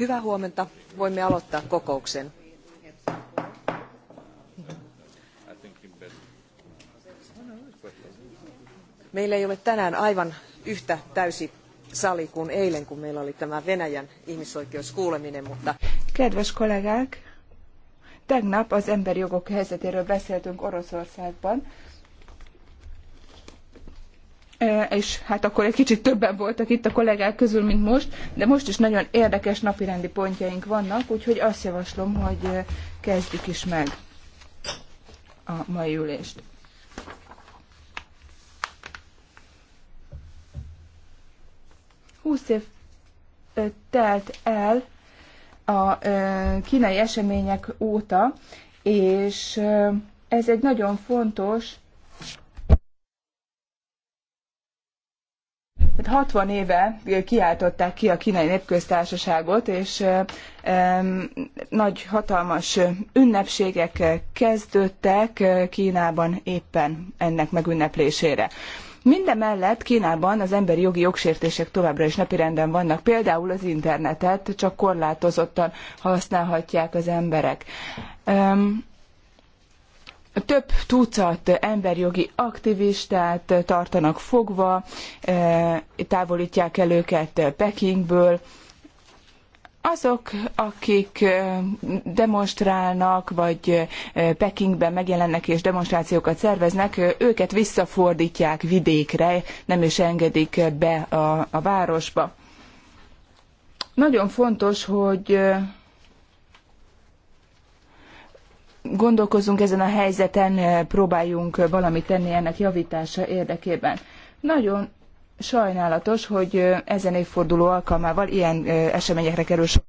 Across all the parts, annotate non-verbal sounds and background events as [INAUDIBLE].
Hyvää huomenta. Voimme aloittaa kokouksen. Meillä ei ole tänään aivan yhtä täysi sali kuin eilen, kun meillä oli tämä Venäjän ihmisoikeuskuuleminen, mutta... Kedves kollegák, tegnap az emberjogok helyzetéről beszéltünk Oroszországban, és hát akkor egy kicsit többen voltak itt a kollégák közül, mint most, de most is nagyon érdekes napirendi pontjaink vannak, úgyhogy azt javaslom, hogy kezdjük is meg a mai ülést. Húsz év telt el a kínai események óta, és ez egy nagyon fontos 60 hát éve kiáltották ki a kínai népköztársaságot, és nagy, hatalmas ünnepségek kezdődtek Kínában éppen ennek megünneplésére. Mindemellett Kínában az emberi jogi jogsértések továbbra is napirenden vannak, például az internetet csak korlátozottan használhatják az emberek több tucat emberjogi aktivistát tartanak fogva, e, távolítják el őket Pekingből. Azok, akik e, demonstrálnak, vagy e, Pekingben megjelennek és demonstrációkat szerveznek, őket visszafordítják vidékre, nem is engedik be a, a városba. Nagyon fontos, hogy gondolkozunk ezen a helyzeten, eh, próbáljunk valamit tenni ennek javítása érdekében. Nagyon sajnálatos, hogy eh, ezen évforduló alkalmával ilyen eh, eseményekre kerül sor.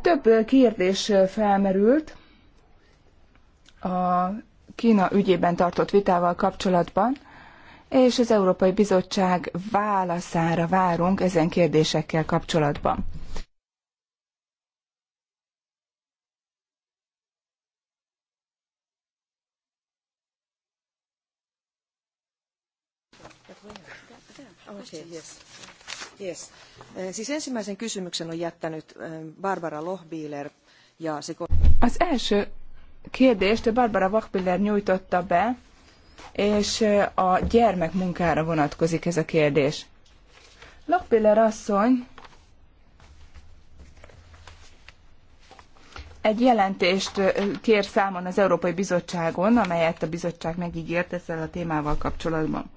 Több kérdés felmerült a Kína ügyében tartott vitával kapcsolatban és az Európai Bizottság válaszára várunk ezen kérdésekkel kapcsolatban. Yes. Eh, siis ensimmäisen kysymyksen on jättänyt eh, Barbara Lohbieler ja se... Az első kérdést Barbara Wachbiller nyújtotta be, és a gyermekmunkára vonatkozik ez a kérdés. Lockpiller asszony egy jelentést kér számon az Európai Bizottságon, amelyet a bizottság megígért ezzel a témával kapcsolatban.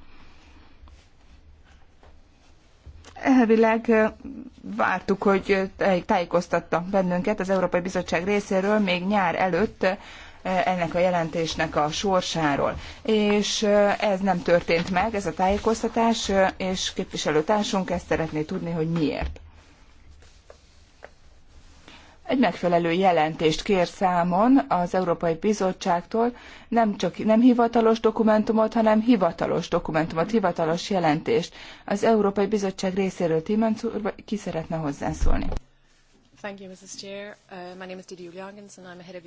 Elvileg vártuk, hogy tájékoztatta bennünket az Európai Bizottság részéről még nyár előtt ennek a jelentésnek a sorsáról. És ez nem történt meg, ez a tájékoztatás, és képviselőtársunk ezt szeretné tudni, hogy miért. Egy megfelelő jelentést kér számon az Európai Bizottságtól, nem csak nem hivatalos dokumentumot, hanem hivatalos dokumentumot, hivatalos jelentést. Az Európai Bizottság részéről Timanc úr, ki szeretne hozzászólni? Thank you, Mrs. Chair. Uh, my name is Didi and I'm a head of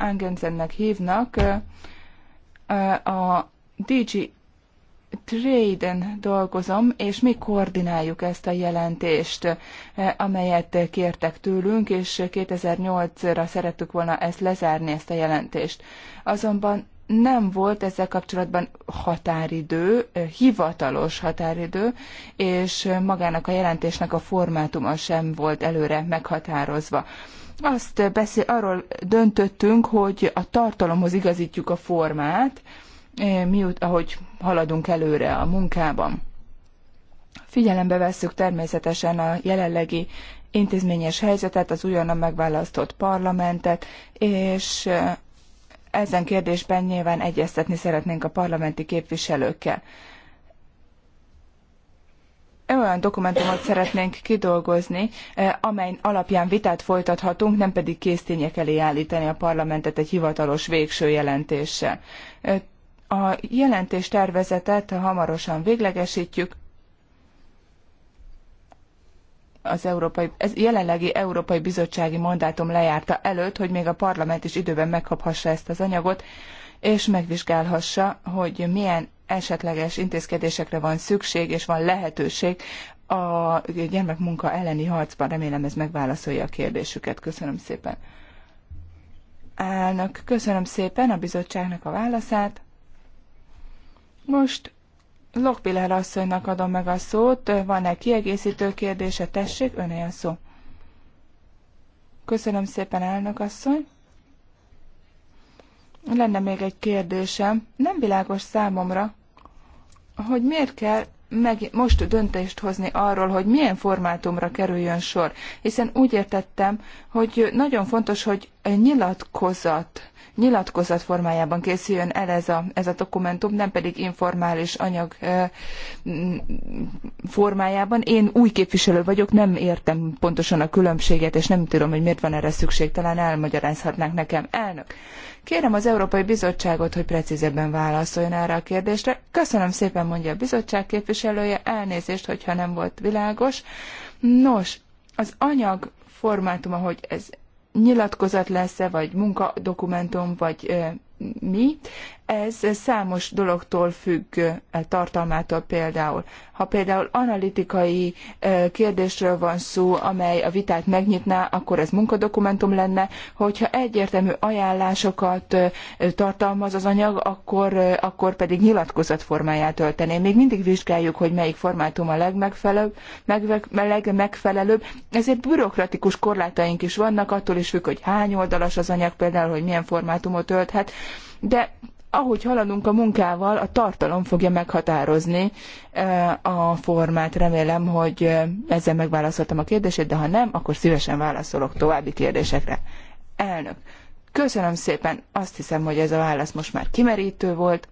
Angensennek hívnak. Uh, a DG Trade-en dolgozom, és mi koordináljuk ezt a jelentést, uh, amelyet kértek tőlünk, és 2008-ra szerettük volna ezt lezárni, ezt a jelentést. Azonban nem volt ezzel kapcsolatban határidő, hivatalos határidő, és magának a jelentésnek a formátuma sem volt előre meghatározva. Azt beszél, arról döntöttünk, hogy a tartalomhoz igazítjuk a formát, miut, ahogy haladunk előre a munkában. Figyelembe vesszük természetesen a jelenlegi intézményes helyzetet, az újonnan megválasztott parlamentet, és ezen kérdésben nyilván egyeztetni szeretnénk a parlamenti képviselőkkel. Olyan dokumentumot szeretnénk kidolgozni, eh, amely alapján vitát folytathatunk, nem pedig késztények elé állítani a parlamentet egy hivatalos végső jelentéssel. Eh, a jelentés tervezetet hamarosan véglegesítjük, az európai, ez jelenlegi Európai Bizottsági mandátum lejárta előtt, hogy még a parlament is időben megkaphassa ezt az anyagot, és megvizsgálhassa, hogy milyen esetleges intézkedésekre van szükség, és van lehetőség a gyermekmunka elleni harcban. Remélem ez megválaszolja a kérdésüket. Köszönöm szépen. Elnök, köszönöm szépen a bizottságnak a válaszát. Most Lokbiller asszonynak adom meg a szót. Van-e kiegészítő kérdése? Tessék, öné a szó. Köszönöm szépen, elnök asszony. Lenne még egy kérdésem. Nem világos számomra, hogy miért kell meg most döntést hozni arról, hogy milyen formátumra kerüljön sor. Hiszen úgy értettem, hogy nagyon fontos, hogy nyilatkozat nyilatkozat formájában készüljön el ez a, ez a dokumentum, nem pedig informális anyag formájában. Én új képviselő vagyok, nem értem pontosan a különbséget, és nem tudom, hogy miért van erre szükség, talán elmagyarázhatnánk nekem. Elnök, kérem az Európai Bizottságot, hogy precízebben válaszoljon erre a kérdésre. Köszönöm szépen, mondja a bizottság képviselője, elnézést, hogyha nem volt világos. Nos, az anyag formátum, ahogy ez nyilatkozat lesz-e, vagy munkadokumentum, vagy mi, ez számos dologtól függ, e, tartalmától például. Ha például analitikai e, kérdésről van szó, amely a vitát megnyitná, akkor ez munkadokumentum lenne. Hogyha egyértelmű ajánlásokat e, tartalmaz az anyag, akkor, akkor pedig nyilatkozat formáját öltené. Még mindig vizsgáljuk, hogy melyik formátum a legmegfelelőbb, meg, legmegfelelőbb. Ezért bürokratikus korlátaink is vannak, attól is függ, hogy hány oldalas az anyag, például, hogy milyen formátumot ölthet de ahogy haladunk a munkával, a tartalom fogja meghatározni eh, a formát. Remélem, hogy eh, ezzel megválaszoltam a kérdését, de ha nem, akkor szívesen válaszolok további kérdésekre. Elnök, köszönöm szépen, azt hiszem, hogy ez a válasz most már kimerítő volt.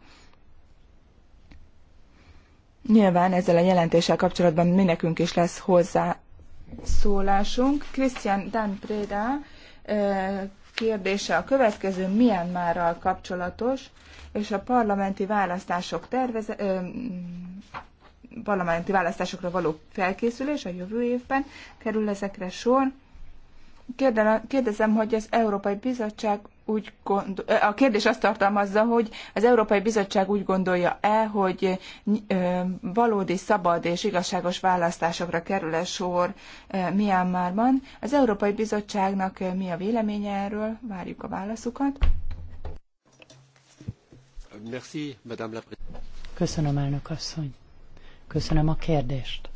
Nyilván ezzel a jelentéssel kapcsolatban mi nekünk is lesz hozzá szólásunk. krisztián Dan Preda eh, kérdése a következő Myanmarral kapcsolatos, és a parlamenti választások terveze, ö, parlamenti választásokra való felkészülés a jövő évben kerül ezekre sor. kérdezem, hogy az Európai Bizottság úgy gondol, a kérdés azt tartalmazza, hogy az Európai Bizottság úgy gondolja-e, hogy valódi, szabad és igazságos választásokra kerül-e sor Myanmarban. Az Európai Bizottságnak mi a véleménye erről? Várjuk a válaszukat. Köszönöm, elnök asszony. Köszönöm a kérdést.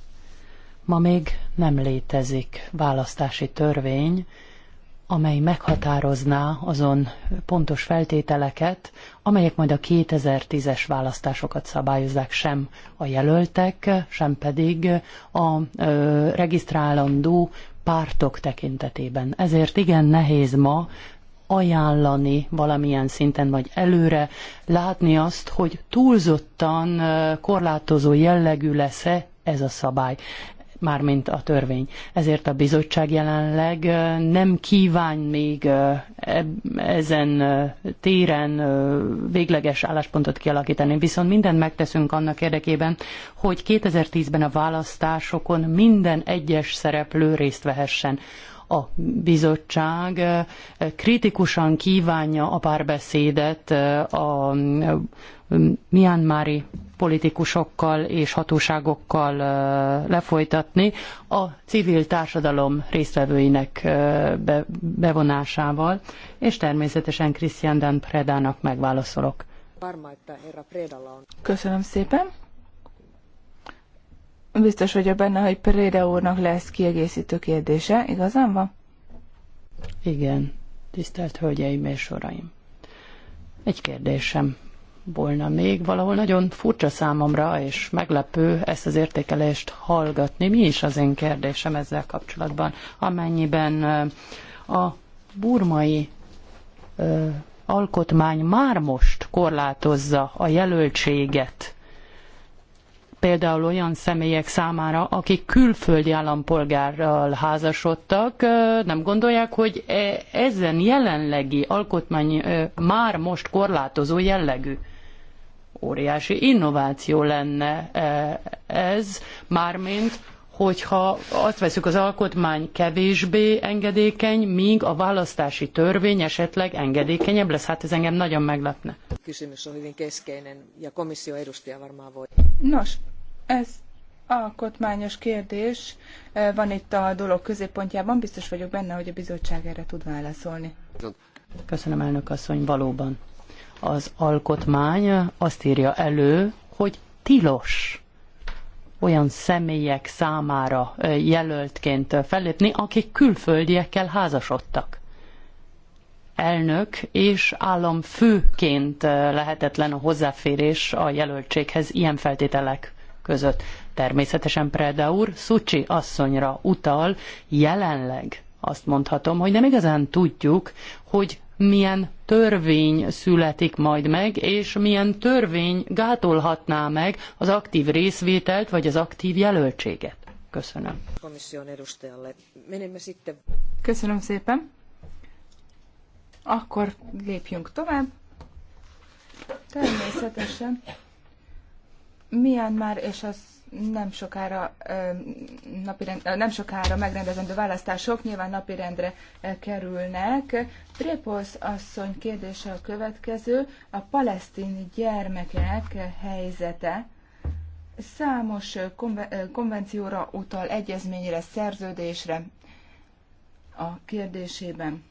Ma még nem létezik választási törvény, amely meghatározná azon pontos feltételeket, amelyek majd a 2010-es választásokat szabályozzák sem a jelöltek, sem pedig a ö, regisztrálandó pártok tekintetében. Ezért igen nehéz ma ajánlani valamilyen szinten, vagy előre látni azt, hogy túlzottan korlátozó jellegű lesz-e ez a szabály mármint a törvény. Ezért a bizottság jelenleg nem kíván még ezen téren végleges álláspontot kialakítani, viszont mindent megteszünk annak érdekében, hogy 2010-ben a választásokon minden egyes szereplő részt vehessen a bizottság eh, kritikusan kívánja a párbeszédet eh, a eh, Myanmari politikusokkal és hatóságokkal lefolytatni a civil társadalom résztvevőinek bevonásával, és természetesen Christian Dan Predának megválaszolok. Köszönöm szépen. Biztos vagyok benne, hogy Pereira úrnak lesz kiegészítő kérdése, igazán van? Igen, tisztelt Hölgyeim és Uraim. Egy kérdésem volna még. Valahol nagyon furcsa számomra és meglepő ezt az értékelést hallgatni. Mi is az én kérdésem ezzel kapcsolatban, amennyiben a burmai alkotmány már most korlátozza a jelöltséget például olyan személyek számára, akik külföldi állampolgárral házasodtak, nem gondolják, hogy e, ezen jelenlegi alkotmány már most korlátozó jellegű óriási innováció lenne ez, mármint hogyha azt veszük, az alkotmány kevésbé engedékeny, míg a választási törvény esetleg engedékenyebb lesz. Hát ez engem nagyon meglepne. Nos, ez alkotmányos kérdés e, van itt a dolog középpontjában, biztos vagyok benne, hogy a bizottság erre tud válaszolni. Köszönöm, elnök asszony, valóban. Az alkotmány azt írja elő, hogy tilos olyan személyek számára e, jelöltként fellépni, akik külföldiekkel házasodtak. Elnök és államfőként e, lehetetlen a hozzáférés a jelöltséghez ilyen feltételek között. Természetesen Preda úr Szucsi asszonyra utal, jelenleg azt mondhatom, hogy nem igazán tudjuk, hogy milyen törvény születik majd meg, és milyen törvény gátolhatná meg az aktív részvételt, vagy az aktív jelöltséget. Köszönöm. Köszönöm szépen. Akkor lépjünk tovább. Természetesen milyen már és az nem sokára, napirend, nem sokára megrendezendő választások nyilván napirendre kerülnek. Prépolsz asszony kérdése a következő, a palesztin gyermekek helyzete. Számos konvencióra utal, egyezményre, szerződésre a kérdésében.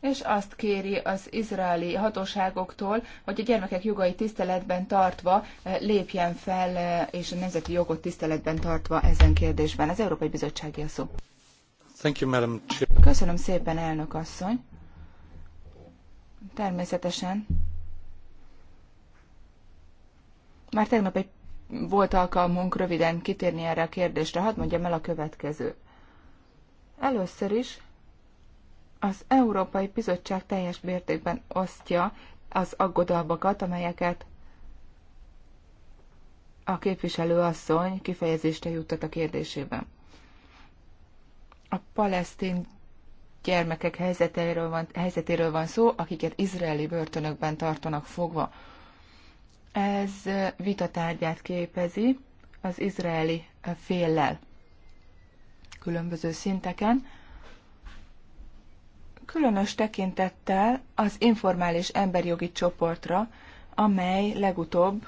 és azt kéri az izraeli hatóságoktól, hogy a gyermekek jogai tiszteletben tartva eh, lépjen fel, eh, és a nemzeti jogot tiszteletben tartva ezen kérdésben. Az Európai Bizottsági a szó. Thank you, Madam Köszönöm szépen, elnök asszony. Természetesen. Már tegnap egy volt alkalmunk röviden kitérni erre a kérdésre. Hadd mondjam el a következő. Először is az Európai Bizottság teljes mértékben osztja az aggodalmakat, amelyeket a képviselő asszony kifejezésre juttat a kérdésében. A palesztin gyermekek helyzetéről van, helyzetéről van szó, akiket izraeli börtönökben tartanak fogva. Ez vitatárgyát képezi az izraeli féllel különböző szinteken különös tekintettel az informális emberjogi csoportra, amely legutóbb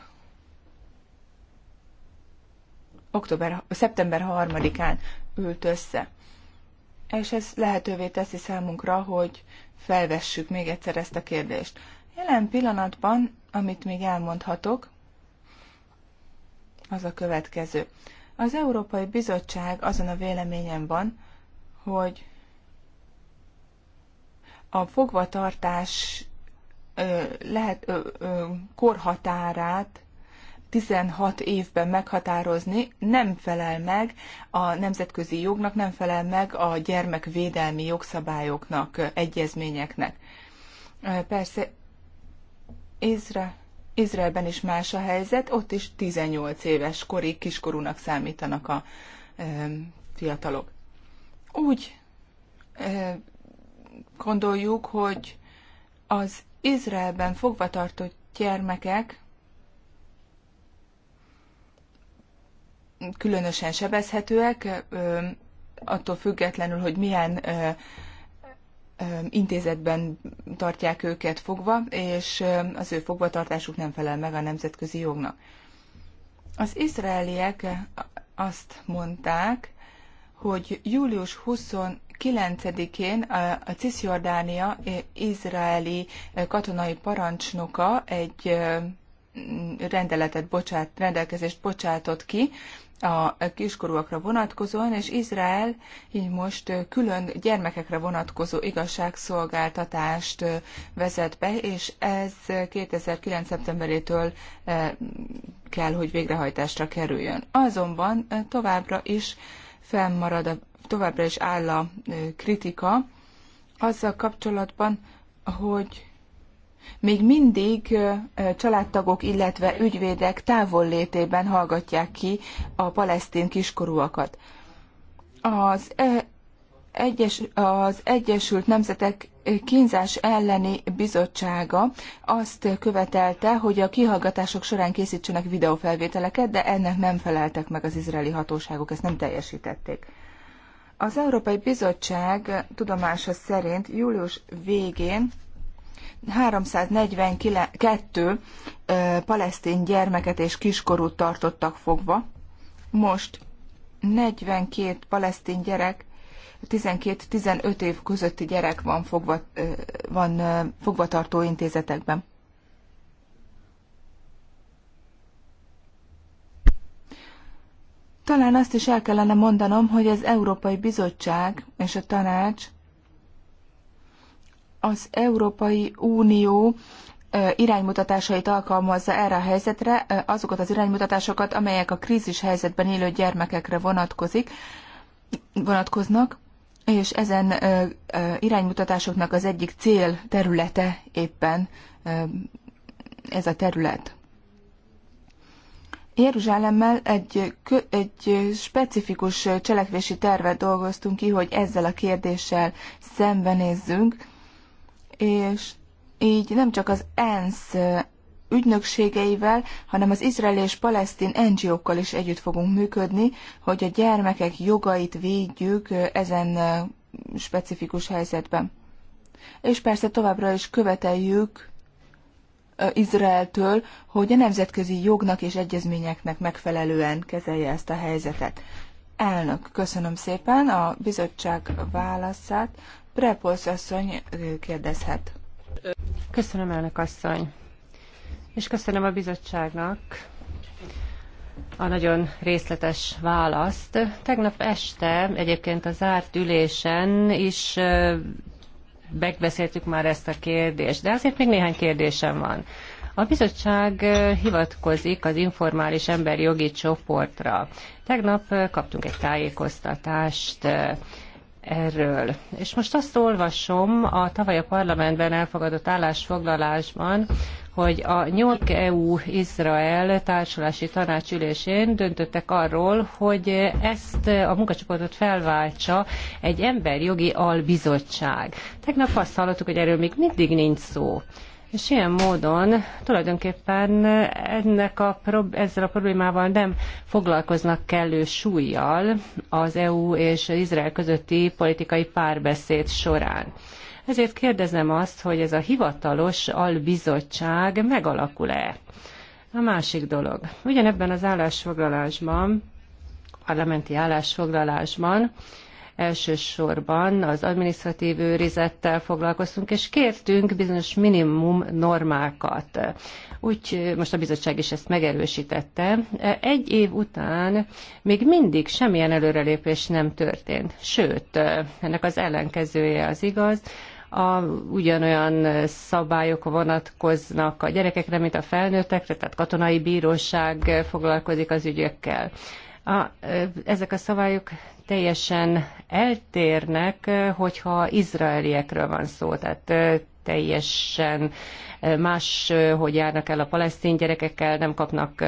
október, szeptember 3-án ült össze. És ez lehetővé teszi számunkra, hogy felvessük még egyszer ezt a kérdést. Jelen pillanatban, amit még elmondhatok, az a következő. Az Európai Bizottság azon a véleményen van, hogy a fogvatartás lehet, ö, ö, korhatárát 16 évben meghatározni nem felel meg a nemzetközi jognak, nem felel meg a gyermekvédelmi jogszabályoknak, egyezményeknek. Persze Izra, Izraelben is más a helyzet, ott is 18 éves korig kiskorúnak számítanak a ö, fiatalok. Úgy gondoljuk, hogy az Izraelben fogvatartott gyermekek különösen sebezhetőek, attól függetlenül, hogy milyen intézetben tartják őket fogva, és az ő fogvatartásuk nem felel meg a nemzetközi jognak. Az izraeliek azt mondták, hogy július 20 9-én a Cisjordánia eh, izraeli eh, katonai parancsnoka egy eh, rendeletet bocsát, rendelkezést bocsátott ki a kiskorúakra vonatkozóan, és Izrael így most külön gyermekekre vonatkozó igazságszolgáltatást vezet be, és ez 2009. szeptemberétől kell, hogy végrehajtásra kerüljön. Azonban továbbra is fennmarad, a, továbbra is áll a kritika azzal kapcsolatban, hogy még mindig családtagok, illetve ügyvédek létében hallgatják ki a palesztin kiskorúakat. Az egyes, az Egyesült Nemzetek kínzás elleni bizottsága azt követelte, hogy a kihallgatások során készítsenek videófelvételeket, de ennek nem feleltek meg az izraeli hatóságok, ezt nem teljesítették. Az Európai Bizottság tudomása szerint július végén 342 palesztin gyermeket és kiskorút tartottak fogva. Most 42 palesztin gyerek 12-15 év közötti gyerek van, fogva, van fogvatartó intézetekben. Talán azt is el kellene mondanom, hogy az Európai Bizottság és a Tanács az Európai Unió iránymutatásait alkalmazza erre a helyzetre, azokat az iránymutatásokat, amelyek a krízis helyzetben élő gyermekekre vonatkozik, vonatkoznak és ezen iránymutatásoknak az egyik cél területe éppen ez a terület. Jeruzsálemmel egy, egy specifikus cselekvési tervet dolgoztunk ki, hogy ezzel a kérdéssel szembenézzünk, és így nem csak az ENSZ ügynökségeivel, hanem az izrael és palesztin NGO-kkal is együtt fogunk működni, hogy a gyermekek jogait védjük ezen specifikus helyzetben. És persze továbbra is követeljük Izraeltől, hogy a nemzetközi jognak és egyezményeknek megfelelően kezelje ezt a helyzetet. Elnök, köszönöm szépen a bizottság válaszát. Prepolsz asszony kérdezhet. Köszönöm, elnök asszony és köszönöm a bizottságnak a nagyon részletes választ. Tegnap este egyébként a zárt ülésen is megbeszéltük már ezt a kérdést, de azért még néhány kérdésem van. A bizottság hivatkozik az informális emberi jogi csoportra. Tegnap kaptunk egy tájékoztatást erről. És most azt olvasom a tavaly a parlamentben elfogadott állásfoglalásban, hogy a 8 EU-Izrael társulási tanácsülésén döntöttek arról, hogy ezt a munkacsoportot felváltsa egy emberjogi albizottság. Tegnap azt hallottuk, hogy erről még mindig nincs szó. És ilyen módon tulajdonképpen ennek a, ezzel a problémával nem foglalkoznak kellő súlyjal az EU és Izrael közötti politikai párbeszéd során. Ezért kérdezem azt, hogy ez a hivatalos albizottság megalakul-e? A másik dolog. Ugyanebben az állásfoglalásban, parlamenti állásfoglalásban elsősorban az adminisztratív őrizettel foglalkoztunk, és kértünk bizonyos minimum normákat. Úgy most a bizottság is ezt megerősítette. Egy év után még mindig semmilyen előrelépés nem történt. Sőt, ennek az ellenkezője az igaz a, ugyanolyan szabályok vonatkoznak a gyerekekre, mint a felnőttekre, tehát katonai bíróság foglalkozik az ügyekkel. A, ezek a szabályok teljesen eltérnek, hogyha izraeliekről van szó, tehát teljesen más, hogy járnak el a palesztin gyerekekkel, nem kapnak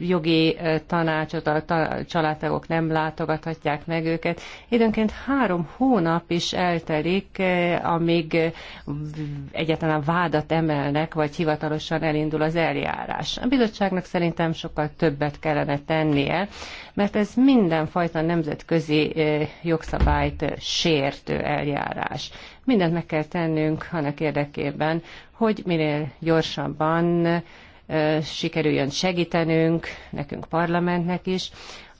jogi tanácsot, a családtagok nem látogathatják meg őket. Időnként három hónap is eltelik, amíg egyáltalán vádat emelnek, vagy hivatalosan elindul az eljárás. A bizottságnak szerintem sokkal többet kellene tennie, mert ez mindenfajta nemzetközi jogszabályt sértő eljárás. Mindent meg kell tennünk annak érdekében, hogy minél gyorsabban sikerüljön segítenünk, nekünk parlamentnek is,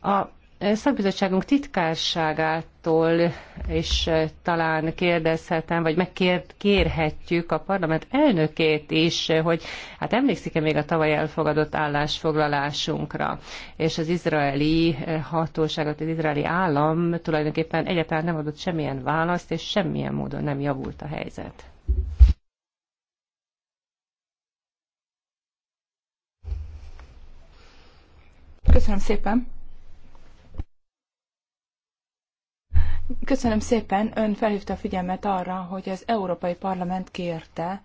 a szakbizottságunk titkárságától is eh, talán kérdezhetem, vagy megkérhetjük a parlament elnökét is, eh, hogy hát emlékszik-e még a tavaly elfogadott állásfoglalásunkra, és az izraeli eh, hatóságot, az izraeli állam tulajdonképpen egyáltalán nem adott semmilyen választ, és semmilyen módon nem javult a helyzet. Köszönöm szépen! Köszönöm szépen, ön felhívta a figyelmet arra, hogy az Európai Parlament kérte,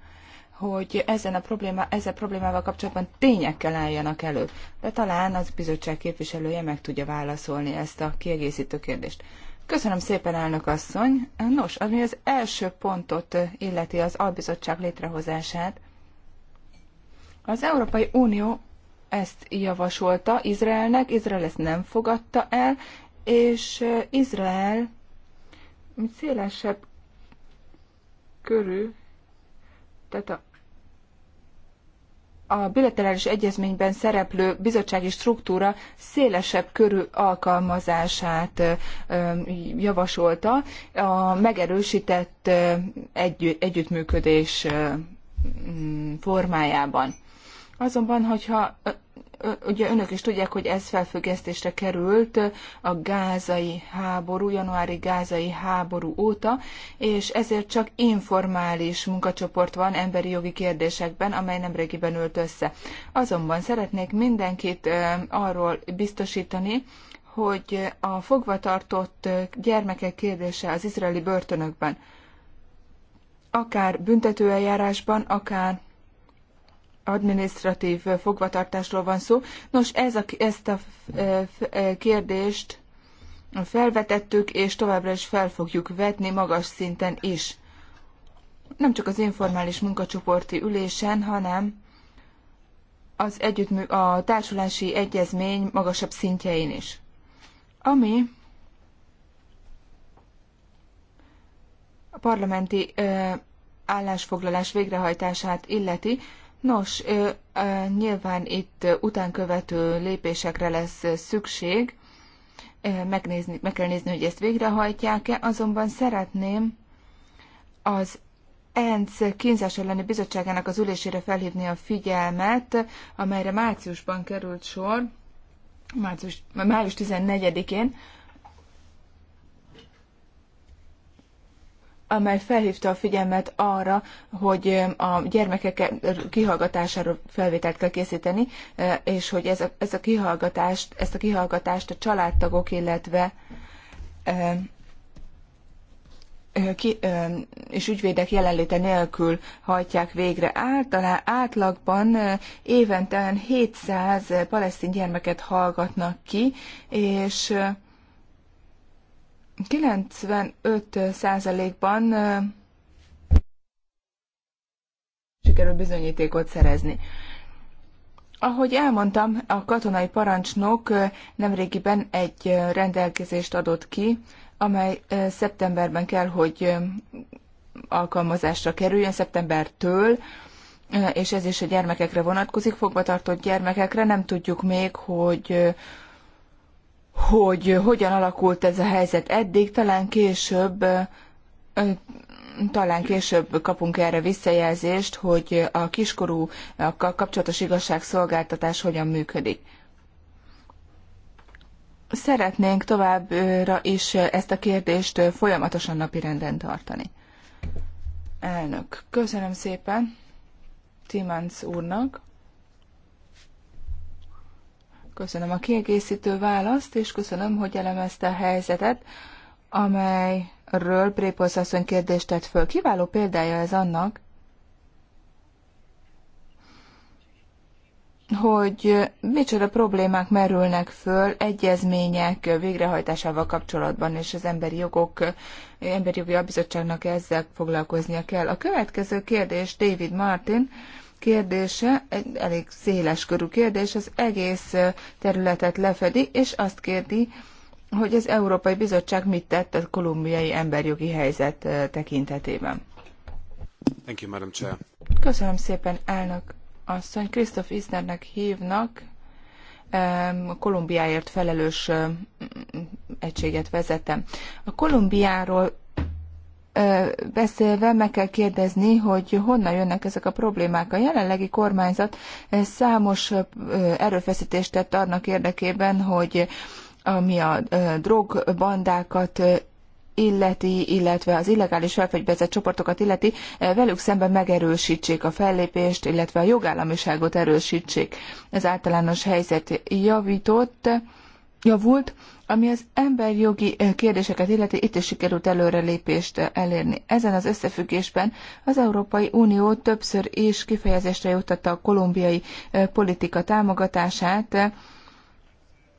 hogy ezen a probléma, ezzel problémával kapcsolatban tényekkel álljanak elő. De talán az bizottság képviselője meg tudja válaszolni ezt a kiegészítő kérdést. Köszönöm szépen, elnök asszony. Nos, ami az első pontot illeti az albizottság létrehozását, az Európai Unió ezt javasolta Izraelnek, Izrael ezt nem fogadta el, és Izrael szélesebb körű, tehát a, a bilaterális egyezményben szereplő bizottsági struktúra szélesebb körű alkalmazását javasolta a megerősített egy, együttműködés mm, formájában. Azonban, hogyha ugye önök is tudják, hogy ez felfüggesztésre került a gázai háború, januári gázai háború óta, és ezért csak informális munkacsoport van emberi jogi kérdésekben, amely nemrégiben ült össze. Azonban szeretnék mindenkit arról biztosítani, hogy a fogvatartott gyermekek kérdése az izraeli börtönökben, akár büntetőeljárásban, akár administratív fogvatartásról van szó. Nos, ez a, ezt a e, e, kérdést felvetettük, és továbbra is fel fogjuk vetni magas szinten is. Nem csak az informális munkacsoporti ülésen, hanem az együttmű, a társulási egyezmény magasabb szintjein is. Ami a parlamenti ö, e, állásfoglalás végrehajtását illeti, Nos, nyilván itt utánkövető lépésekre lesz szükség, megnézni, meg kell nézni, hogy ezt végrehajtják-e, azonban szeretném az ENC kínzás elleni bizottságának az ülésére felhívni a figyelmet, amelyre márciusban került sor, március, május 14-én, amely felhívta a figyelmet arra, hogy a gyermekek kihallgatására felvételt kell készíteni, és hogy ez a, ez a kihallgatást, ezt a kihallgatást a családtagok, illetve ki, és ügyvédek jelenléte nélkül hajtják végre. Általán átlagban évente 700 palesztin gyermeket hallgatnak ki, és 95%-ban sikerül bizonyítékot szerezni. Ahogy elmondtam, a katonai parancsnok nemrégiben egy rendelkezést adott ki, amely szeptemberben kell, hogy alkalmazásra kerüljön, szeptembertől, és ez is a gyermekekre vonatkozik, fogvatartott gyermekekre. Nem tudjuk még, hogy hogy hogyan alakult ez a helyzet eddig, talán később talán később kapunk erre visszajelzést, hogy a kiskorúakkal kapcsolatos igazságszolgáltatás hogyan működik. Szeretnénk továbbra is ezt a kérdést folyamatosan napirenden tartani. Elnök, köszönöm szépen Timánc úrnak. Köszönöm a kiegészítő választ, és köszönöm, hogy elemezte a helyzetet, amelyről Prépolsz asszony kérdést tett föl. Kiváló példája ez annak, hogy micsoda problémák merülnek föl egyezmények végrehajtásával kapcsolatban, és az Emberi Jogok, Emberi Jogi Bizottságnak ezzel foglalkoznia kell. A következő kérdés David Martin, kérdése egy elég széles körű kérdés, az egész területet lefedi, és azt kérdi, hogy az Európai Bizottság mit tett a kolumbiai emberjogi helyzet tekintetében. Thank you, Madam Chair. Köszönöm szépen, elnök asszony. Krisztof Isnernek hívnak, Kolumbiáért felelős egységet vezetem. A Kolumbiáról beszélve meg kell kérdezni, hogy honnan jönnek ezek a problémák. A jelenlegi kormányzat számos erőfeszítést tett annak érdekében, hogy ami a drogbandákat illeti, illetve az illegális felfegyverzett csoportokat illeti, velük szemben megerősítsék a fellépést, illetve a jogállamiságot erősítsék. Ez általános helyzet javított javult, ami az emberjogi eh, kérdéseket illeti, itt is sikerült előrelépést eh, elérni. Ezen az összefüggésben az Európai Unió többször is kifejezésre juttatta a kolumbiai eh, politika támogatását.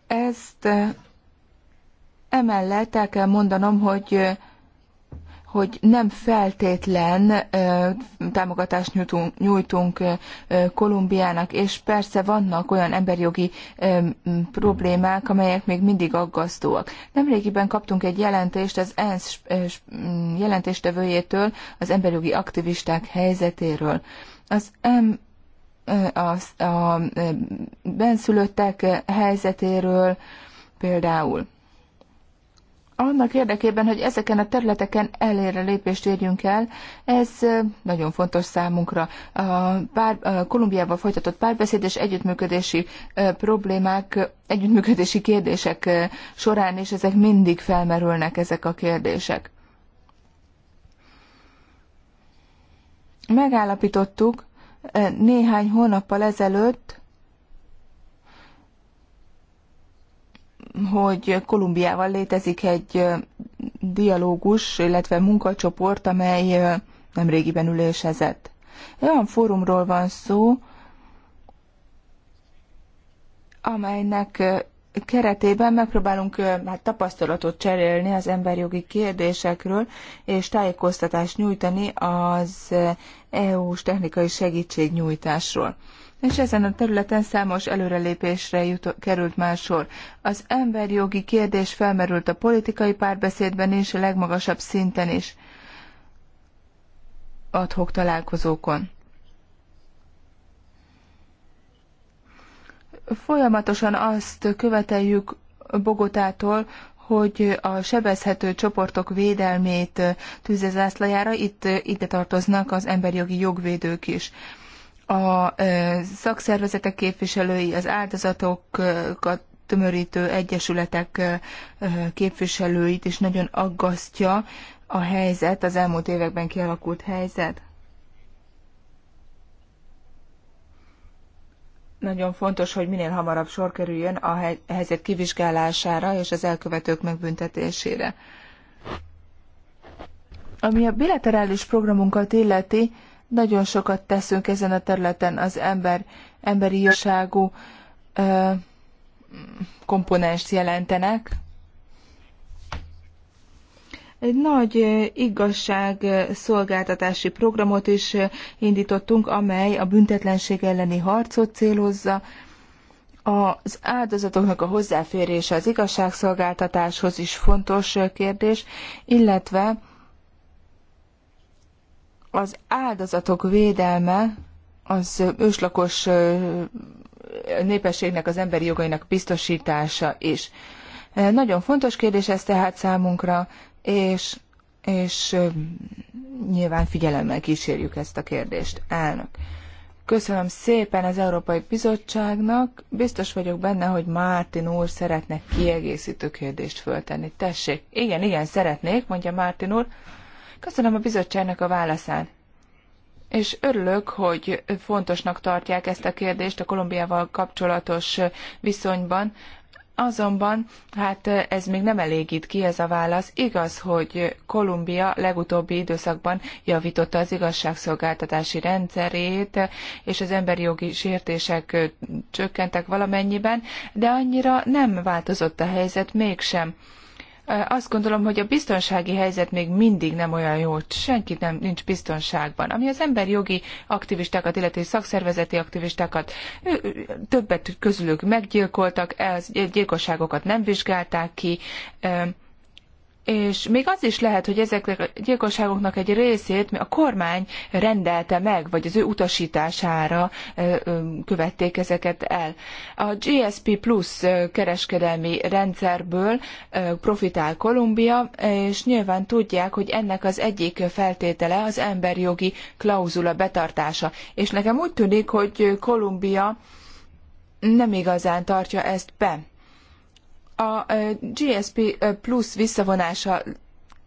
Ezt emellett el kell mondanom, hogy hogy nem feltétlen támogatást nyújtunk, nyújtunk Kolumbiának, és persze vannak olyan emberjogi problémák, amelyek még mindig aggasztóak. Nemrégiben kaptunk egy jelentést az ENSZ jelentéstevőjétől az emberjogi aktivisták helyzetéről. Az M a, a benszülöttek helyzetéről például annak érdekében, hogy ezeken a területeken elérre lépést érjünk el, ez nagyon fontos számunkra. A, pár, a Kolumbiával folytatott párbeszéd és együttműködési problémák, együttműködési kérdések során is ezek mindig felmerülnek, ezek a kérdések. Megállapítottuk néhány hónappal ezelőtt, hogy Kolumbiával létezik egy dialógus, illetve munkacsoport, amely nemrégiben ülésezett. Olyan fórumról van szó, amelynek keretében megpróbálunk hát, tapasztalatot cserélni az emberjogi kérdésekről, és tájékoztatást nyújtani az EU-s technikai segítségnyújtásról és ezen a területen számos előrelépésre jut, került már sor. Az emberjogi kérdés felmerült a politikai párbeszédben és a legmagasabb szinten is adhok találkozókon. Folyamatosan azt követeljük Bogotától, hogy a sebezhető csoportok védelmét tűzezászlajára itt ide tartoznak az emberjogi jogvédők is a szakszervezetek képviselői, az áldozatokat tömörítő egyesületek képviselőit is nagyon aggasztja a helyzet, az elmúlt években kialakult helyzet. Nagyon fontos, hogy minél hamarabb sor kerüljön a helyzet kivizsgálására és az elkövetők megbüntetésére. Ami a bilaterális programunkat illeti, nagyon sokat teszünk ezen a területen az ember, emberi jóságú komponens jelentenek. Egy nagy szolgáltatási programot is indítottunk, amely a büntetlenség elleni harcot célozza. Az áldozatoknak a hozzáférése az igazságszolgáltatáshoz is fontos kérdés, illetve az áldozatok védelme az őslakos népességnek az emberi jogainak biztosítása is. Nagyon fontos kérdés ez tehát számunkra, és, és nyilván figyelemmel kísérjük ezt a kérdést. Elnök. Köszönöm szépen az Európai Bizottságnak. Biztos vagyok benne, hogy Mártin úr szeretne kiegészítő kérdést föltenni. Tessék. Igen, igen, szeretnék, mondja Mártin úr. Köszönöm a bizottságnak a válaszát. És örülök, hogy fontosnak tartják ezt a kérdést a Kolumbiával kapcsolatos viszonyban. Azonban, hát ez még nem elégít ki ez a válasz. Igaz, hogy Kolumbia legutóbbi időszakban javította az igazságszolgáltatási rendszerét, és az emberi jogi sértések csökkentek valamennyiben, de annyira nem változott a helyzet mégsem. Azt gondolom, hogy a biztonsági helyzet még mindig nem olyan jó, senki nem nincs biztonságban. Ami az emberi jogi aktivistákat, illetve szakszervezeti aktivistákat, ő, többet közülük meggyilkoltak, ez gyilkosságokat nem vizsgálták ki, és még az is lehet, hogy ezeknek a gyilkosságoknak egy részét a kormány rendelte meg, vagy az ő utasítására követték ezeket el. A GSP Plus kereskedelmi rendszerből profitál Kolumbia, és nyilván tudják, hogy ennek az egyik feltétele az emberjogi klauzula betartása. És nekem úgy tűnik, hogy Kolumbia nem igazán tartja ezt be a GSP plusz visszavonása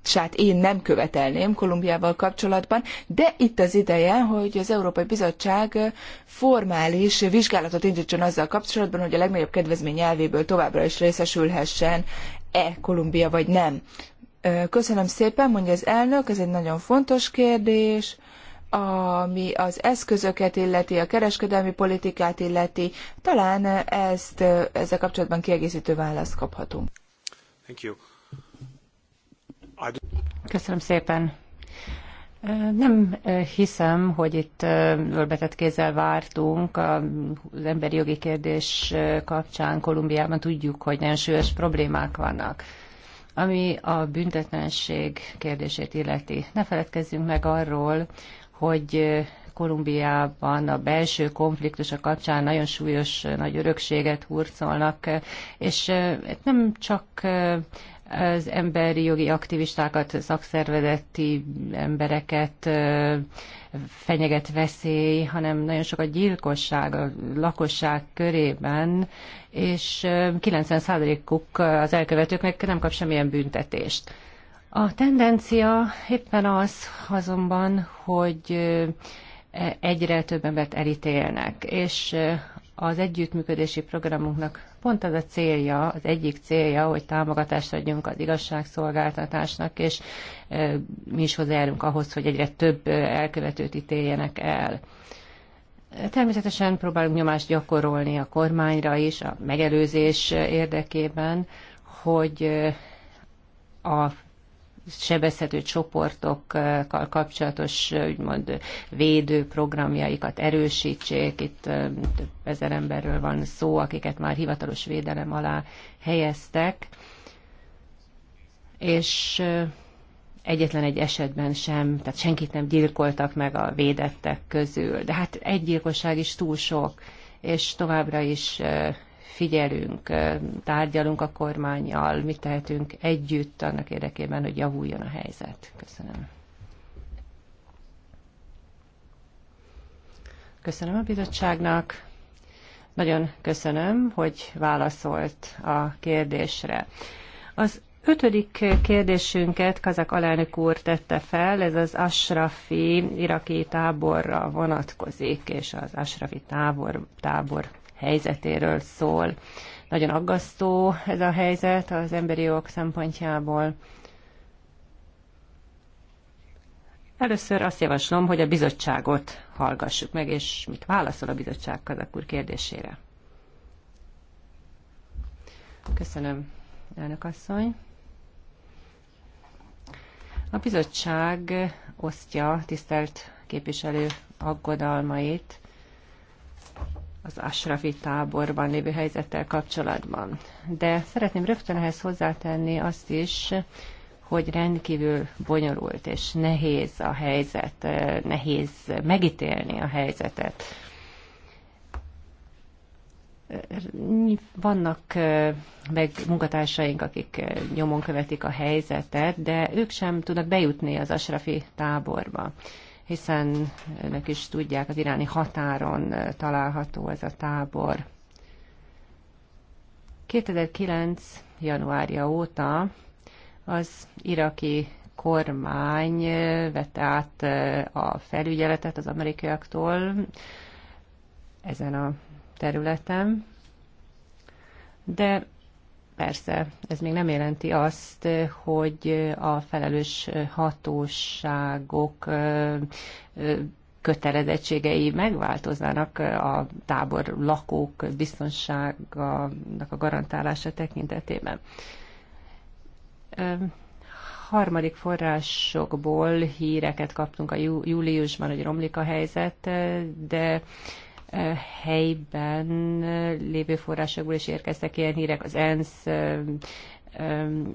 sát én nem követelném Kolumbiával kapcsolatban, de itt az ideje, hogy az Európai Bizottság formális vizsgálatot indítson azzal kapcsolatban, hogy a legnagyobb kedvezmény elvéből továbbra is részesülhessen-e Kolumbia vagy nem. Köszönöm szépen, mondja az elnök, ez egy nagyon fontos kérdés ami az eszközöket illeti, a kereskedelmi politikát illeti. Talán ezt, ezzel kapcsolatban kiegészítő választ kaphatunk. Thank you. Köszönöm szépen. Nem hiszem, hogy itt ölbetett kézzel vártunk az emberi jogi kérdés kapcsán Kolumbiában. Tudjuk, hogy nagyon súlyos problémák vannak. Ami a büntetlenség kérdését illeti, ne feledkezzünk meg arról, hogy Kolumbiában a belső a kapcsán nagyon súlyos nagy örökséget hurcolnak, és hát nem csak az emberi jogi aktivistákat, szakszervezeti embereket fenyeget veszély, hanem nagyon sok a gyilkosság a lakosság körében, és 90%-uk az elkövetőknek nem kap semmilyen büntetést. A tendencia éppen az azonban, hogy egyre több embert elítélnek, és az együttműködési programunknak pont az a célja, az egyik célja, hogy támogatást adjunk az igazságszolgáltatásnak, és mi is hozzájárunk ahhoz, hogy egyre több elkövetőt ítéljenek el. Természetesen próbálunk nyomást gyakorolni a kormányra is, a megelőzés érdekében, hogy a sebezhető csoportokkal kapcsolatos úgymond védő programjaikat erősítsék. Itt több ezer emberről van szó, akiket már hivatalos védelem alá helyeztek. És egyetlen egy esetben sem, tehát senkit nem gyilkoltak meg a védettek közül. De hát egy gyilkosság is túl sok, és továbbra is figyelünk, tárgyalunk a kormányjal, mit tehetünk együtt annak érdekében, hogy javuljon a helyzet. Köszönöm. Köszönöm a bizottságnak. Nagyon köszönöm, hogy válaszolt a kérdésre. Az ötödik kérdésünket Kazak alelnök úr tette fel, ez az Asrafi iraki táborra vonatkozik, és az Asrafi tábor, tábor helyzetéről szól. Nagyon aggasztó ez a helyzet az emberi jogok szempontjából. Először azt javaslom, hogy a bizottságot hallgassuk meg, és mit válaszol a bizottság Kazak úr kérdésére. Köszönöm, elnök asszony. A bizottság osztja tisztelt képviselő aggodalmait az Asrafi táborban lévő helyzettel kapcsolatban. De szeretném rögtön ehhez hozzátenni azt is, hogy rendkívül bonyolult és nehéz a helyzet, eh, nehéz megítélni a helyzetet. Vannak eh, meg munkatársaink, akik eh, nyomon követik a helyzetet, de ők sem tudnak bejutni az Asrafi táborba hiszen önök is tudják, az iráni határon található ez a tábor. 2009. januárja óta az iraki kormány vette át a felügyeletet az amerikaiaktól ezen a területen, de Persze, ez még nem jelenti azt, hogy a felelős hatóságok kötelezettségei megváltoznának a tábor lakók biztonságának a garantálása tekintetében. Harmadik forrásokból híreket kaptunk a júliusban, hogy romlik a helyzet, de helyben lévő forrásokból is érkeztek ilyen hírek, az ENSZ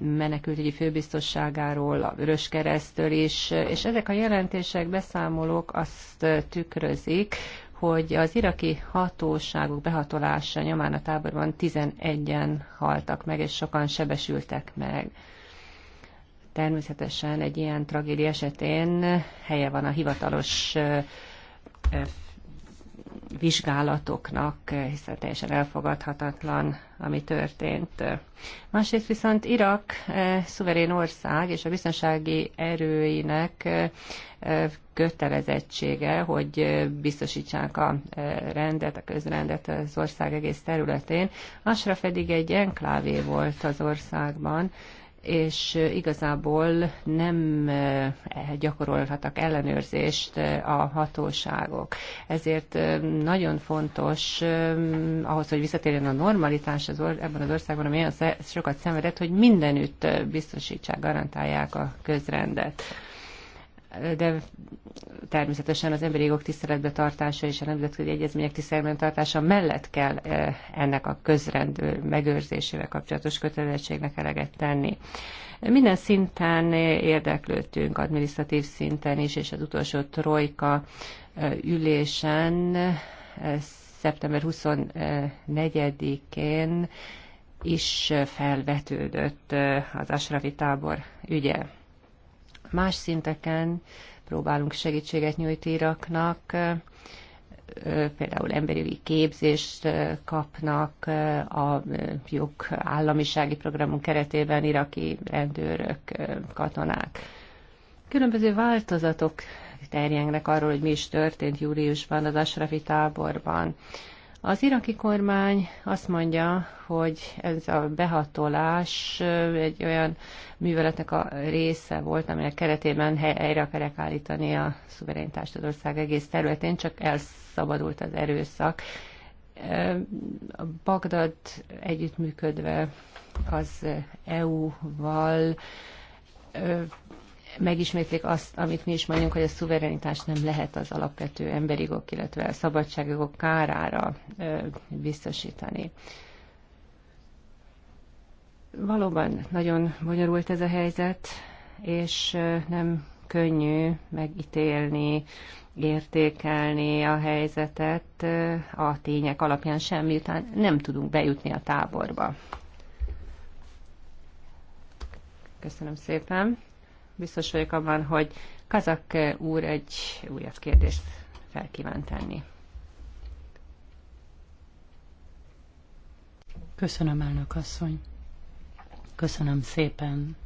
menekültügyi főbiztosságáról, a Vöröskeresztől is, és ezek a jelentések, beszámolók azt tükrözik, hogy az iraki hatóságok behatolása nyomán a táborban 11-en haltak meg, és sokan sebesültek meg. Természetesen egy ilyen tragédia esetén helye van a hivatalos vizsgálatoknak, hiszen teljesen elfogadhatatlan, ami történt. Másrészt viszont Irak eh, szuverén ország, és a biztonsági erőinek eh, kötelezettsége, hogy eh, biztosítsák a rendet, a közrendet az ország egész területén. Asra pedig egy enklávé volt az országban, és igazából nem gyakorolhatnak ellenőrzést a hatóságok. Ezért nagyon fontos ahhoz, hogy visszatérjen a normalitás az or- ebben az országban, ami olyan sokat szenvedett, hogy mindenütt biztosítsák, garantálják a közrendet de természetesen az emberi jogok tiszteletbe tartása és a nemzetközi egyezmények tiszteletben tartása mellett kell eh, ennek a közrend megőrzésével kapcsolatos kötelezettségnek eleget tenni. Minden szinten érdeklődtünk, administratív szinten is, és az utolsó trojka eh, ülésen eh, szeptember 24-én is felvetődött az Asrafi tábor ügye más szinteken próbálunk segítséget nyújt Iraknak, például emberi képzést kapnak a államisági programunk keretében iraki rendőrök, katonák. Különböző változatok terjengnek arról, hogy mi is történt júliusban az Asrafi táborban. Az iraki kormány azt mondja, hogy ez a behatolás egy olyan műveletnek a része volt, aminek keretében helyre akarják állítani a szuverenitást az ország egész területén, csak elszabadult az erőszak. A Bagdad együttműködve az EU-val megismétlik azt, amit mi is mondjunk, hogy a szuverenitás nem lehet az alapvető emberigok, illetve a szabadságok kárára biztosítani. Valóban nagyon bonyolult ez a helyzet, és nem könnyű megítélni, értékelni a helyzetet a tények alapján sem, miután nem tudunk bejutni a táborba. Köszönöm szépen! biztos vagyok abban, hogy Kazak úr egy újabb kérdést fel kíván tenni. Köszönöm, elnök asszony. Köszönöm szépen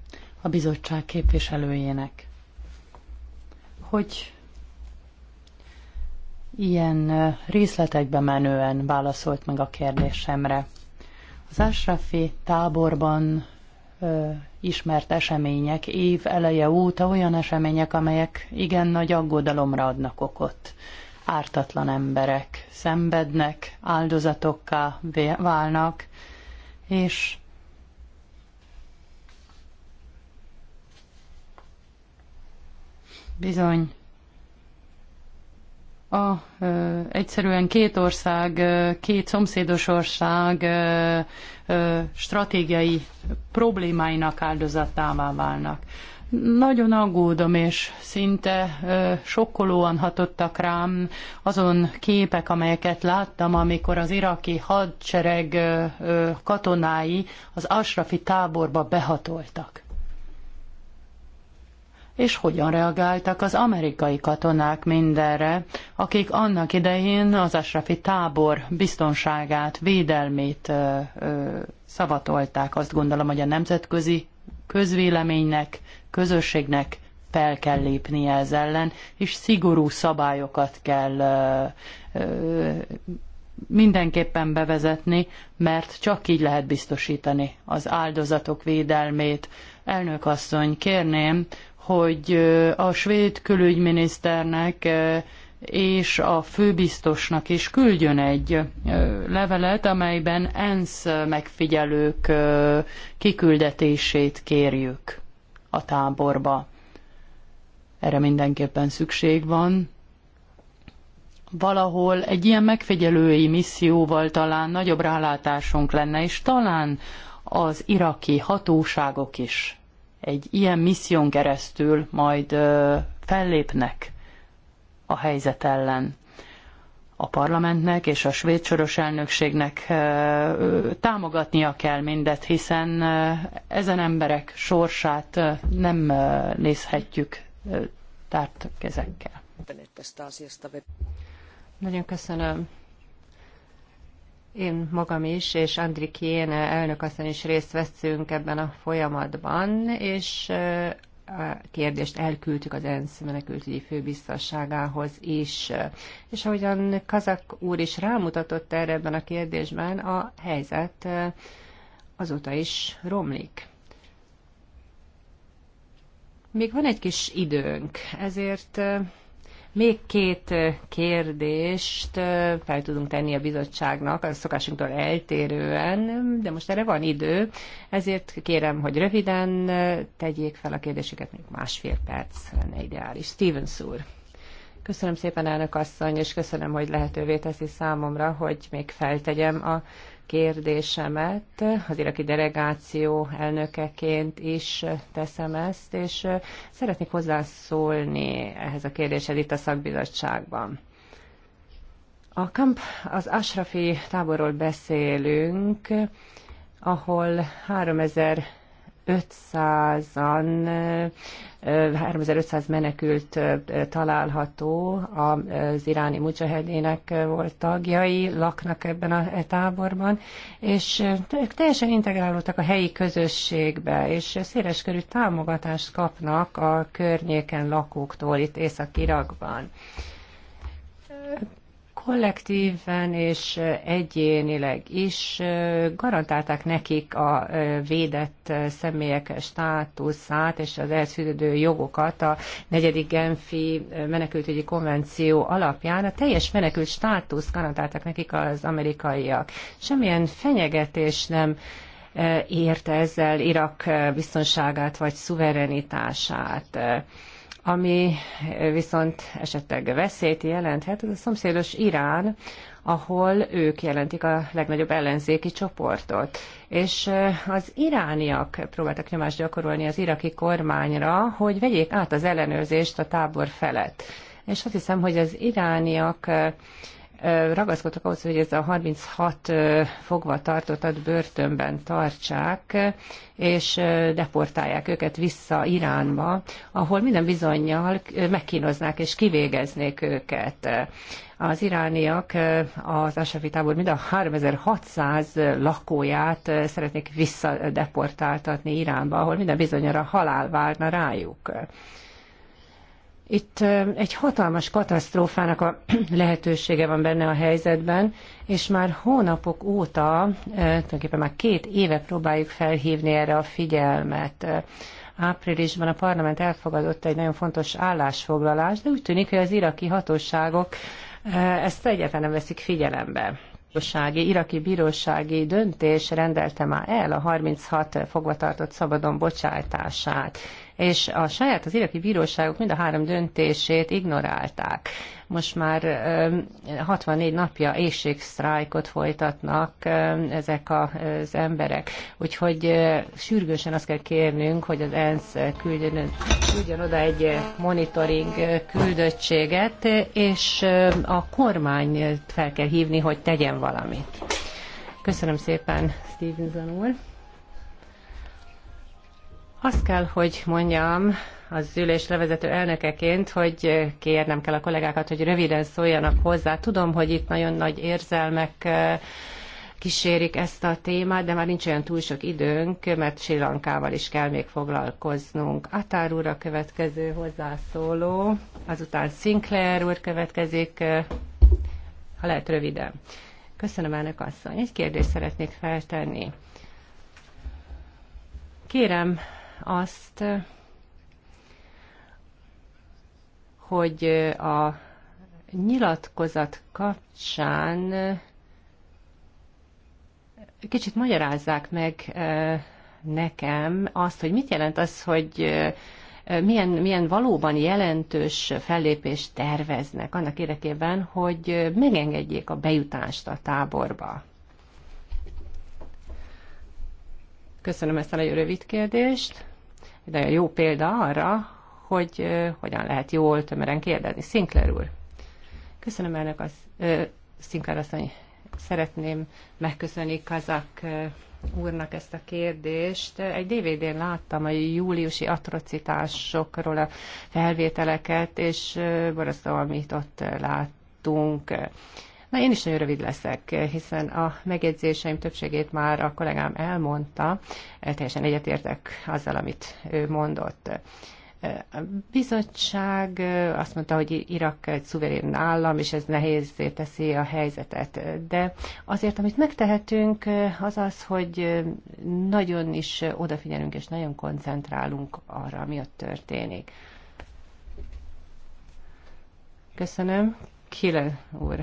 a bizottság képviselőjének, hogy ilyen részletekbe menően válaszolt meg a kérdésemre. Az Ásrafi táborban ismert események, év eleje óta olyan események, amelyek igen nagy aggodalomra adnak okot. Ártatlan emberek szenvednek, áldozatokká válnak, és bizony a, egyszerűen két ország, két szomszédos ország stratégiai problémáinak áldozatává válnak. Nagyon aggódom, és szinte ö, sokkolóan hatottak rám azon képek, amelyeket láttam, amikor az iraki hadsereg ö, ö, katonái az Ashrafi táborba behatoltak és hogyan reagáltak az amerikai katonák mindenre, akik annak idején az Asrafi tábor biztonságát, védelmét ö, ö, szavatolták. Azt gondolom, hogy a nemzetközi közvéleménynek, közösségnek fel kell lépnie ez ellen, és szigorú szabályokat kell ö, ö, mindenképpen bevezetni, mert csak így lehet biztosítani az áldozatok védelmét. Elnök asszony, kérném, hogy a svéd külügyminiszternek és a főbiztosnak is küldjön egy levelet, amelyben ENSZ megfigyelők kiküldetését kérjük a táborba. Erre mindenképpen szükség van. Valahol egy ilyen megfigyelői misszióval talán nagyobb rálátásunk lenne, és talán az iraki hatóságok is egy ilyen misszión keresztül majd fellépnek a helyzet ellen. A parlamentnek és a svéd soros elnökségnek támogatnia kell mindet, hiszen ezen emberek sorsát nem nézhetjük tárt kezekkel. Nagyon köszönöm. Én magam is, és Andrik Jéne eh, elnök aztán is részt veszünk ebben a folyamatban, és eh, a kérdést elküldtük az ENSZ menekültügyi főbiztosságához is. És ahogyan Kazak úr is rámutatott erre ebben a kérdésben, a helyzet eh, azóta is romlik. Még van egy kis időnk, ezért még két kérdést fel tudunk tenni a bizottságnak, a szokásunktól eltérően, de most erre van idő, ezért kérem, hogy röviden tegyék fel a kérdéseket, még másfél perc lenne ideális. Stevens úr. Köszönöm szépen, elnök asszony, és köszönöm, hogy lehetővé teszi számomra, hogy még feltegyem a kérdésemet. Az iraki delegáció elnökeként is teszem ezt, és szeretnék hozzászólni ehhez a kérdéshez itt a szakbizottságban. A kamp, az Ashrafi táborról beszélünk, ahol 3000 500-an, 3500 menekült található az iráni mujahedének volt tagjai, laknak ebben a e táborban, és teljesen integrálódtak a helyi közösségbe, és széleskörű támogatást kapnak a környéken lakóktól itt Észak-Irakban kollektíven és egyénileg is garantálták nekik a védett személyek státuszát és az ehhez fűződő jogokat a negyedik Genfi menekültügyi konvenció alapján. A teljes menekült státusz garantálták nekik az amerikaiak. Semmilyen fenyegetés nem érte ezzel Irak biztonságát vagy szuverenitását ami viszont esetleg veszélyt jelenthet, az a szomszédos Irán, ahol ők jelentik a legnagyobb ellenzéki csoportot. És az irániak próbáltak nyomást gyakorolni az iraki kormányra, hogy vegyék át az ellenőrzést a tábor felett. És azt hiszem, hogy az irániak ragaszkodtak ahhoz, hogy ez a 36 fogva tartottat börtönben tartsák, és deportálják őket vissza Iránba, ahol minden bizonyal megkínoznák és kivégeznék őket. Az irániak az Asafi tábor mind a 3600 lakóját szeretnék visszadeportáltatni Iránba, ahol minden bizonyra halál várna rájuk. Itt egy hatalmas katasztrófának a [CLEARS THROAT] lehetősége van benne a helyzetben, és már hónapok óta, tulajdonképpen már két éve próbáljuk felhívni erre a figyelmet. Áprilisban a parlament elfogadott egy nagyon fontos állásfoglalást, de úgy tűnik, hogy az iraki hatóságok ezt egyáltalán nem veszik figyelembe bírósági, iraki bírósági döntés rendelte már el a 36 fogvatartott szabadon bocsátását és a saját az iraki bíróságok mind a három döntését ignorálták. Most már 64 napja éjségsztrájkot folytatnak ezek az emberek. Úgyhogy sürgősen azt kell kérnünk, hogy az ENSZ küldjön, küldjön oda egy monitoring küldöttséget, és a kormányt fel kell hívni, hogy tegyen valamit. Köszönöm szépen, Stevenson úr. Azt kell, hogy mondjam az ülés levezető elnökeként, hogy kérnem kell a kollégákat, hogy röviden szóljanak hozzá. Tudom, hogy itt nagyon nagy érzelmek eh, kísérik ezt a témát, de már nincs olyan túl sok időnk, mert Sri Lankával is kell még foglalkoznunk. Atár úr a következő hozzászóló, azután Sinclair úr következik, eh, ha lehet röviden. Köszönöm, elnök asszony. Egy kérdést szeretnék feltenni. Kérem, azt, hogy a nyilatkozat kapcsán kicsit magyarázzák meg e, nekem azt, hogy mit jelent az, hogy e, milyen, milyen valóban jelentős fellépést terveznek annak érdekében, hogy megengedjék a bejutást a táborba. Köszönöm ezt a nagyon rövid kérdést nagyon jó példa arra, hogy hogyan lehet jól tömören kérdezni. Sinclair úr. Köszönöm elnök az, uh, Sinclair asszony. Szeretném megköszönni Kazak úrnak ezt a kérdést. Egy DVD-n láttam a júliusi atrocitásokról a felvételeket, és borzasztó, amit ott láttunk. Na, én is nagyon rövid leszek, hiszen a megjegyzéseim többségét már a kollégám elmondta, teljesen egyetértek azzal, amit ő mondott. A bizottság azt mondta, hogy Irak egy szuverén állam, és ez nehézé teszi a helyzetet. De azért, amit megtehetünk, az az, hogy nagyon is odafigyelünk, és nagyon koncentrálunk arra, ami ott történik. Köszönöm. Kile úr.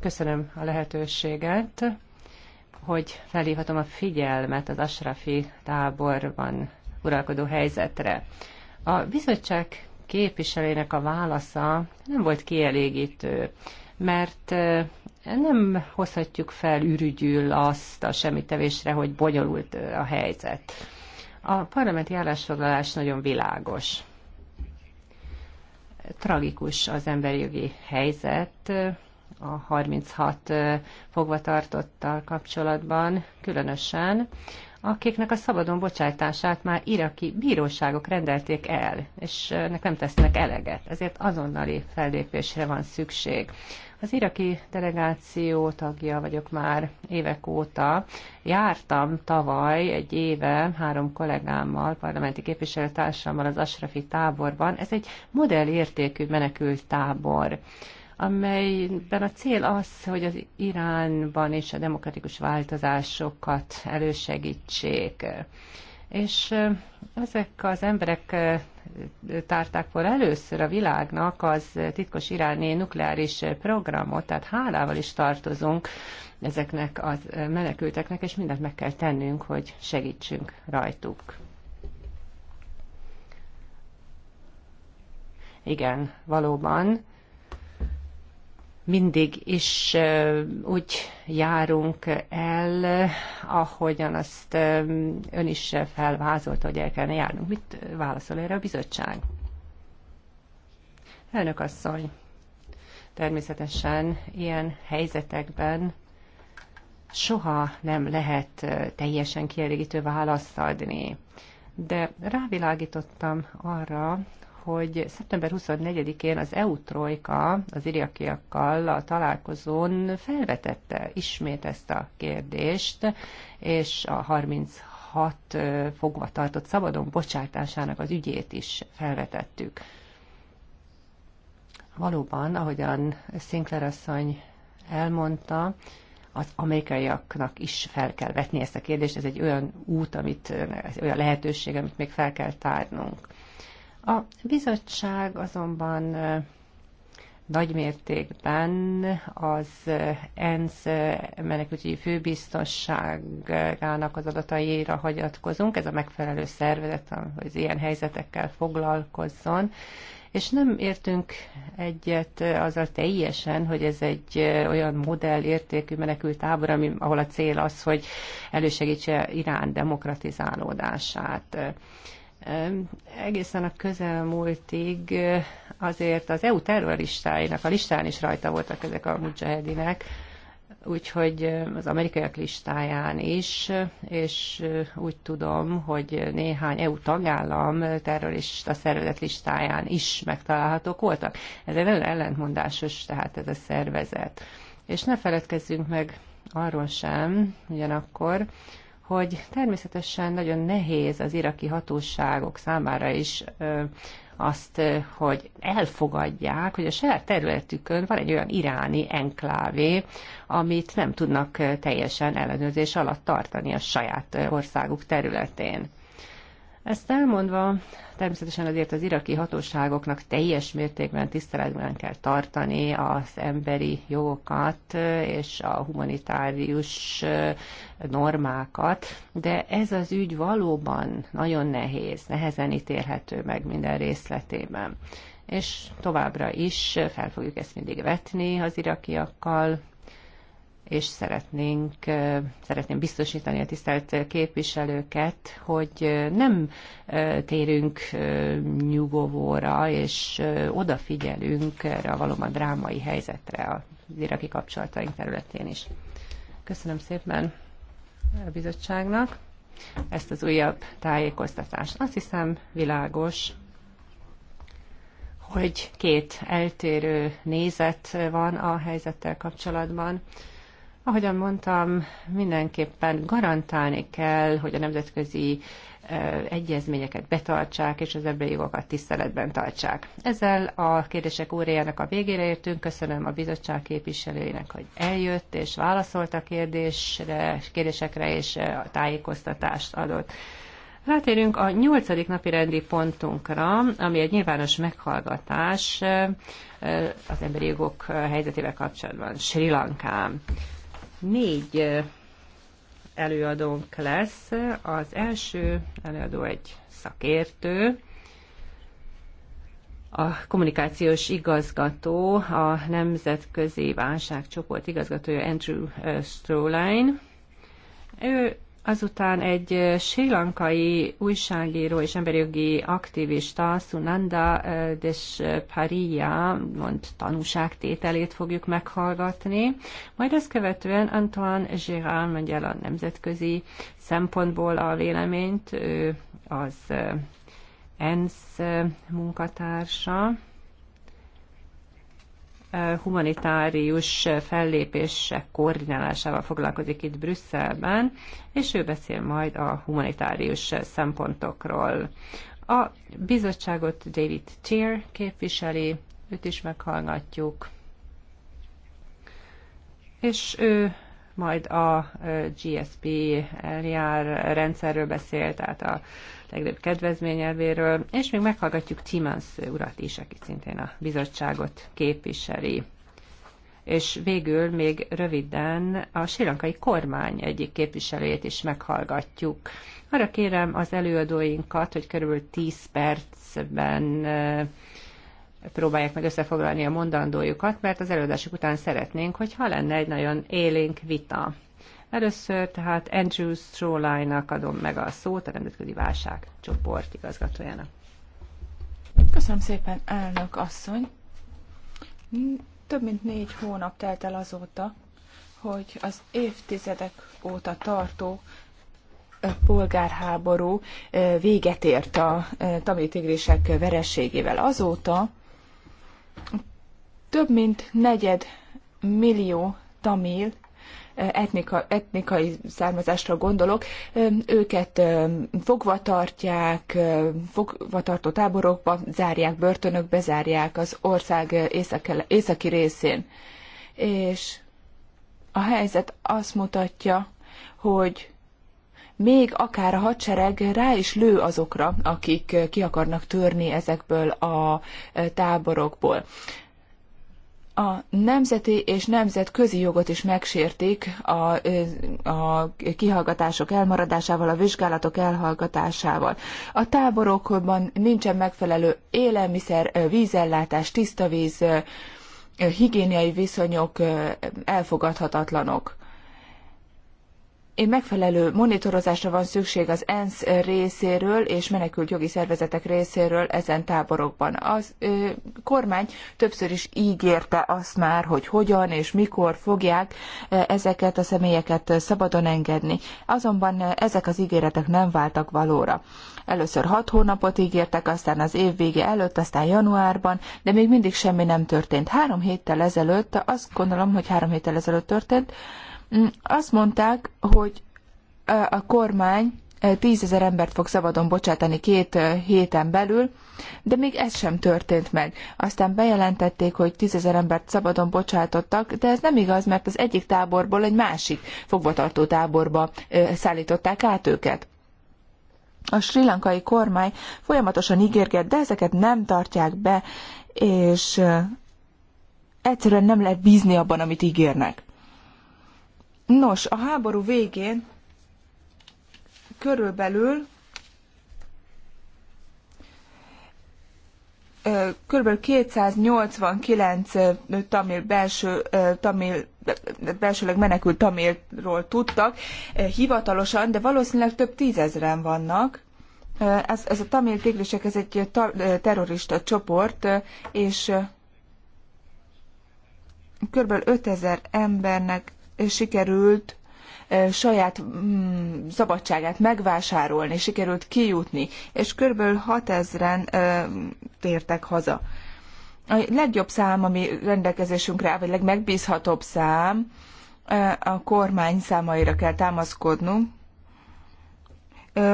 Köszönöm a lehetőséget, hogy felhívhatom a figyelmet az Asrafi táborban uralkodó helyzetre. A bizottság képviselének a válasza nem volt kielégítő, mert eh, nem hozhatjuk fel ürügyül azt a semmitevésre, hogy bonyolult eh, a helyzet. A parlamenti állásfoglalás nagyon világos. Tragikus az emberi jogi helyzet, eh, a 36 fogvatartottal kapcsolatban, különösen, akiknek a szabadon bocsátását már iraki bíróságok rendelték el, és ennek nem tesznek eleget, ezért azonnali fellépésre van szükség. Az iraki delegáció tagja vagyok már évek óta. Jártam tavaly egy éve három kollégámmal, parlamenti képviselőtársammal az Asrafi táborban. Ez egy modellértékű menekült tábor amelyben a cél az, hogy az Iránban és a demokratikus változásokat elősegítsék. És ezek az emberek tárták fel először a világnak az titkos iráni nukleáris programot, tehát hálával is tartozunk ezeknek a menekülteknek, és mindent meg kell tennünk, hogy segítsünk rajtuk. Igen, valóban mindig is úgy járunk el, ahogyan azt ön is felvázolta, hogy el kellene járnunk. Mit válaszol erre a bizottság? Elnök asszony, természetesen ilyen helyzetekben soha nem lehet teljesen kielégítő választ adni. De rávilágítottam arra, hogy szeptember 24-én az EU trojka az irakiakkal a találkozón felvetette ismét ezt a kérdést, és a 36 fogva tartott szabadon bocsátásának az ügyét is felvetettük. Valóban, ahogyan Sinclair asszony elmondta, az amerikaiaknak is fel kell vetni ezt a kérdést, ez egy olyan út, amit, olyan lehetőség, amit még fel kell tárnunk. A bizottság azonban nagymértékben az ENSZ menekültügyi főbiztosságának az adataira hagyatkozunk. Ez a megfelelő szervezet, hogy ilyen helyzetekkel foglalkozzon. És nem értünk egyet azzal teljesen, hogy ez egy olyan értékű menekült tábor, ami, ahol a cél az, hogy elősegítse Irán demokratizálódását egészen a közelmúltig azért az EU terroristáinak a listán is rajta voltak ezek a mujahedinek, úgyhogy az amerikaiak listáján is, és úgy tudom, hogy néhány EU tagállam terrorista szervezet listáján is megtalálhatók voltak. Ez egy nagyon ellentmondásos, tehát ez a szervezet. És ne feledkezzünk meg arról sem, ugyanakkor, hogy természetesen nagyon nehéz az iraki hatóságok számára is azt, hogy elfogadják, hogy a saját területükön van egy olyan iráni enklávé, amit nem tudnak teljesen ellenőrzés alatt tartani a saját országuk területén. Ezt elmondva, természetesen azért az iraki hatóságoknak teljes mértékben tiszteletben kell tartani az emberi jogokat és a humanitárius normákat, de ez az ügy valóban nagyon nehéz, nehezen ítélhető meg minden részletében. És továbbra is fel fogjuk ezt mindig vetni az irakiakkal, és szeretnénk, szeretném biztosítani a tisztelt képviselőket, hogy nem térünk nyugovóra, és odafigyelünk erre a valóban drámai helyzetre a iraki kapcsolataink területén is. Köszönöm szépen a bizottságnak ezt az újabb tájékoztatást. Azt hiszem világos, hogy két eltérő nézet van a helyzettel kapcsolatban. Ahogyan mondtam, mindenképpen garantálni kell, hogy a nemzetközi egyezményeket betartsák, és az emberi jogokat tiszteletben tartsák. Ezzel a kérdések órájának a végére értünk. Köszönöm a bizottság képviselőinek, hogy eljött és válaszolt a kérdésre, kérdésekre, és a tájékoztatást adott. Rátérünk a nyolcadik napi rendi pontunkra, ami egy nyilvános meghallgatás az emberi jogok helyzetével kapcsolatban Sri Lankán. Négy előadónk lesz. Az első előadó egy szakértő, a kommunikációs igazgató, a Nemzetközi Válságcsoport igazgatója Andrew Strolein. Ő Azután egy sri lankai újságíró és emberjogi aktivista, Sunanda Des Paria mond tanúságtételét fogjuk meghallgatni, majd ezt követően Antoine Gérard mondja el a nemzetközi szempontból a véleményt, ő az ENSZ munkatársa humanitárius fellépések koordinálásával foglalkozik itt Brüsszelben, és ő beszél majd a humanitárius szempontokról. A bizottságot David Tier képviseli, őt is meghallgatjuk. És ő majd a GSP eljár rendszerről beszél, tehát a legnagyobb kedvezményelvéről, és még meghallgatjuk Timans urat is, aki szintén a bizottságot képviseli. És végül még röviden a sirankai kormány egyik képviselőjét is meghallgatjuk. Arra kérem az előadóinkat, hogy körülbelül 10 percben eh, próbálják meg összefoglalni a mondandójukat, mert az előadások után szeretnénk, hogyha lenne egy nagyon élénk vita. Először tehát Andrew stroline adom meg a szót, a Nemzetközi Válság csoport igazgatójának. Köszönöm szépen, elnök asszony. Több mint négy hónap telt el azóta, hogy az évtizedek óta tartó polgárháború véget ért a tamil tigrisek vereségével. Azóta több mint negyed millió tamil etnika, etnikai származásra gondolok, őket fogva tartják, fogvatartó táborokba zárják, börtönökbe zárják az ország észak, északi részén. És a helyzet azt mutatja, hogy még akár a hadsereg rá is lő azokra, akik ki akarnak törni ezekből a táborokból. A nemzeti és nemzetközi jogot is megsértik a, a kihallgatások elmaradásával, a vizsgálatok elhallgatásával. A táborokban nincsen megfelelő élelmiszer, vízellátás, tiszta víz, higiéniai viszonyok elfogadhatatlanok. Én megfelelő monitorozásra van szükség az ENSZ részéről és menekült jogi szervezetek részéről ezen táborokban. A kormány többször is ígérte azt már, hogy hogyan és mikor fogják ezeket a személyeket szabadon engedni. Azonban ezek az ígéretek nem váltak valóra. Először hat hónapot ígértek, aztán az év vége előtt, aztán januárban, de még mindig semmi nem történt. Három héttel ezelőtt, azt gondolom, hogy három héttel ezelőtt történt, Mm, azt mondták, hogy a kormány tízezer embert fog szabadon bocsátani két héten belül, de még ez sem történt meg. Aztán bejelentették, hogy tízezer embert szabadon bocsátottak, de ez nem igaz, mert az egyik táborból egy másik fogvatartó táborba szállították át őket. A sri lankai kormány folyamatosan ígérget, de ezeket nem tartják be, és egyszerűen nem lehet bízni abban, amit ígérnek. Nos, a háború végén körülbelül kb. 289 tamil belső, tamil, belsőleg menekült tamilról tudtak hivatalosan, de valószínűleg több tízezren vannak. Ez, ez a tamil tigrisek, ez egy ta, terrorista csoport, és kb. 5000 embernek sikerült saját mm, szabadságát megvásárolni, sikerült kijutni, és kb. 6000-en tértek haza. A legjobb szám, ami rendelkezésünkre áll, vagy legmegbízhatóbb szám, a kormány számaira kell támaszkodnunk,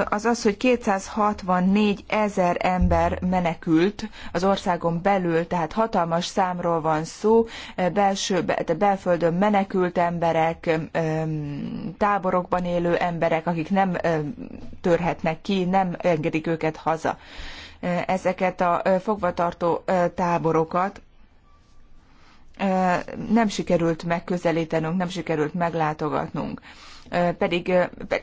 az az, hogy 264 ezer ember menekült az országon belül, tehát hatalmas számról van szó, belső, belföldön menekült emberek, táborokban élő emberek, akik nem törhetnek ki, nem engedik őket haza. Ezeket a fogvatartó táborokat nem sikerült megközelítenünk, nem sikerült meglátogatnunk pedig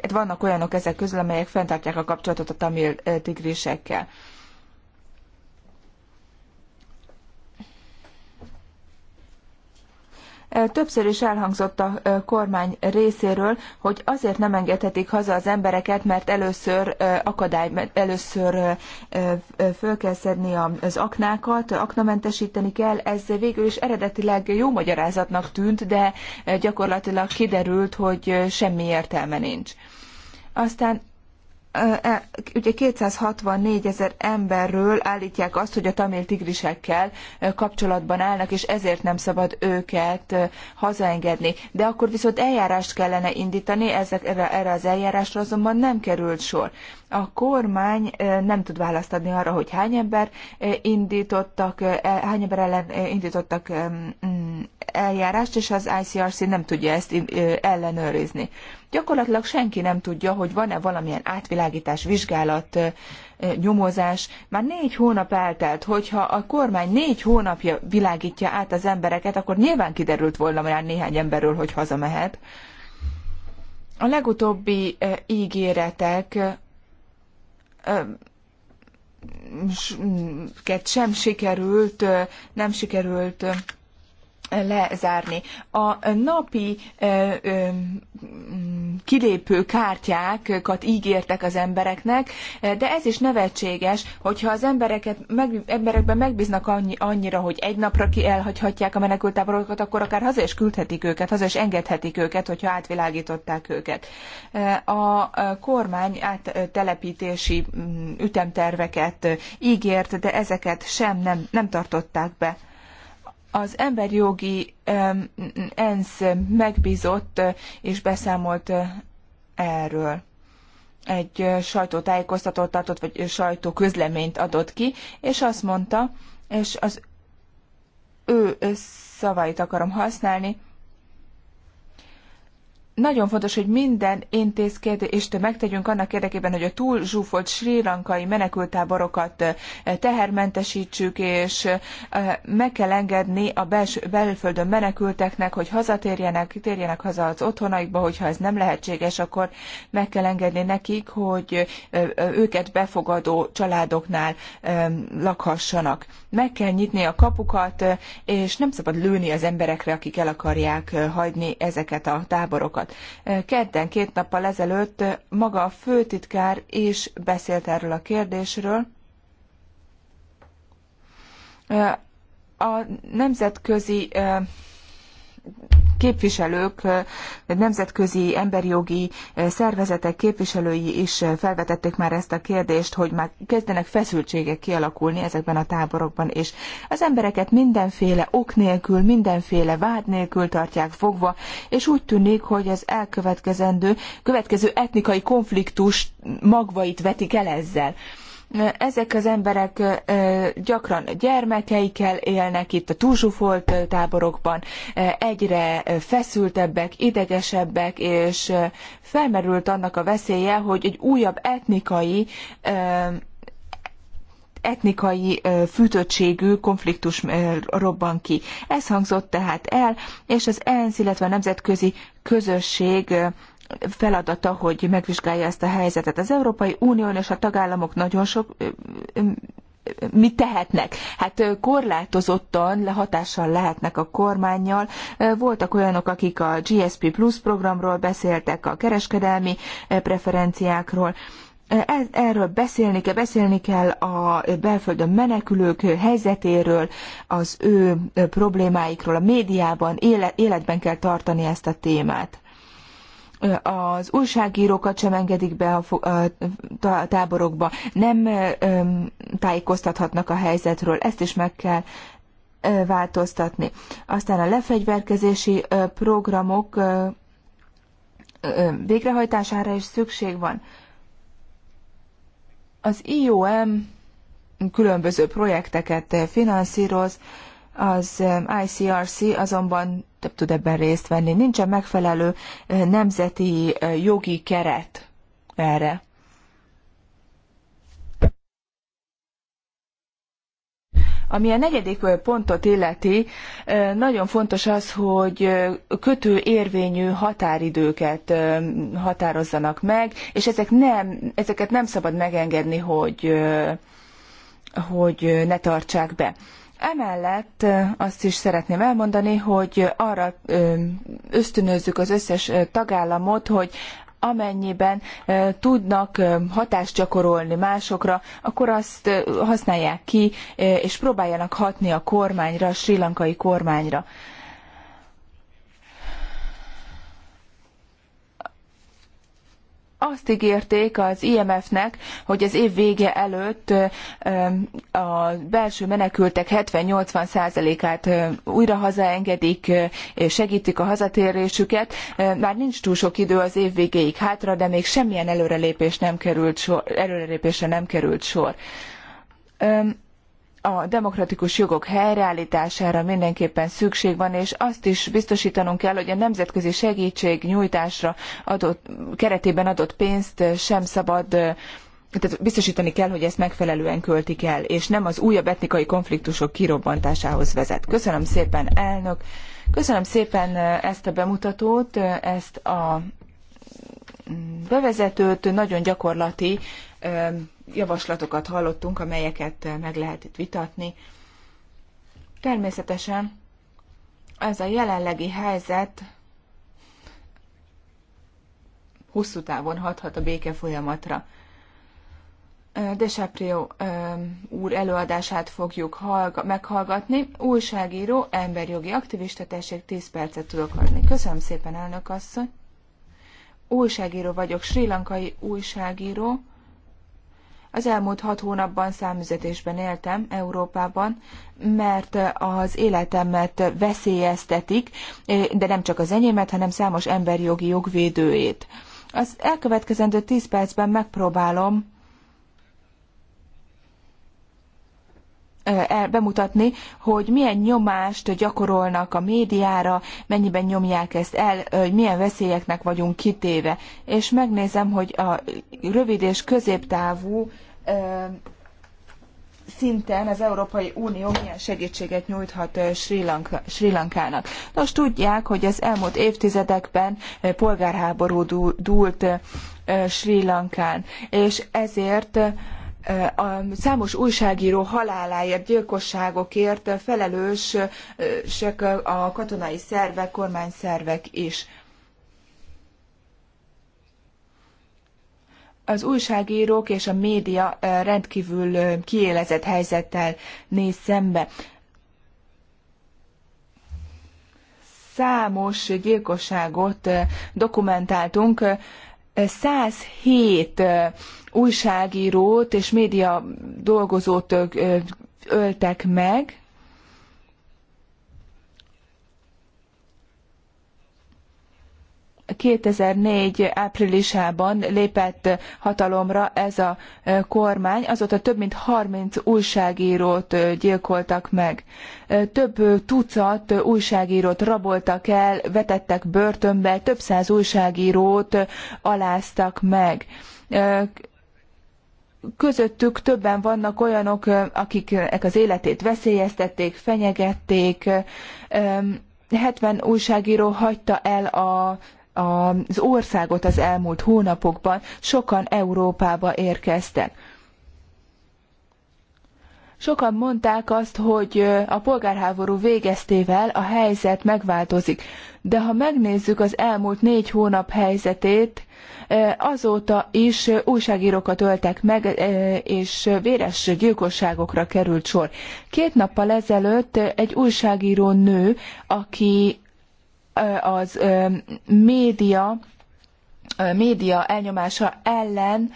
vannak olyanok ezek közül, amelyek fenntartják a kapcsolatot a tamil tigrisekkel. Többször is elhangzott a kormány részéről, hogy azért nem engedhetik haza az embereket, mert először akadály, először föl kell szedni az aknákat, aknamentesíteni kell. Ez végül is eredetileg jó magyarázatnak tűnt, de gyakorlatilag kiderült, hogy semmi értelme nincs. Aztán E, ugye 264 ezer emberről állítják azt, hogy a tamil tigrisekkel kapcsolatban állnak, és ezért nem szabad őket hazaengedni. De akkor viszont eljárást kellene indítani, ezek, erre, erre az eljárásra azonban nem került sor. A kormány nem tud választ adni arra, hogy hány ember indítottak, e, hány ember ellen indítottak eljárást, és az ICRC nem tudja ezt ellenőrizni gyakorlatilag senki nem tudja, hogy van-e valamilyen átvilágítás, vizsgálat, nyomozás. Már négy hónap eltelt, hogyha a kormány négy hónapja világítja át az embereket, akkor nyilván kiderült volna már néhány emberről, hogy hazamehet. A legutóbbi ígéretek sem sikerült, nem sikerült lezárni. A napi ö, ö, kilépő kártyákat ígértek az embereknek, de ez is nevetséges, hogyha az embereket, meg, emberekben megbíznak annyi, annyira, hogy egy napra ki elhagyhatják a menekültáborokat, akkor akár haza is küldhetik őket, haza is engedhetik őket, hogyha átvilágították őket. A kormány áttelepítési mm, ütemterveket ígért, de ezeket sem nem, nem tartották be az emberjogi ENSZ megbízott és beszámolt erről egy sajtótájékoztatót tartott, vagy sajtóközleményt adott ki, és azt mondta, és az ő szavait akarom használni, nagyon fontos, hogy minden intézkedést megtegyünk annak érdekében, hogy a túl zsúfolt sri lankai menekültáborokat eh, tehermentesítsük, és eh, meg kell engedni a bels- belföldön menekülteknek, hogy hazatérjenek, térjenek haza az otthonaikba, hogyha ez nem lehetséges, akkor meg kell engedni nekik, hogy eh, őket befogadó családoknál lakhassanak. Meg kell nyitni a kapukat, és nem szabad lőni az emberekre, akik el akarják hagyni ezeket a táborokat dolgokat. Kedden, két nappal ezelőtt maga a főtitkár is beszélt erről a kérdésről. A nemzetközi képviselők, nemzetközi emberi jogi szervezetek képviselői is felvetették már ezt a kérdést, hogy már kezdenek feszültségek kialakulni ezekben a táborokban, és az embereket mindenféle ok nélkül, mindenféle vád nélkül tartják fogva, és úgy tűnik, hogy az elkövetkezendő, következő etnikai konfliktus magvait vetik el ezzel. Ezek az emberek gyakran gyermekeikkel élnek itt a túlzsúfolt táborokban, egyre feszültebbek, idegesebbek, és felmerült annak a veszélye, hogy egy újabb etnikai etnikai fűtöttségű konfliktus robban ki. Ez hangzott tehát el, és az ENSZ, illetve a nemzetközi közösség feladata, hogy megvizsgálja ezt a helyzetet. Az Európai Unió és a tagállamok nagyon sok mit tehetnek? Hát korlátozottan hatással lehetnek a kormányjal. Voltak olyanok, akik a GSP Plus programról beszéltek, a kereskedelmi preferenciákról. E, erről beszélni kell, beszélni kell a belföldön menekülők helyzetéről, az ő problémáikról, a médiában, életben kell tartani ezt a témát az újságírókat sem engedik be a táborokba, nem tájékoztathatnak a helyzetről, ezt is meg kell változtatni. Aztán a lefegyverkezési programok végrehajtására is szükség van. Az IOM különböző projekteket finanszíroz, az um, ICRC azonban több tud ebben részt venni. Nincsen megfelelő uh, nemzeti uh, jogi keret erre. Ami a negyedik uh, pontot illeti, nagyon fontos az, hogy kötő érvényű határidőket um, határozzanak meg, és ezek nem, ezeket nem szabad megengedni, hogy, hogy ne tartsák be. Emellett azt is szeretném elmondani, hogy arra ösztönözzük az összes tagállamot, hogy amennyiben tudnak hatást gyakorolni másokra, akkor azt használják ki, és próbáljanak hatni a kormányra, a sri lankai kormányra. azt ígérték az IMF-nek, hogy az év vége előtt a belső menekültek 70-80%-át újra hazaengedik, segítik a hazatérésüket. Már nincs túl sok idő az év végéig hátra, de még semmilyen előrelépés nem került sor, előrelépésre nem került sor a demokratikus jogok helyreállítására mindenképpen szükség van, és azt is biztosítanunk kell, hogy a nemzetközi nyújtásra adott, keretében adott pénzt sem szabad tehát biztosítani kell, hogy ezt megfelelően költik el, és nem az újabb etnikai konfliktusok kirobbantásához vezet. Köszönöm szépen, elnök! Köszönöm szépen ezt a bemutatót, ezt a bevezetőt, nagyon gyakorlati javaslatokat hallottunk, amelyeket meg lehet itt vitatni. Természetesen ez a jelenlegi helyzet hosszú távon hathat a béke folyamatra. Saprio úr előadását fogjuk hallga- meghallgatni. Újságíró, emberjogi aktivista, tessék 10 percet tudok adni. Köszönöm szépen, elnök asszony. Újságíró vagyok, sri lankai újságíró az elmúlt hat hónapban számüzetésben éltem Európában, mert az életemet veszélyeztetik, de nem csak az enyémet, hanem számos emberi jogi jogvédőjét. Az elkövetkezendő tíz percben megpróbálom E, bemutatni, hogy milyen nyomást gyakorolnak a médiára, mennyiben nyomják ezt el, hogy milyen veszélyeknek vagyunk kitéve. És megnézem, hogy a rövid és középtávú szinten az Európai Unió milyen segítséget nyújthat Sri, Lanka, Sri Lankának. Nos, tudják, hogy az elmúlt évtizedekben polgárháború dúlt Sri Lankán, és ezért a számos újságíró haláláért, gyilkosságokért felelősek a katonai szervek, kormányszervek is. Az újságírók és a média rendkívül kiélezett helyzettel néz szembe. Számos gyilkosságot dokumentáltunk, 107 újságírót és média dolgozót öltek meg, 2004 áprilisában lépett hatalomra ez a kormány, azóta több mint 30 újságírót gyilkoltak meg. Több tucat újságírót raboltak el, vetettek börtönbe, több száz újságírót aláztak meg közöttük többen vannak olyanok, akiknek az életét veszélyeztették, fenyegették. 70 újságíró hagyta el a az országot az elmúlt hónapokban, sokan Európába érkeztek. Sokan mondták azt, hogy a polgárháború végeztével a helyzet megváltozik. De ha megnézzük az elmúlt négy hónap helyzetét, azóta is újságírókat öltek meg, és véres gyilkosságokra került sor. Két nappal ezelőtt egy újságíró nő, aki az média, média elnyomása ellen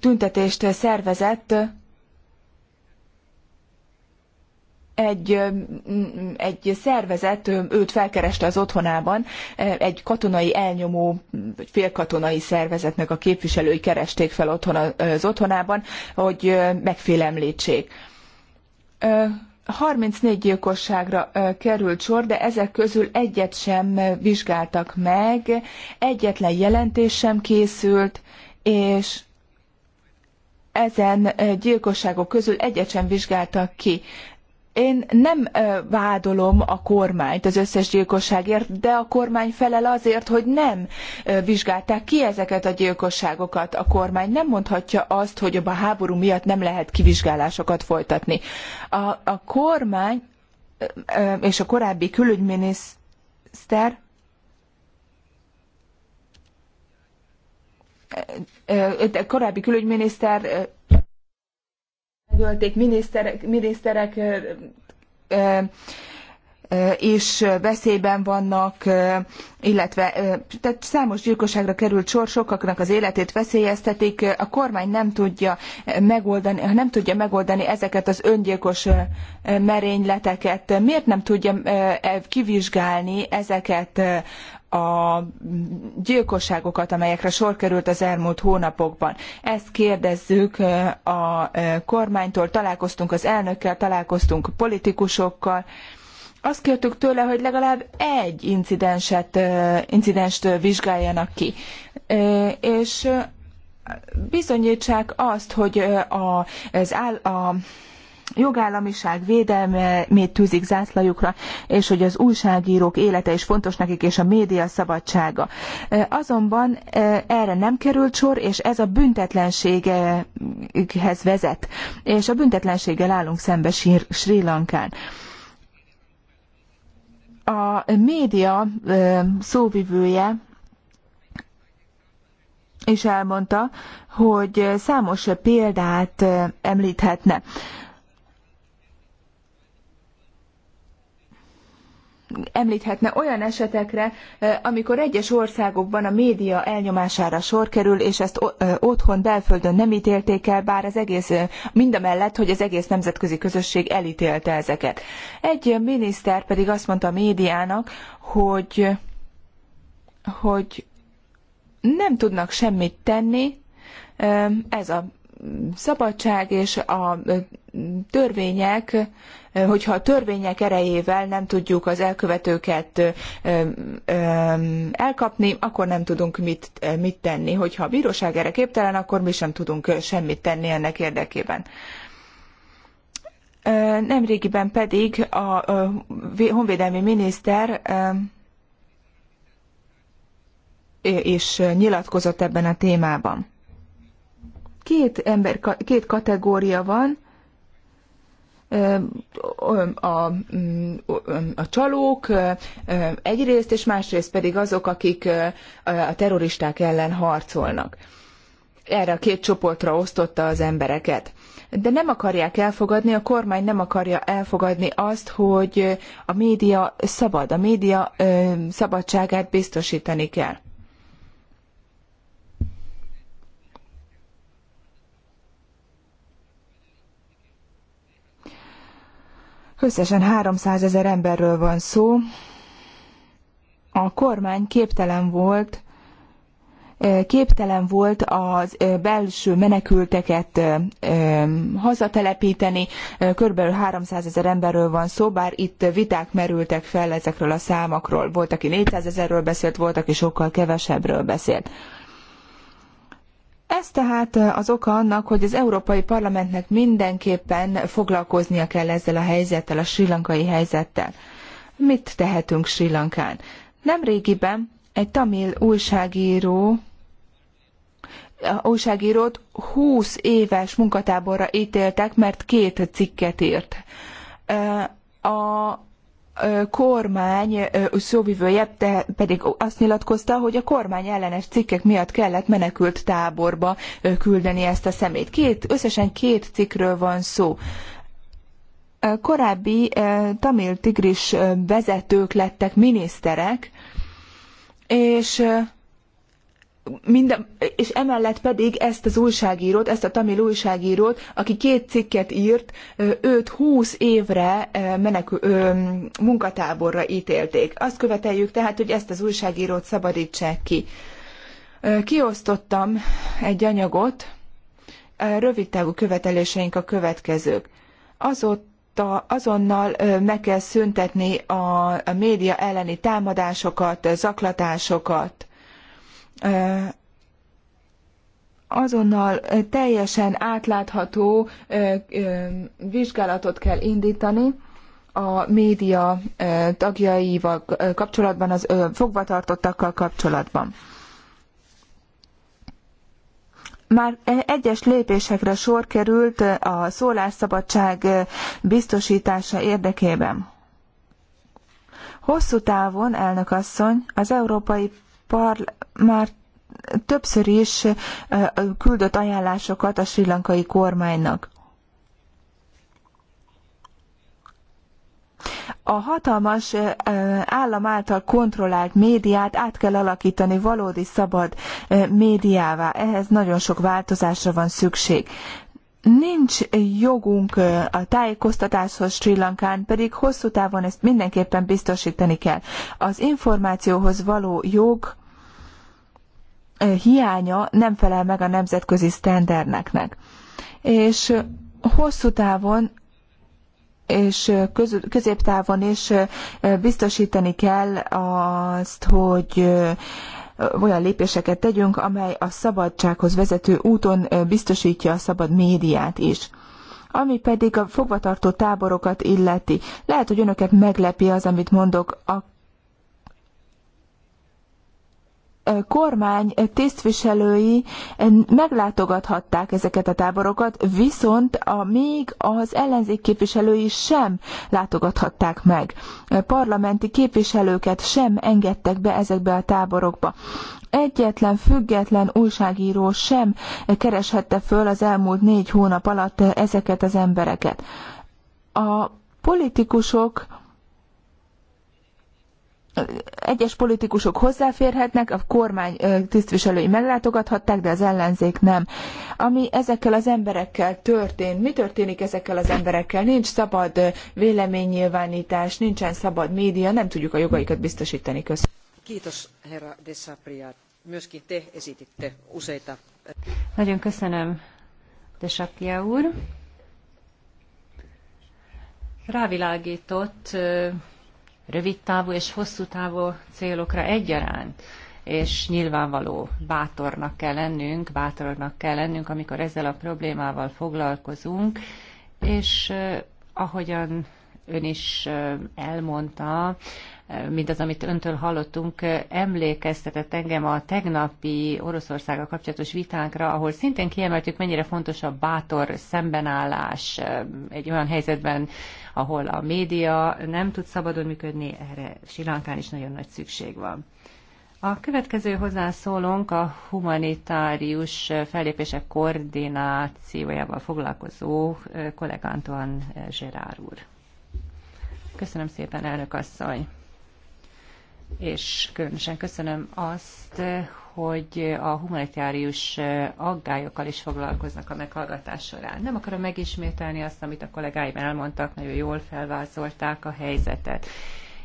tüntetést szervezett egy, egy szervezet őt felkereste az otthonában, egy katonai elnyomó, egy félkatonai szervezetnek a képviselői keresték fel otthon az otthonában, hogy megfélemlítsék 34 gyilkosságra került sor, de ezek közül egyet sem vizsgáltak meg, egyetlen jelentés sem készült, és ezen gyilkosságok közül egyet sem vizsgáltak ki. Én nem vádolom a kormányt az összes gyilkosságért, de a kormány felel azért, hogy nem vizsgálták ki ezeket a gyilkosságokat. A kormány nem mondhatja azt, hogy a háború miatt nem lehet kivizsgálásokat folytatni. A, a kormány és a korábbi külügyminiszter korábbi külügyminiszter megölték miniszterek, miniszterek is veszélyben vannak, illetve tehát számos gyilkosságra került sor, sokaknak az életét veszélyeztetik, a kormány nem tudja megoldani, nem tudja megoldani ezeket az öngyilkos merényleteket. Miért nem tudja e, kivizsgálni ezeket a gyilkosságokat, amelyekre sor került az elmúlt hónapokban. Ezt kérdezzük a kormánytól, találkoztunk az elnökkel, találkoztunk politikusokkal, azt kértük tőle, hogy legalább egy incidenset, incidenst vizsgáljanak ki. És bizonyítsák azt, hogy a, az áll, a jogállamiság védelmét tűzik zászlajukra, és hogy az újságírók élete is fontos nekik, és a média szabadsága. Azonban erre nem került sor, és ez a büntetlenséghez vezet, és a büntetlenséggel állunk szembe Sri Lankán a média szóvivője és elmondta, hogy számos példát említhetne. említhetne olyan esetekre, amikor egyes országokban a média elnyomására sor kerül, és ezt otthon, belföldön nem ítélték el, bár az egész, mindamellett, hogy az egész nemzetközi közösség elítélte ezeket. Egy miniszter pedig azt mondta a médiának, hogy, hogy nem tudnak semmit tenni, ez a szabadság és a törvények, hogyha a törvények erejével nem tudjuk az elkövetőket elkapni, akkor nem tudunk mit, mit tenni. Hogyha a bíróság erre képtelen, akkor mi sem tudunk semmit tenni ennek érdekében. Nemrégiben pedig a honvédelmi miniszter és nyilatkozott ebben a témában. Két, ember, két kategória van, a, a, mm, a csalók egyrészt, és másrészt pedig azok, akik a terroristák ellen harcolnak. Erre a két csoportra osztotta az embereket de nem akarják elfogadni, a kormány nem akarja elfogadni azt, hogy a média szabad, a média szabadságát biztosítani kell. Összesen 300 ezer emberről van szó. A kormány képtelen volt képtelen volt az belső menekülteket hazatelepíteni. Körülbelül 300 ezer emberről van szó, bár itt viták merültek fel ezekről a számokról. Volt, aki 400 ezerről beszélt, volt, aki sokkal kevesebbről beszélt. Ez tehát az oka annak, hogy az Európai Parlamentnek mindenképpen foglalkoznia kell ezzel a helyzettel, a sri lankai helyzettel. Mit tehetünk Sri Lankán? Nemrégiben egy tamil újságíró újságírót 20 éves munkatáborra ítéltek, mert két cikket írt. A kormány szóvivője pedig azt nyilatkozta, hogy a kormány ellenes cikkek miatt kellett menekült táborba küldeni ezt a szemét. Két, összesen két cikkről van szó korábbi tamil tigris vezetők lettek miniszterek, és minden, és emellett pedig ezt az újságírót, ezt a tamil újságírót, aki két cikket írt, őt húsz évre menekül, munkatáborra ítélték. Azt követeljük tehát, hogy ezt az újságírót szabadítsák ki. Kiosztottam egy anyagot, távú követeléseink a következők. Azóta azonnal meg kell szüntetni a, média elleni támadásokat, zaklatásokat, azonnal teljesen átlátható vizsgálatot kell indítani a média tagjaival kapcsolatban, az fogvatartottakkal kapcsolatban. Már e, egyes lépésekre sor került a szólásszabadság biztosítása érdekében. Hosszú távon, elnök asszony, az Európai par- már többször is küldött ajánlásokat a sri lankai kormánynak. A hatalmas állam által kontrollált médiát át kell alakítani valódi szabad médiává. Ehhez nagyon sok változásra van szükség. Nincs jogunk a tájékoztatáshoz Sri Lankán, pedig hosszú távon ezt mindenképpen biztosítani kell. Az információhoz való jog hiánya nem felel meg a nemzetközi sztenderneknek. És hosszú távon és középtávon is biztosítani kell azt, hogy olyan lépéseket tegyünk, amely a szabadsághoz vezető úton biztosítja a szabad médiát is. Ami pedig a fogvatartó táborokat illeti. Lehet, hogy önöket meglepi az, amit mondok kormány tisztviselői meglátogathatták ezeket a táborokat, viszont a, még az ellenzék képviselői sem látogathatták meg. Parlamenti képviselőket sem engedtek be ezekbe a táborokba. Egyetlen független újságíró sem kereshette föl az elmúlt négy hónap alatt ezeket az embereket. A politikusok egyes politikusok hozzáférhetnek, a kormány tisztviselői meglátogathatták, de az ellenzék nem. Ami ezekkel az emberekkel történt, mi történik ezekkel az emberekkel? Nincs szabad véleménynyilvánítás, nincsen szabad média, nem tudjuk a jogaikat biztosítani. Köszönöm. Kiitos, herra Desapria. Myöskin te esititte useita. Nagyon köszönöm, Desapria úr. Rávilágított rövid távú és hosszú távú célokra egyaránt. És nyilvánvaló bátornak kell lennünk, bátornak kell lennünk, amikor ezzel a problémával foglalkozunk, és eh, ahogyan ön is eh, elmondta, mindaz, amit öntől hallottunk, emlékeztetett engem a tegnapi Oroszországgal kapcsolatos vitánkra, ahol szintén kiemeltük, mennyire fontos a bátor szembenállás eh, egy olyan helyzetben, ahol a média nem tud szabadon működni, erre Sri Lankán is nagyon nagy szükség van. A következő hozzászólónk a humanitárius fellépések koordinációjával foglalkozó eh, kollega Antoine Gerard úr. Köszönöm szépen, elnök asszony! és különösen köszönöm azt, hogy a humanitárius aggályokkal is foglalkoznak a meghallgatás során. Nem akarom megismételni azt, amit a kollégáim elmondtak, nagyon jól felvázolták a helyzetet.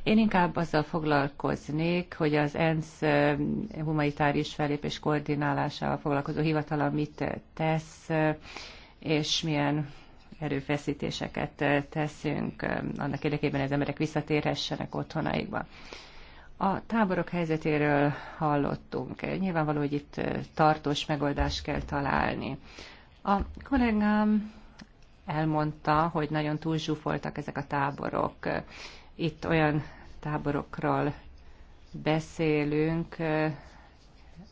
Én inkább azzal foglalkoznék, hogy az ENSZ eh, humanitárius fellépés koordinálásával foglalkozó hivatala mit tesz, és milyen erőfeszítéseket teszünk eh, annak érdekében, hogy az emberek visszatérhessenek otthonaikba. A táborok helyzetéről hallottunk. Nyilvánvaló, hogy itt eh, tartós megoldást kell találni. A kollégám elmondta, hogy nagyon túlzsúfoltak ezek a táborok. Itt olyan táborokról beszélünk, eh,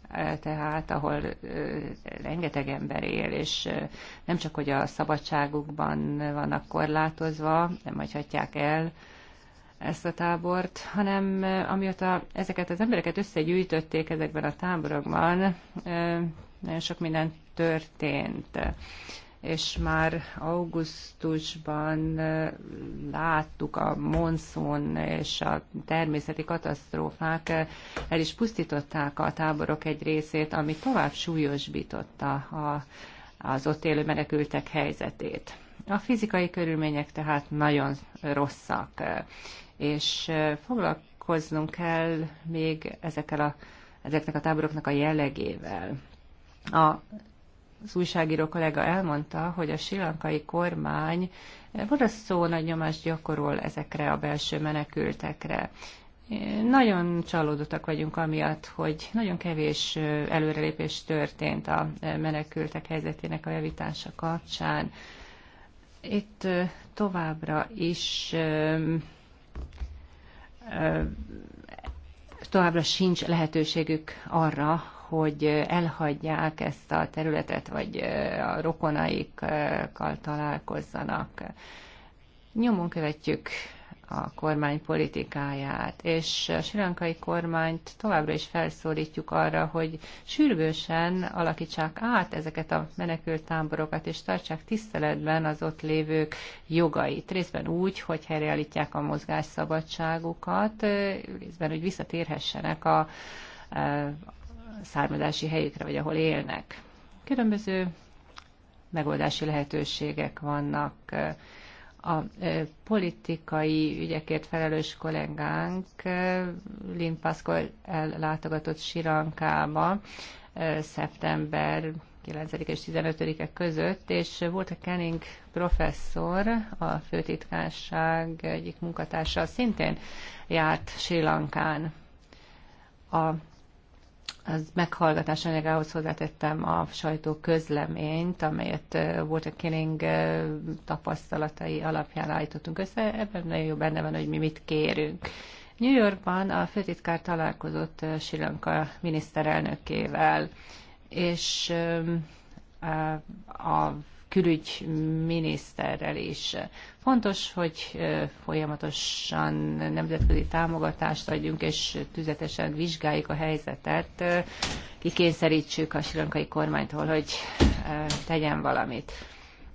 eh, tehát ahol rengeteg ember él, és nem csak, hogy a szabadságukban vannak korlátozva, nem hagyhatják el ezt a tábort, hanem amióta ezeket az embereket összegyűjtötték ezekben a táborokban, nagyon sok minden történt. És már augusztusban láttuk a monszun és a természeti katasztrófák el is pusztították a táborok egy részét, ami tovább súlyosbította a, az ott élő menekültek helyzetét. A fizikai körülmények tehát nagyon rosszak és foglalkoznunk kell még ezekkel a, ezeknek a táboroknak a jellegével. A az újságíró kollega elmondta, hogy a silankai kormány szó nagy nyomást gyakorol ezekre a belső menekültekre. Nagyon csalódottak vagyunk amiatt, hogy nagyon kevés előrelépés történt a menekültek helyzetének a javítása kapcsán. Itt továbbra is továbbra sincs lehetőségük arra, hogy elhagyják ezt a területet, vagy a rokonaikkal találkozzanak. Nyomon követjük a kormány politikáját, és a sirankai kormányt továbbra is felszólítjuk arra, hogy sürgősen alakítsák át ezeket a táborokat, és tartsák tiszteletben az ott lévők jogait. Részben úgy, hogy helyreállítják a mozgásszabadságukat, részben, hogy visszatérhessenek a e, származási helyükre, vagy ahol élnek. Különböző megoldási lehetőségek vannak a e, politikai ügyekért felelős kollégánk e, Lin Pasco ellátogatott Sirankába e, szeptember 9 és 15-e között, és volt a Kenning professzor, a főtitkárság egyik munkatársa, szintén járt Sri Lankán. A az meghallgatás anyagához hozzátettem a sajtó közleményt, amelyet a Killing tapasztalatai alapján állítottunk össze. Ebben nagyon jó benne van, hogy mi mit kérünk. New Yorkban a főtitkár találkozott Sri Lanka miniszterelnökével, és a külügyminiszterrel is. Fontos, hogy folyamatosan nemzetközi támogatást adjunk, és tüzetesen vizsgáljuk a helyzetet, kikényszerítsük a sirankai kormánytól, hogy tegyen valamit.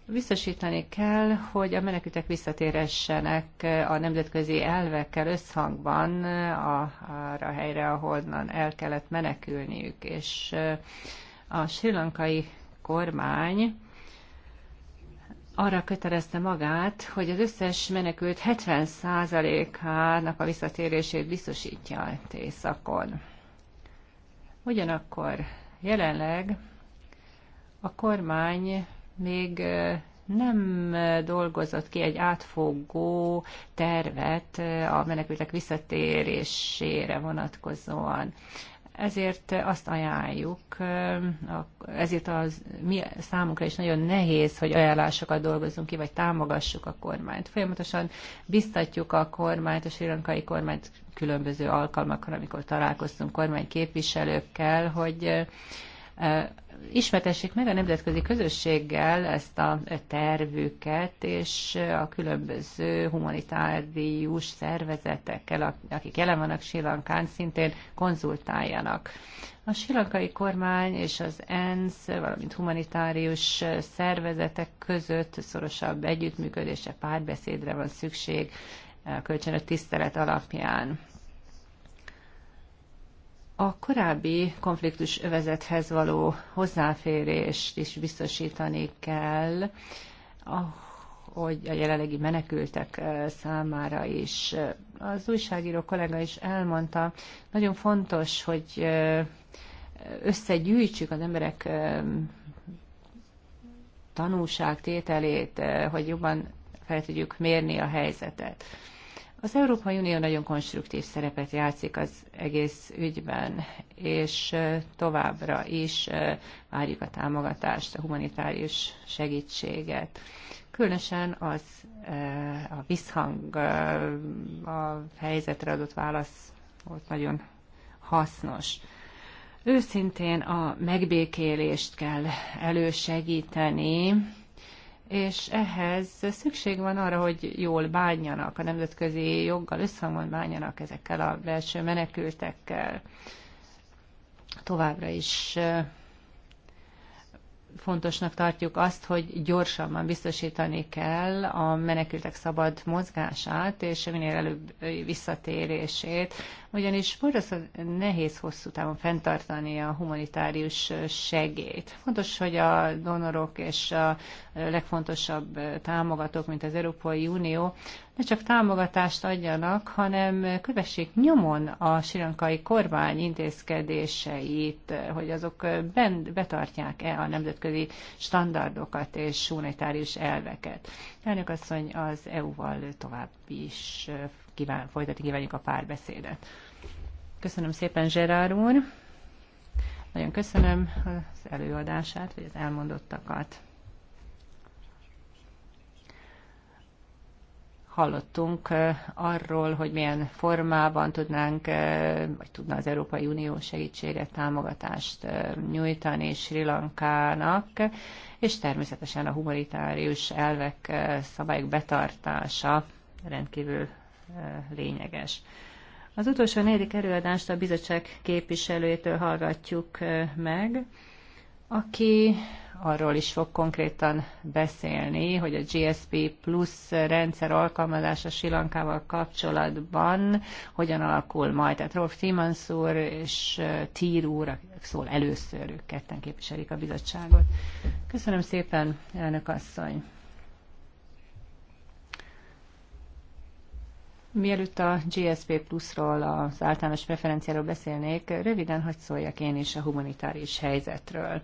Biztosítani kell, hogy a menekültek visszatéressenek a nemzetközi elvekkel összhangban a, arra a helyre, ahonnan el kellett menekülniük. És a sri lankai kormány arra kötelezte magát, hogy az összes menekült 70%-ának a visszatérését biztosítja a Tészakon. Ugyanakkor jelenleg a kormány még nem dolgozott ki egy átfogó tervet a menekültek visszatérésére vonatkozóan. Ezért azt ajánljuk, ezért az mi számunkra is nagyon nehéz, hogy ajánlásokat dolgozzunk ki, vagy támogassuk a kormányt. Folyamatosan biztatjuk a kormányt, a srilankai kormányt különböző alkalmakon, amikor találkoztunk kormányképviselőkkel, hogy ismertessék meg a nemzetközi közösséggel ezt a tervüket, és a különböző humanitárius szervezetekkel, akik jelen vannak Silankán, szintén konzultáljanak. A silankai kormány és az ENSZ, valamint humanitárius szervezetek között szorosabb együttműködésre, párbeszédre van szükség, kölcsönös tisztelet alapján a korábbi konfliktus övezethez való hozzáférést is biztosítani kell, hogy a jelenlegi menekültek számára is. Az újságíró kollega is elmondta, nagyon fontos, hogy összegyűjtsük az emberek tanulságtételét, hogy jobban fel tudjuk mérni a helyzetet. Az Európai Unió nagyon konstruktív szerepet játszik az egész ügyben, és továbbra is várjuk a támogatást, a humanitárius segítséget. Különösen az a visszhang a helyzetre adott válasz volt nagyon hasznos. Őszintén a megbékélést kell elősegíteni, és ehhez szükség van arra, hogy jól bánjanak, a nemzetközi joggal összhangban bánjanak ezekkel a belső menekültekkel. Továbbra is fontosnak tartjuk azt, hogy gyorsabban biztosítani kell a menekültek szabad mozgását és minél előbb visszatérését ugyanis borzasztó nehéz hosszú távon fenntartani a humanitárius segélyt. Fontos, hogy a donorok és a legfontosabb támogatók, mint az Európai Unió, ne csak támogatást adjanak, hanem kövessék nyomon a sirankai kormány intézkedéseit, hogy azok bent betartják-e a nemzetközi standardokat és humanitárius elveket. Elnök asszony az EU-val tovább is kíván, folytatni kívánjuk a párbeszédet. Köszönöm szépen Zserár úr. Nagyon köszönöm az előadását, vagy az elmondottakat. hallottunk arról, hogy milyen formában tudnánk, vagy tudna az Európai Unió segítséget, támogatást nyújtani Sri Lankának, és természetesen a humanitárius elvek szabályok betartása rendkívül lényeges. Az utolsó negyedik előadást a bizottság képviselőjétől hallgatjuk meg, aki arról is fog konkrétan beszélni, hogy a GSP plusz rendszer alkalmazása Sri Lankával kapcsolatban hogyan alakul majd. Tehát Rolf Timans úr és Tír úr, akik szól először, ők ketten képviselik a bizottságot. Köszönöm szépen, elnök asszony! Mielőtt a GSP pluszról, az általános preferenciáról beszélnék, röviden hagyd szóljak én is a humanitárius helyzetről.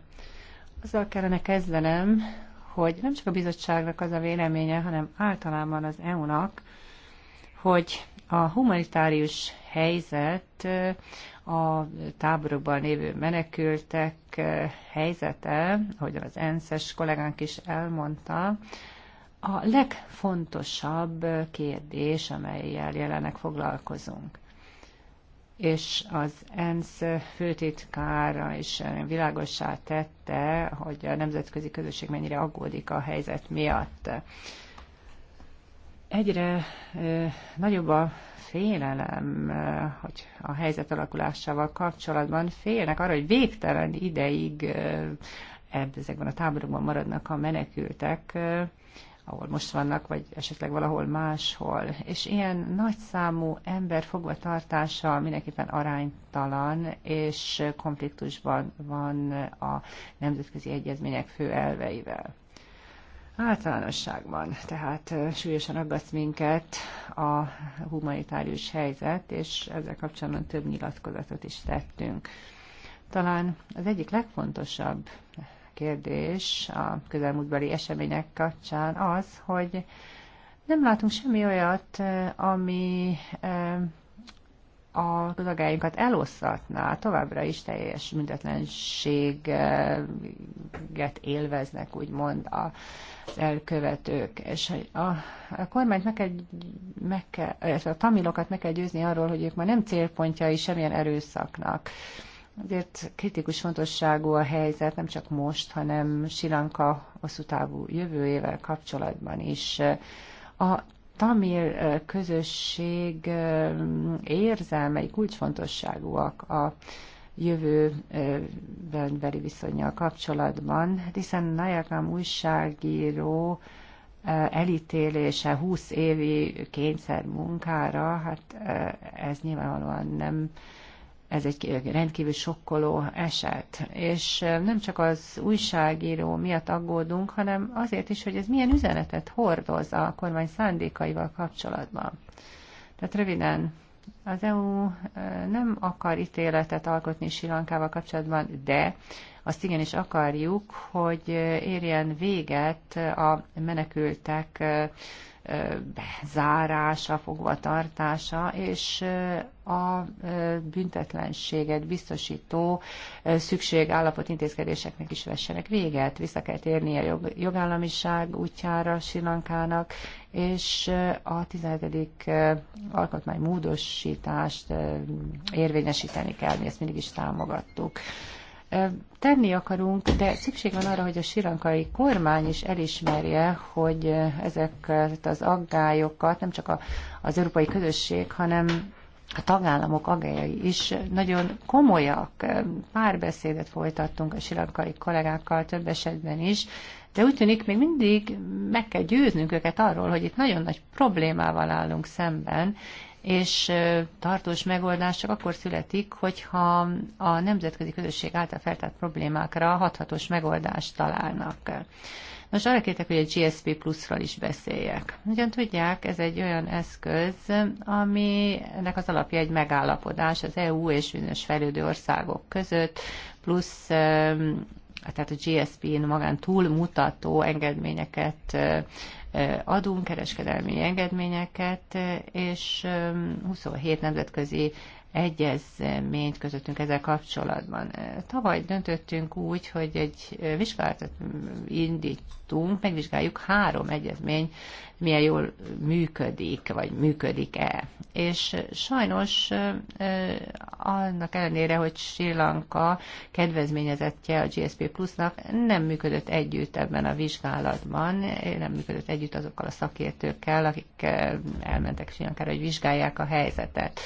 Azzal kellene kezdenem, hogy nem csak a bizottságnak az a véleménye, hanem általában az EU-nak, hogy a humanitárius helyzet, a táborokban lévő menekültek helyzete, ahogy az ENSZ-es kollégánk is elmondta, a legfontosabb kérdés, amelyel jelenleg foglalkozunk. És az ENSZ főtitkára is világossá tette, hogy a nemzetközi közösség mennyire aggódik a helyzet miatt. Egyre nagyobb a félelem, hogy a helyzet alakulásával kapcsolatban félnek arra, hogy végtelen ideig ezekben a táborokban maradnak a menekültek, ahol most vannak, vagy esetleg valahol máshol. És ilyen nagyszámú ember fogvatartása mindenképpen aránytalan, és konfliktusban van a nemzetközi egyezmények fő elveivel. Általánosságban, tehát súlyosan aggaszt minket a humanitárius helyzet, és ezzel kapcsolatban több nyilatkozatot is tettünk. Talán az egyik legfontosabb kérdés a közelmúltbeli események kapcsán az, hogy nem látunk semmi olyat, ami a gazdagáinkat eloszlatná, továbbra is teljes mindetlenséget élveznek, úgymond a az elkövetők, és a, a kormányt meg kell, meg kell, a tamilokat meg kell győzni arról, hogy ők már nem célpontjai semmilyen erőszaknak Azért kritikus fontosságú a helyzet, nem csak most, hanem silanka hosszú távú jövőjével kapcsolatban is. A tamil közösség érzelmei kulcsfontosságúak a beli viszonyjal kapcsolatban, hát hiszen Nayakam újságíró elítélése 20 évi kényszer munkára, hát ez nyilvánvalóan nem ez egy rendkívül sokkoló eset. És nem csak az újságíró miatt aggódunk, hanem azért is, hogy ez milyen üzenetet hordoz a kormány szándékaival kapcsolatban. Tehát röviden, az EU nem akar ítéletet alkotni Sri Lankával kapcsolatban, de azt igenis akarjuk, hogy érjen véget a menekültek bezárása, fogvatartása, és a büntetlenséget biztosító szükségállapot intézkedéseknek is vessenek véget. Vissza kell térni a jog, jogállamiság útjára Sri Lankának, és a 17. alkotmány módosítást érvényesíteni kell, mi ezt mindig is támogattuk tenni akarunk, de szükség van arra, hogy a sirankai kormány is elismerje, hogy ezeket az aggályokat nem csak a, az európai közösség, hanem a tagállamok agályai is nagyon komolyak. beszédet folytattunk a sirankai kollégákkal több esetben is, de úgy tűnik, még mindig meg kell győznünk őket arról, hogy itt nagyon nagy problémával állunk szemben, és tartós megoldás csak akkor születik, hogyha a nemzetközi közösség által feltárt problémákra hathatós megoldást találnak. Most arra kértek, hogy a GSP pluszról is beszéljek. Ugyan tudják, ez egy olyan eszköz, aminek az alapja egy megállapodás az EU és bizonyos fejlődő országok között, plusz tehát a GSP-n magán túlmutató engedményeket adunk, kereskedelmi engedményeket, és 27 nemzetközi egyezményt közöttünk ezzel kapcsolatban. Tavaly döntöttünk úgy, hogy egy vizsgálatot indítunk, megvizsgáljuk három egyezmény, milyen jól működik, vagy működik-e. És sajnos annak ellenére, hogy Sri Lanka kedvezményezettje a GSP Plusnak nem működött együtt ebben a vizsgálatban, nem működött együtt azokkal a szakértőkkel, akik elmentek Sri Lankára, hogy vizsgálják a helyzetet.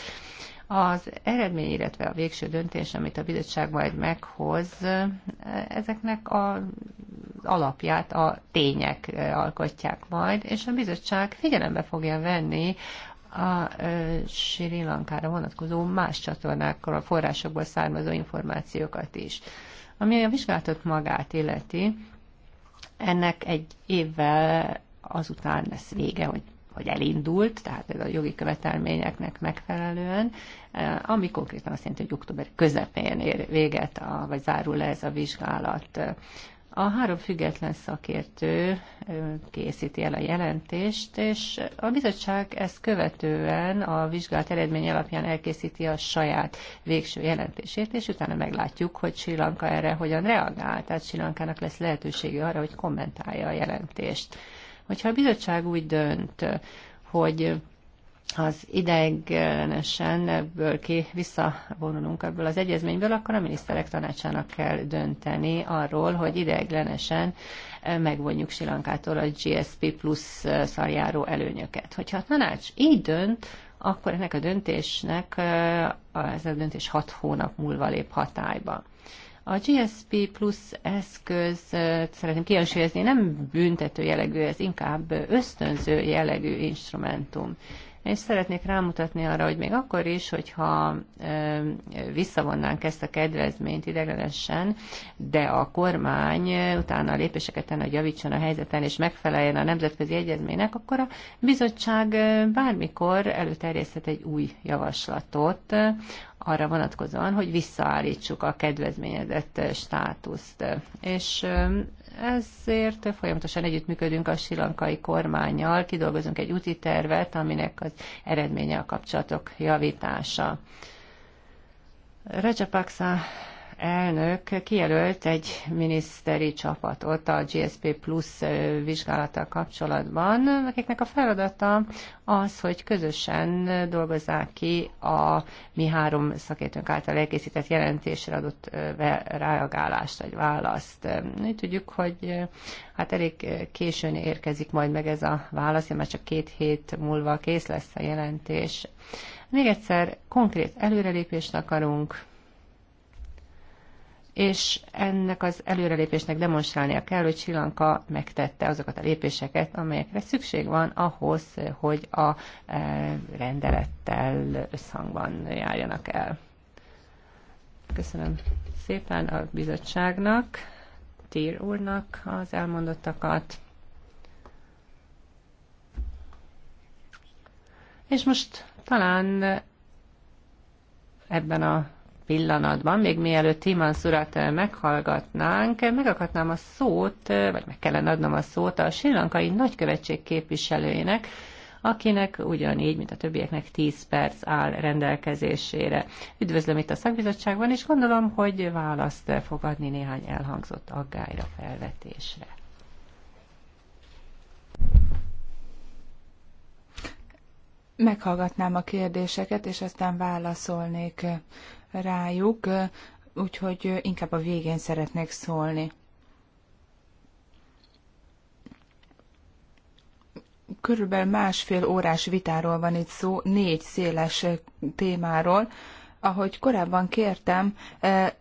Az eredmény, illetve a végső döntés, amit a bizottság majd meghoz, ezeknek a alapját a tények alkotják majd, és a bizottság figyelembe fogja venni a Sri Lankára vonatkozó más csatornákkal, a forrásokból származó információkat is. Ami a vizsgálatot magát illeti, ennek egy évvel azután lesz vége, hogy vagy elindult, tehát a jogi követelményeknek megfelelően, eh, ami konkrétan azt jelenti, hogy október közepén ér véget, a, vagy zárul le ez a vizsgálat. A három független szakértő eh, készíti el a jelentést, és a bizottság ezt követően a vizsgált eredmény alapján elkészíti a saját végső jelentését, és utána meglátjuk, hogy Sri Lanka erre hogyan reagál. Tehát Sri Lankának lesz lehetősége arra, hogy kommentálja a jelentést. Hogyha a bizottság úgy dönt, hogy az ideiglenesen ebből ki visszavonulunk ebből az egyezményből, akkor a miniszterek tanácsának kell dönteni arról, hogy ideiglenesen megvonjuk Silankától a GSP plusz szarjáró előnyöket. Hogyha a tanács így dönt, akkor ennek a döntésnek, ez a döntés hat hónap múlva lép hatályba. A GSP plusz eszköz, szeretném kihangsúlyozni, nem büntető jellegű, ez inkább ösztönző jellegű instrumentum és szeretnék rámutatni arra, hogy még akkor is, hogyha visszavonnánk ezt a kedvezményt ideglenesen, de a kormány utána a lépéseket tenne, hogy javítson a helyzeten és megfeleljen a nemzetközi egyezménynek, akkor a bizottság bármikor előterjeszthet egy új javaslatot arra vonatkozóan, hogy visszaállítsuk a kedvezményezett státuszt. És ezért folyamatosan együttműködünk a silankai kormányjal, kidolgozunk egy úti tervet, aminek az eredménye a kapcsolatok javítása. Recepaksa elnök kijelölt egy miniszteri csapatot a GSP Plus vizsgálata kapcsolatban, akiknek a feladata az, hogy közösen dolgozzák ki a mi három szakértőnk által elkészített jelentésre adott reagálást vagy választ. Mi tudjuk, hogy hát elég későn érkezik majd meg ez a válasz, mert csak két hét múlva kész lesz a jelentés. Még egyszer konkrét előrelépést akarunk, és ennek az előrelépésnek demonstrálnia kell, hogy Sri Lanka megtette azokat a lépéseket, amelyekre szükség van ahhoz, hogy a eh, rendelettel összhangban járjanak el. Köszönöm szépen a bizottságnak, Tír úrnak az elmondottakat. És most talán ebben a pillanatban, még mielőtt Timan szurát eh, meghallgatnánk, eh, megakadnám a szót, eh, vagy meg kellene adnom a szót a Sri Lankai nagykövetség képviselőjének, akinek ugyanígy, mint a többieknek 10 perc áll rendelkezésére. Üdvözlöm itt a szakbizottságban, és gondolom, hogy választ fog adni néhány elhangzott aggályra, felvetésre. Meghallgatnám a kérdéseket, és aztán válaszolnék rájuk, úgyhogy inkább a végén szeretnék szólni. Körülbelül másfél órás vitáról van itt szó, négy széles témáról. Ahogy korábban kértem,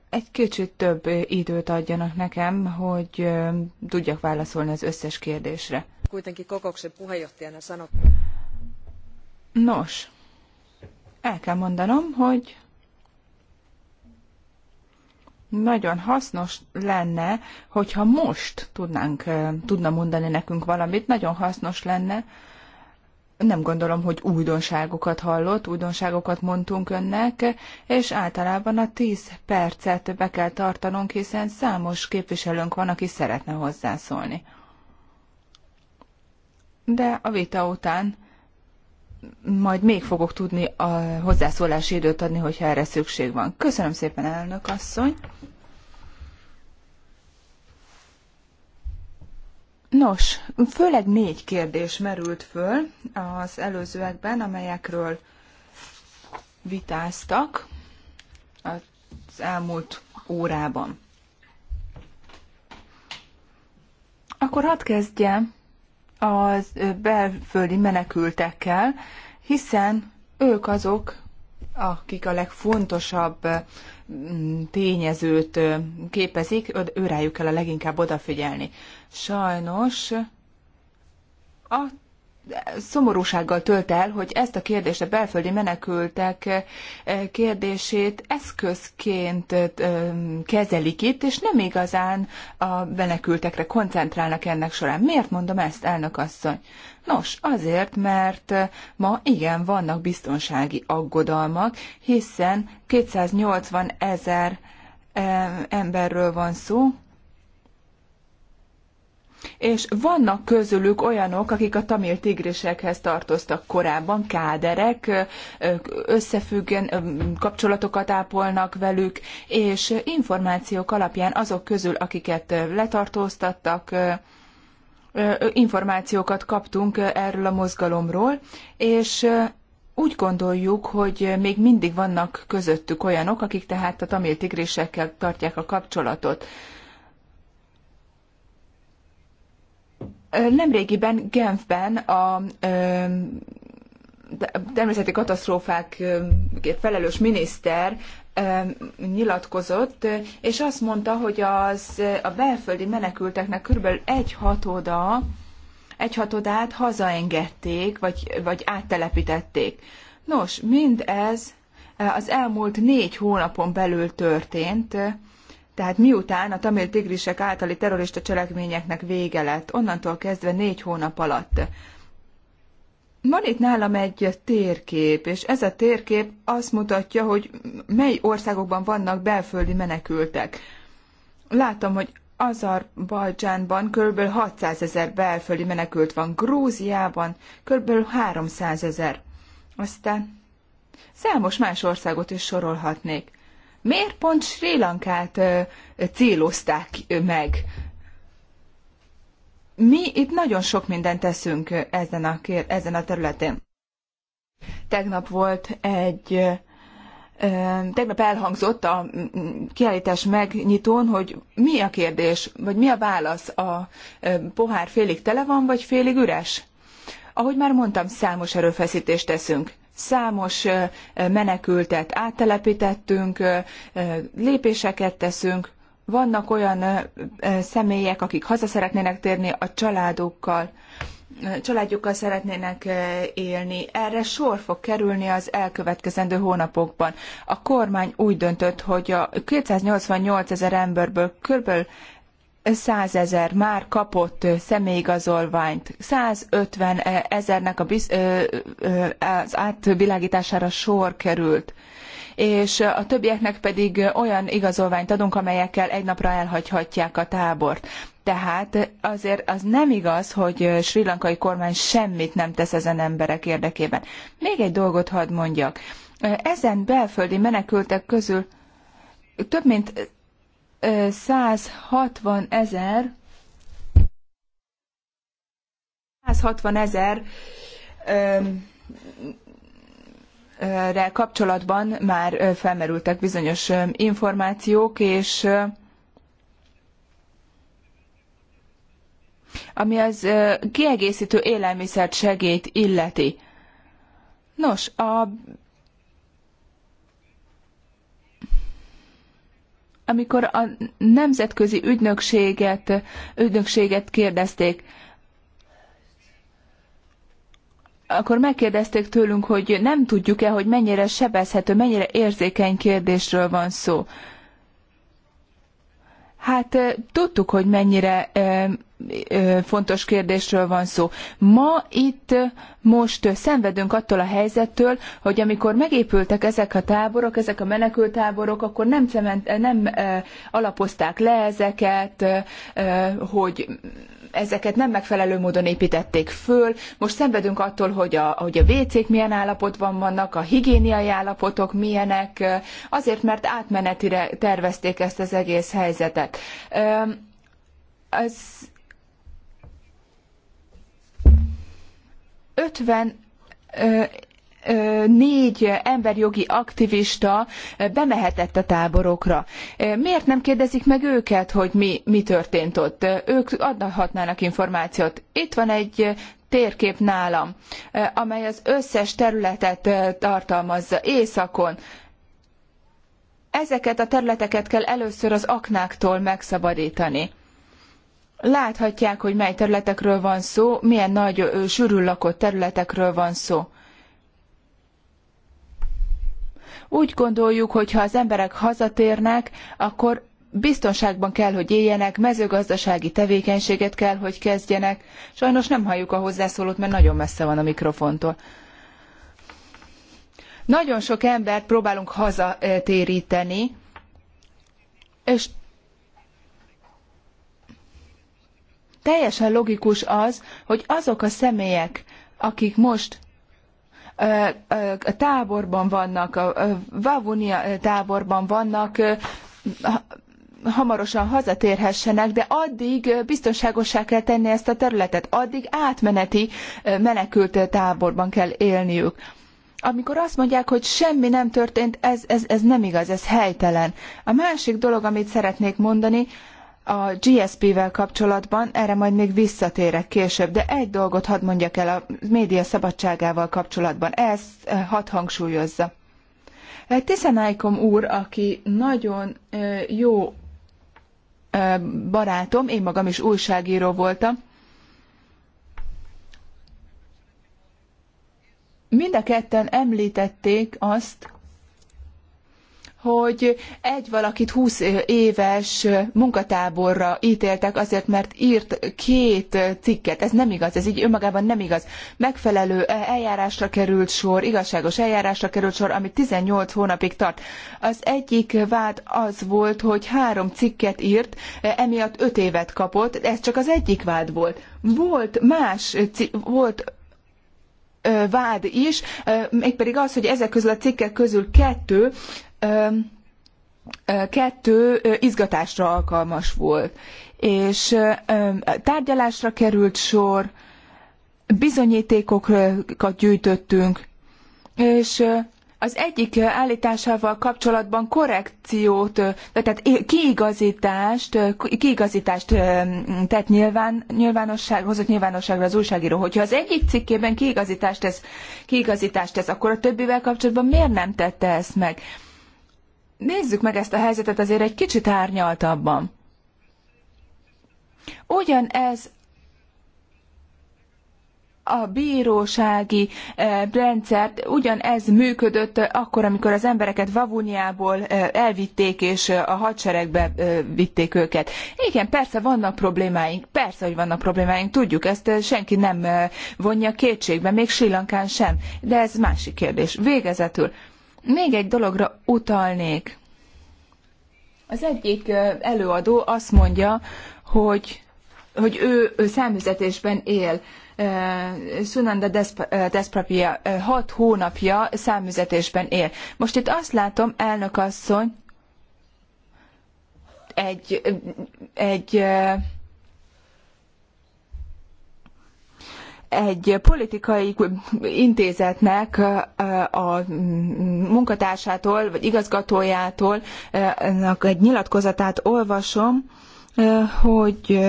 egy kicsit több időt adjanak nekem, hogy tudjak válaszolni az összes kérdésre. Nos, el kell mondanom, hogy nagyon hasznos lenne, hogyha most tudnánk, tudna mondani nekünk valamit, nagyon hasznos lenne. Nem gondolom, hogy újdonságokat hallott, újdonságokat mondtunk önnek, és általában a 10 percet be kell tartanunk, hiszen számos képviselőnk van, aki szeretne hozzászólni. De a vita után majd még fogok tudni a hozzászólási időt adni, hogyha erre szükség van. Köszönöm szépen, elnök asszony! Nos, főleg négy kérdés merült föl az előzőekben, amelyekről vitáztak az elmúlt órában. Akkor hadd kezdjem az belföldi menekültekkel, hiszen ők azok, akik a legfontosabb tényezőt képezik, őrájuk kell a leginkább odafigyelni. Sajnos a szomorúsággal tölt el, hogy ezt a kérdést, a belföldi menekültek eh, kérdését eszközként eh, kezelik itt, és nem igazán a menekültekre koncentrálnak ennek során. Miért mondom ezt, elnök asszony? Nos, azért, mert eh, ma igen vannak biztonsági aggodalmak, hiszen 280 ezer emberről van szó, és vannak közülük olyanok, akik a tamil tigrisekhez tartoztak korábban, káderek, összefüggen, kapcsolatokat ápolnak velük, és információk alapján azok közül, akiket letartóztattak, információkat kaptunk erről a mozgalomról, és úgy gondoljuk, hogy még mindig vannak közöttük olyanok, akik tehát a tamil tigrisekkel tartják a kapcsolatot. Nemrégiben Genfben a természeti katasztrófákért felelős miniszter nyilatkozott, és azt mondta, hogy az, a belföldi menekülteknek körülbelül egy hatoda, egy hatodát hazaengedték, vagy, vagy áttelepítették. Nos, mindez az elmúlt négy hónapon belül történt, tehát miután a tamil tigrisek általi terrorista cselekményeknek vége lett, onnantól kezdve négy hónap alatt. Van itt nálam egy térkép, és ez a térkép azt mutatja, hogy mely országokban vannak belföldi menekültek. Látom, hogy Azerbajdzsánban kb. 600 ezer belföldi menekült van, Grúziában kb. 300 ezer. Aztán számos más országot is sorolhatnék. Miért pont Sri Lankát célozták meg? Mi itt nagyon sok mindent teszünk ezen a, ezen a területen. Tegnap volt egy Tegnap elhangzott a kiállítás megnyitón, hogy mi a kérdés, vagy mi a válasz, a pohár félig tele van, vagy félig üres? Ahogy már mondtam, számos erőfeszítést teszünk. Számos menekültet áttelepítettünk, lépéseket teszünk, vannak olyan személyek, akik haza szeretnének térni a családokkal, családjukkal szeretnének élni. Erre sor fog kerülni az elkövetkezendő hónapokban. A kormány úgy döntött, hogy a 288 ezer emberből körülbelül százezer már kapott személyigazolványt, 150 ezernek a biz, ö, ö, az átvilágítására sor került, és a többieknek pedig olyan igazolványt adunk, amelyekkel egy napra elhagyhatják a tábort. Tehát azért az nem igaz, hogy Sri Lankai kormány semmit nem tesz ezen emberek érdekében. Még egy dolgot hadd mondjak. Ezen belföldi menekültek közül több mint 160 ezer 160 ezer kapcsolatban már felmerültek bizonyos információk, és ami az kiegészítő élelmiszert segélyt illeti. Nos, a amikor a nemzetközi ügynökséget, ügynökséget kérdezték, akkor megkérdezték tőlünk, hogy nem tudjuk-e, hogy mennyire sebezhető, mennyire érzékeny kérdésről van szó. Hát tudtuk, hogy mennyire fontos kérdésről van szó. Ma itt most szenvedünk attól a helyzettől, hogy amikor megépültek ezek a táborok, ezek a menekültáborok, akkor nem, cement, nem alapozták le ezeket, hogy ezeket nem megfelelő módon építették föl. Most szenvedünk attól, hogy a, hogy a WC-k milyen állapotban vannak, a higiéniai állapotok milyenek, azért, mert átmenetire tervezték ezt az egész helyzetet. Az 50 négy emberjogi aktivista bemehetett a táborokra. Miért nem kérdezik meg őket, hogy mi, mi történt ott? Ők adhatnának információt. Itt van egy térkép nálam, amely az összes területet tartalmazza északon. Ezeket a területeket kell először az aknáktól megszabadítani. Láthatják, hogy mely területekről van szó, milyen nagy sűrűn lakott területekről van szó. Úgy gondoljuk, hogy ha az emberek hazatérnek, akkor biztonságban kell, hogy éljenek, mezőgazdasági tevékenységet kell, hogy kezdjenek. Sajnos nem halljuk a hozzászólót, mert nagyon messze van a mikrofontól. Nagyon sok embert próbálunk hazatéríteni, és teljesen logikus az, hogy azok a személyek, akik most táborban vannak, a Vavunia táborban vannak, hamarosan hazatérhessenek, de addig biztonságosá kell tenni ezt a területet, addig átmeneti menekült táborban kell élniük. Amikor azt mondják, hogy semmi nem történt, ez, ez, ez nem igaz, ez helytelen. A másik dolog, amit szeretnék mondani, a GSP-vel kapcsolatban, erre majd még visszatérek később, de egy dolgot hadd mondjak el a média szabadságával kapcsolatban, ezt eh, hadd hangsúlyozza. Eh, Tiszenájkom úr, aki nagyon eh, jó barátom, én magam is újságíró voltam, mind a ketten említették azt, hogy egy valakit 20 éves munkatáborra ítéltek azért, mert írt két cikket. Ez nem igaz, ez így önmagában nem igaz. Megfelelő eljárásra került sor, igazságos eljárásra került sor, ami 18 hónapig tart. Az egyik vád az volt, hogy három cikket írt, emiatt 5 évet kapott, ez csak az egyik vád volt. Volt más, volt vád is, mégpedig az, hogy ezek közül a cikkek közül kettő kettő izgatásra alkalmas volt, és tárgyalásra került sor, bizonyítékokat gyűjtöttünk, és az egyik állításával kapcsolatban korrekciót, tehát kiigazítást, kiigazítást tett nyilván, nyilvánosság, hozott nyilvánosságra az újságíró. Hogyha az egyik cikkében kiigazítást tesz, kiigazítást tesz, akkor a többivel kapcsolatban miért nem tette ezt meg? nézzük meg ezt a helyzetet azért egy kicsit árnyaltabban. Ugyanez a bírósági e, rendszert ugyanez működött akkor, amikor az embereket Vavuniából e, elvitték, és e, a hadseregbe vitték őket. Igen, persze vannak problémáink, persze, hogy vannak problémáink, tudjuk, ezt senki nem vonja kétségbe, még Sri Lankán sem, de ez másik kérdés. Végezetül, még egy dologra utalnék. Az egyik előadó azt mondja, hogy, hogy ő, ő számüzetésben él. Sunanda Desprapia hat hónapja számüzetésben él. Most itt azt látom, elnök asszony, egy, egy egy politikai intézetnek a munkatársától, vagy igazgatójától egy nyilatkozatát olvasom, hogy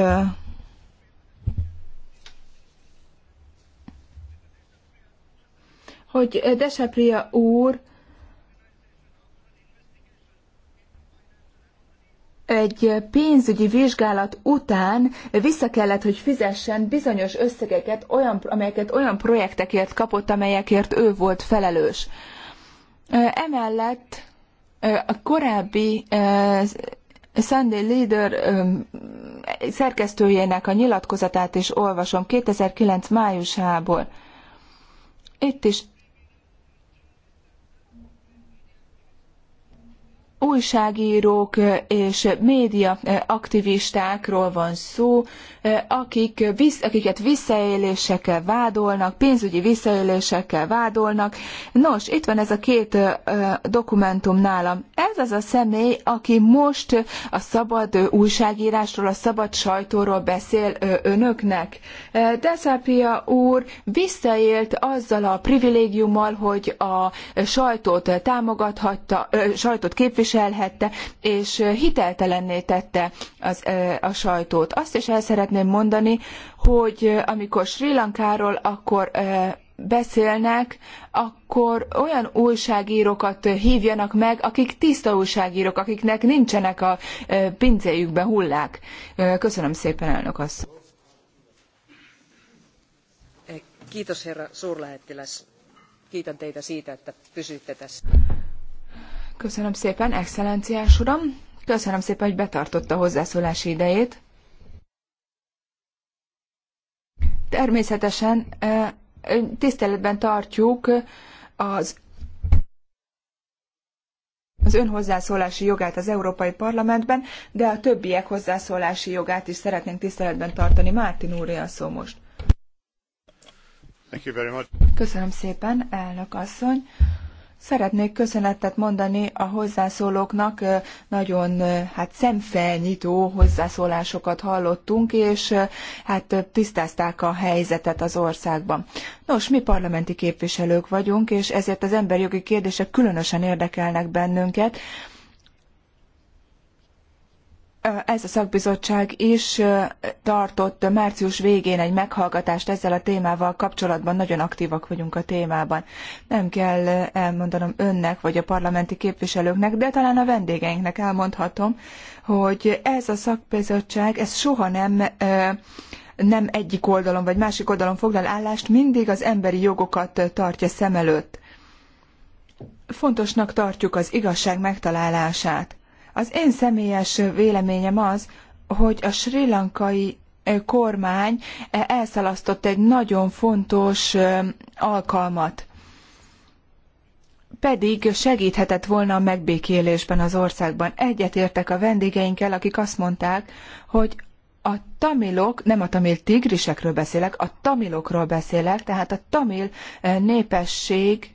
hogy Desepria úr egy pénzügyi vizsgálat után vissza kellett, hogy fizessen bizonyos összegeket, olyan, amelyeket olyan projektekért kapott, amelyekért ő volt felelős. Emellett a korábbi Sunday Leader szerkesztőjének a nyilatkozatát is olvasom 2009 májusából. Itt is újságírók és média aktivistákról van szó, akik, akiket visszaélésekkel vádolnak, pénzügyi visszaélésekkel vádolnak. Nos, itt van ez a két dokumentum nálam. Ez az a személy, aki most a szabad újságírásról, a szabad sajtóról beszél önöknek. Deszapia úr visszaélt azzal a privilégiummal, hogy a sajtót támogathatta, sajtót képviselte, elviselhette, és hiteltelenné tette az, a sajtót. Azt is el szeretném mondani, hogy amikor Sri Lankáról, akkor beszélnek, akkor olyan újságírókat hívjanak meg, akik tiszta újságírók, akiknek nincsenek a pincéjükben hullák. Köszönöm szépen, elnök asszony. Kiitos herra suurlähettiläs. Kiitän teitä siitä, että pysyitte tässä. Köszönöm szépen, excellenciás uram. Köszönöm szépen, hogy betartotta hozzászólási idejét. Természetesen tiszteletben tartjuk az az ön hozzászólási jogát az Európai Parlamentben, de a többiek hozzászólási jogát is szeretnénk tiszteletben tartani. Mártin úr a szó most. Köszönöm szépen, elnök asszony. Szeretnék köszönetet mondani a hozzászólóknak, nagyon hát szemfelnyitó hozzászólásokat hallottunk, és hát tisztázták a helyzetet az országban. Nos, mi parlamenti képviselők vagyunk, és ezért az emberi jogi kérdések különösen érdekelnek bennünket, ez a szakbizottság is tartott március végén egy meghallgatást ezzel a témával kapcsolatban, nagyon aktívak vagyunk a témában. Nem kell elmondanom önnek vagy a parlamenti képviselőknek, de talán a vendégeinknek elmondhatom, hogy ez a szakbizottság, ez soha nem nem egyik oldalon vagy másik oldalon foglal állást, mindig az emberi jogokat tartja szem előtt. Fontosnak tartjuk az igazság megtalálását az én személyes véleményem az, hogy a sri lankai kormány elszalasztott egy nagyon fontos alkalmat. Pedig segíthetett volna a megbékélésben az országban. Egyetértek a vendégeinkkel, akik azt mondták, hogy a tamilok, nem a tamil tigrisekről beszélek, a tamilokról beszélek, tehát a tamil népesség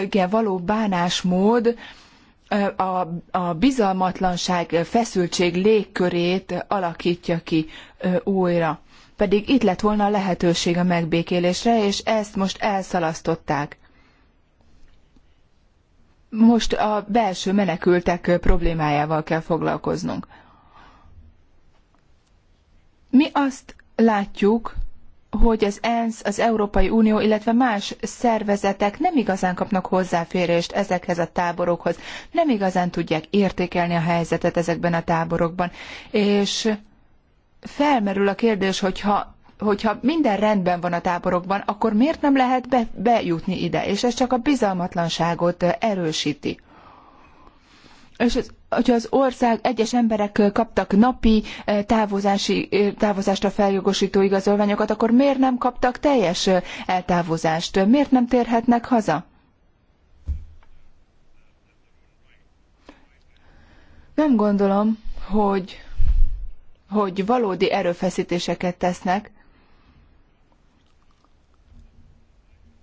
igen, való bánásmód, a, a bizalmatlanság, feszültség légkörét alakítja ki újra. Pedig itt lett volna a lehetőség a megbékélésre, és ezt most elszalasztották. Most a belső menekültek problémájával kell foglalkoznunk. Mi azt látjuk, hogy az ENSZ, az Európai Unió, illetve más szervezetek nem igazán kapnak hozzáférést ezekhez a táborokhoz, nem igazán tudják értékelni a helyzetet ezekben a táborokban. És felmerül a kérdés, hogyha hogyha minden rendben van a táborokban, akkor miért nem lehet be, bejutni ide? És ez csak a bizalmatlanságot erősíti. És ez hogy az ország egyes emberek kaptak napi távozási, távozásra feljogosító igazolványokat, akkor miért nem kaptak teljes eltávozást? Miért nem térhetnek haza? Nem gondolom, hogy, hogy valódi erőfeszítéseket tesznek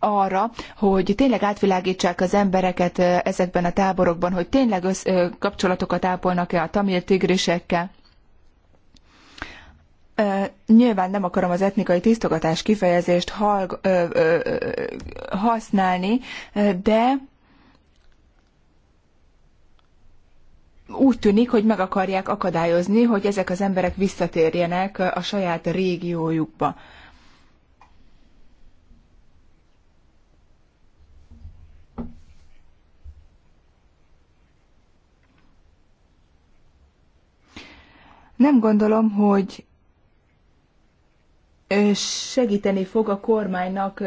arra, hogy tényleg átvilágítsák az embereket ezekben a táborokban, hogy tényleg össz, kapcsolatokat ápolnak-e a tamil tigrisekkel. Nyilván nem akarom az etnikai tisztogatás kifejezést ö, ö, ö, használni, de úgy tűnik, hogy meg akarják akadályozni, hogy ezek az emberek visszatérjenek a saját régiójukba. Nem gondolom, hogy segíteni fog a kormánynak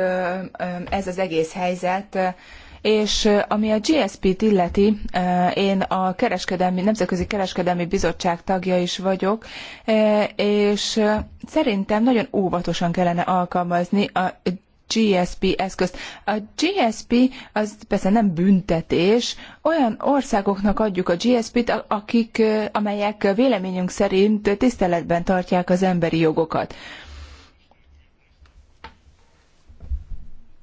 ez az egész helyzet, és ami a GSP-t illeti, én a kereskedelmi, Nemzetközi Kereskedelmi Bizottság tagja is vagyok, és szerintem nagyon óvatosan kellene alkalmazni a GSP eszközt. A GSP az persze nem büntetés, olyan országoknak adjuk a GSP-t, akik, amelyek véleményünk szerint tiszteletben tartják az emberi jogokat.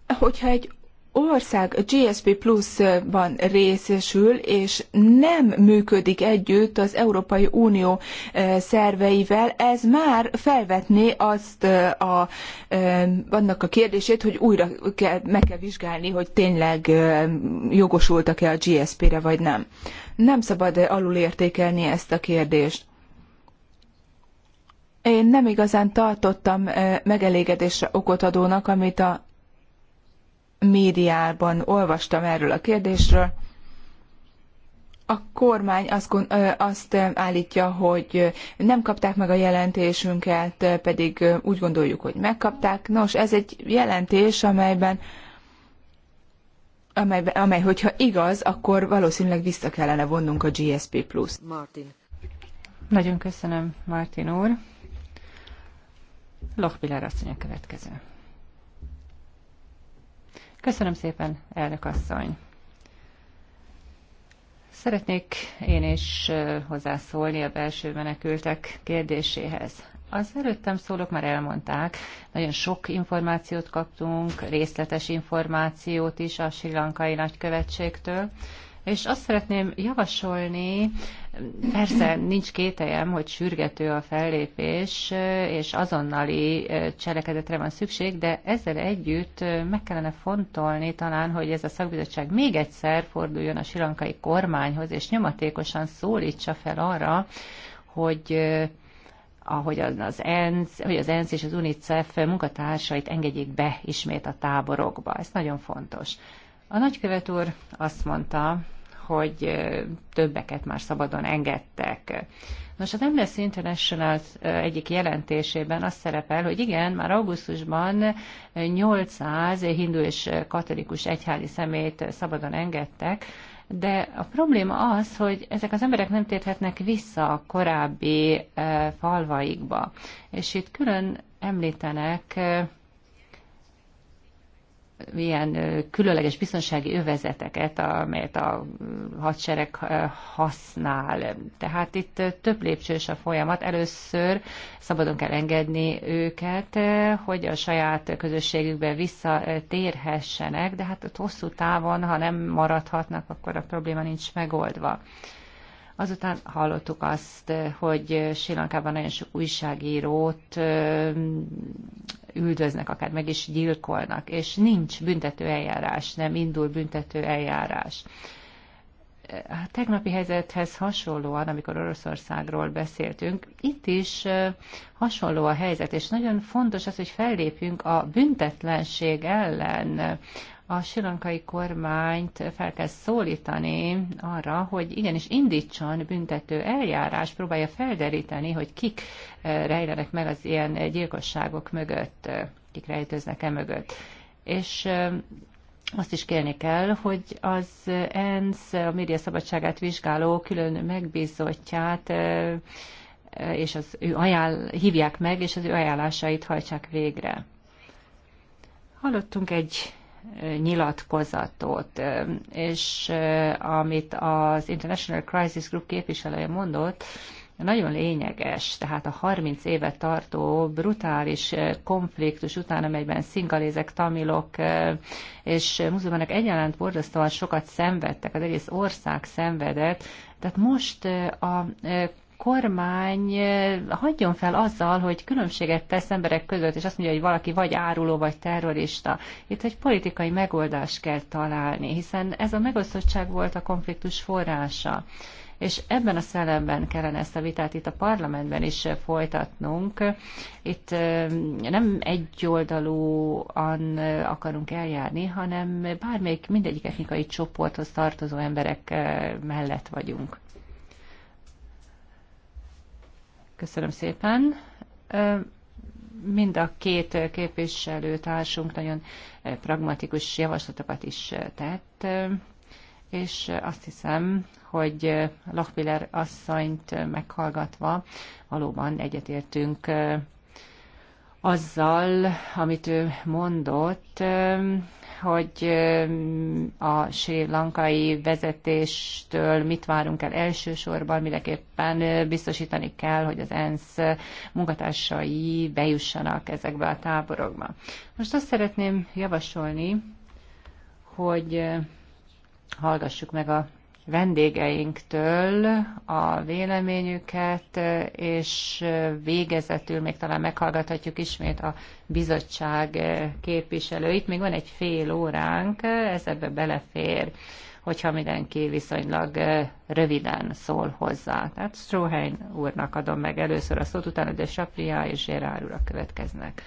Hogyha egy ország GSP Plus-ban részesül, és nem működik együtt az Európai Unió e, szerveivel, ez már felvetné azt e, a, e, annak a kérdését, hogy újra kell, meg kell vizsgálni, hogy tényleg jogosultak-e a GSP-re, vagy nem. Nem szabad alulértékelni ezt a kérdést. Én nem igazán tartottam megelégedésre okot adónak, amit a médiában olvastam erről a kérdésről. A kormány azt, azt állítja, hogy nem kapták meg a jelentésünket, pedig úgy gondoljuk, hogy megkapták. Nos, ez egy jelentés, amelyben amely, amely hogyha igaz, akkor valószínűleg vissza kellene vonnunk a GSP plus Martin. Nagyon köszönöm, Martin úr. Lochbiller asszony a következő. Köszönöm szépen, elnök asszony. Szeretnék én is hozzászólni a belső menekültek kérdéséhez. Az előttem szólók már elmondták, nagyon sok információt kaptunk, részletes információt is a Sri Lankai nagykövetségtől, és azt szeretném javasolni, persze nincs kételjem, hogy sürgető a fellépés, és azonnali cselekedetre van szükség, de ezzel együtt meg kellene fontolni talán, hogy ez a szakbizottság még egyszer forduljon a silankai kormányhoz, és nyomatékosan szólítsa fel arra, hogy ahogy az, az ENSZ, hogy az ENSZ és az UNICEF munkatársait engedjék be ismét a táborokba. Ez nagyon fontos. A nagykövet úr azt mondta, hogy többeket már szabadon engedtek. Nos, az hát Amnesty International egyik jelentésében az szerepel, hogy igen, már augusztusban 800 hindu és katolikus egyházi szemét szabadon engedtek, de a probléma az, hogy ezek az emberek nem térhetnek vissza a korábbi falvaikba. És itt külön említenek ilyen különleges biztonsági övezeteket, amelyet a hadsereg használ. Tehát itt több lépcsős a folyamat. Először szabadon kell engedni őket, hogy a saját közösségükbe visszatérhessenek, de hát ott hosszú távon, ha nem maradhatnak, akkor a probléma nincs megoldva. Azután hallottuk azt, hogy Sri Lankában nagyon sok újságírót üldöznek, akár meg is gyilkolnak, és nincs büntető eljárás, nem indul büntető eljárás. A tegnapi helyzethez hasonlóan, amikor Oroszországról beszéltünk, itt is hasonló a helyzet, és nagyon fontos az, hogy fellépjünk a büntetlenség ellen, a silankai kormányt fel kell szólítani arra, hogy igenis indítson büntető eljárás, próbálja felderíteni, hogy kik eh, rejlenek meg az ilyen gyilkosságok mögött, eh, kik rejtőznek e mögött. És eh, azt is kérni kell, hogy az ENSZ a média szabadságát vizsgáló külön megbízottját és az ő ajánl, hívják meg, és az ő ajánlásait hajtsák végre. Hallottunk egy nyilatkozatot, és eh, amit az International Crisis Group képviselője mondott, nagyon lényeges, tehát a 30 éve tartó brutális eh, konfliktus után, amelyben szingalézek, tamilok eh, és muzulmanok egyaránt borzasztóan sokat szenvedtek, az egész ország szenvedett, tehát most a kormány eh, hagyjon fel azzal, hogy különbséget tesz emberek között, és azt mondja, hogy valaki vagy áruló, vagy terrorista. Itt egy politikai megoldást kell találni, hiszen ez a megosztottság volt a konfliktus forrása. És ebben a szellemben kellene ezt a vitát itt a parlamentben is eh, folytatnunk. Itt eh, nem egyoldalúan akarunk eljárni, hanem bármelyik mindegyik etnikai csoporthoz tartozó emberek mellett vagyunk. Köszönöm szépen. Mind a két képviselőtársunk nagyon pragmatikus javaslatokat is tett, és azt hiszem, hogy Lachmiller asszonyt meghallgatva valóban egyetértünk azzal, amit ő mondott, hogy a sri lankai vezetéstől mit várunk el elsősorban, mindenképpen biztosítani kell, hogy az ENSZ munkatársai bejussanak ezekbe a táborokba. Most azt szeretném javasolni, hogy hallgassuk meg a vendégeinktől a véleményüket, és végezetül még talán meghallgathatjuk ismét a bizottság képviselőit. Még van egy fél óránk, ez ebbe belefér, hogyha mindenki viszonylag röviden szól hozzá. Tehát Strohein úrnak adom meg először a szót, utána de Sapria és Gerard úrak következnek.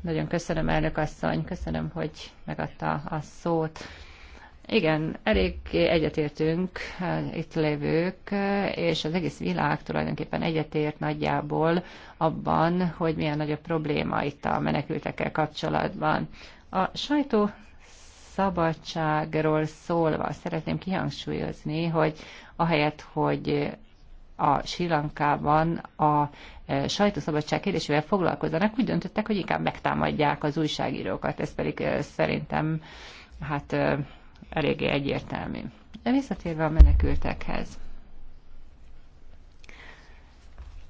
Nagyon köszönöm, elnök asszony, köszönöm, hogy megadta a szót. Igen, elég egyetértünk eh, itt lévők, eh, és az egész világ tulajdonképpen egyetért nagyjából abban, hogy milyen nagyobb probléma itt a menekültekkel kapcsolatban. A sajtó szabadságról szólva szeretném kihangsúlyozni, hogy ahelyett, hogy a Sri Lankában a e, sajtószabadság kérdésével foglalkozzanak, úgy döntöttek, hogy inkább megtámadják az újságírókat. Ez pedig e, szerintem hát e, eléggé egyértelmű. De visszatérve a menekültekhez.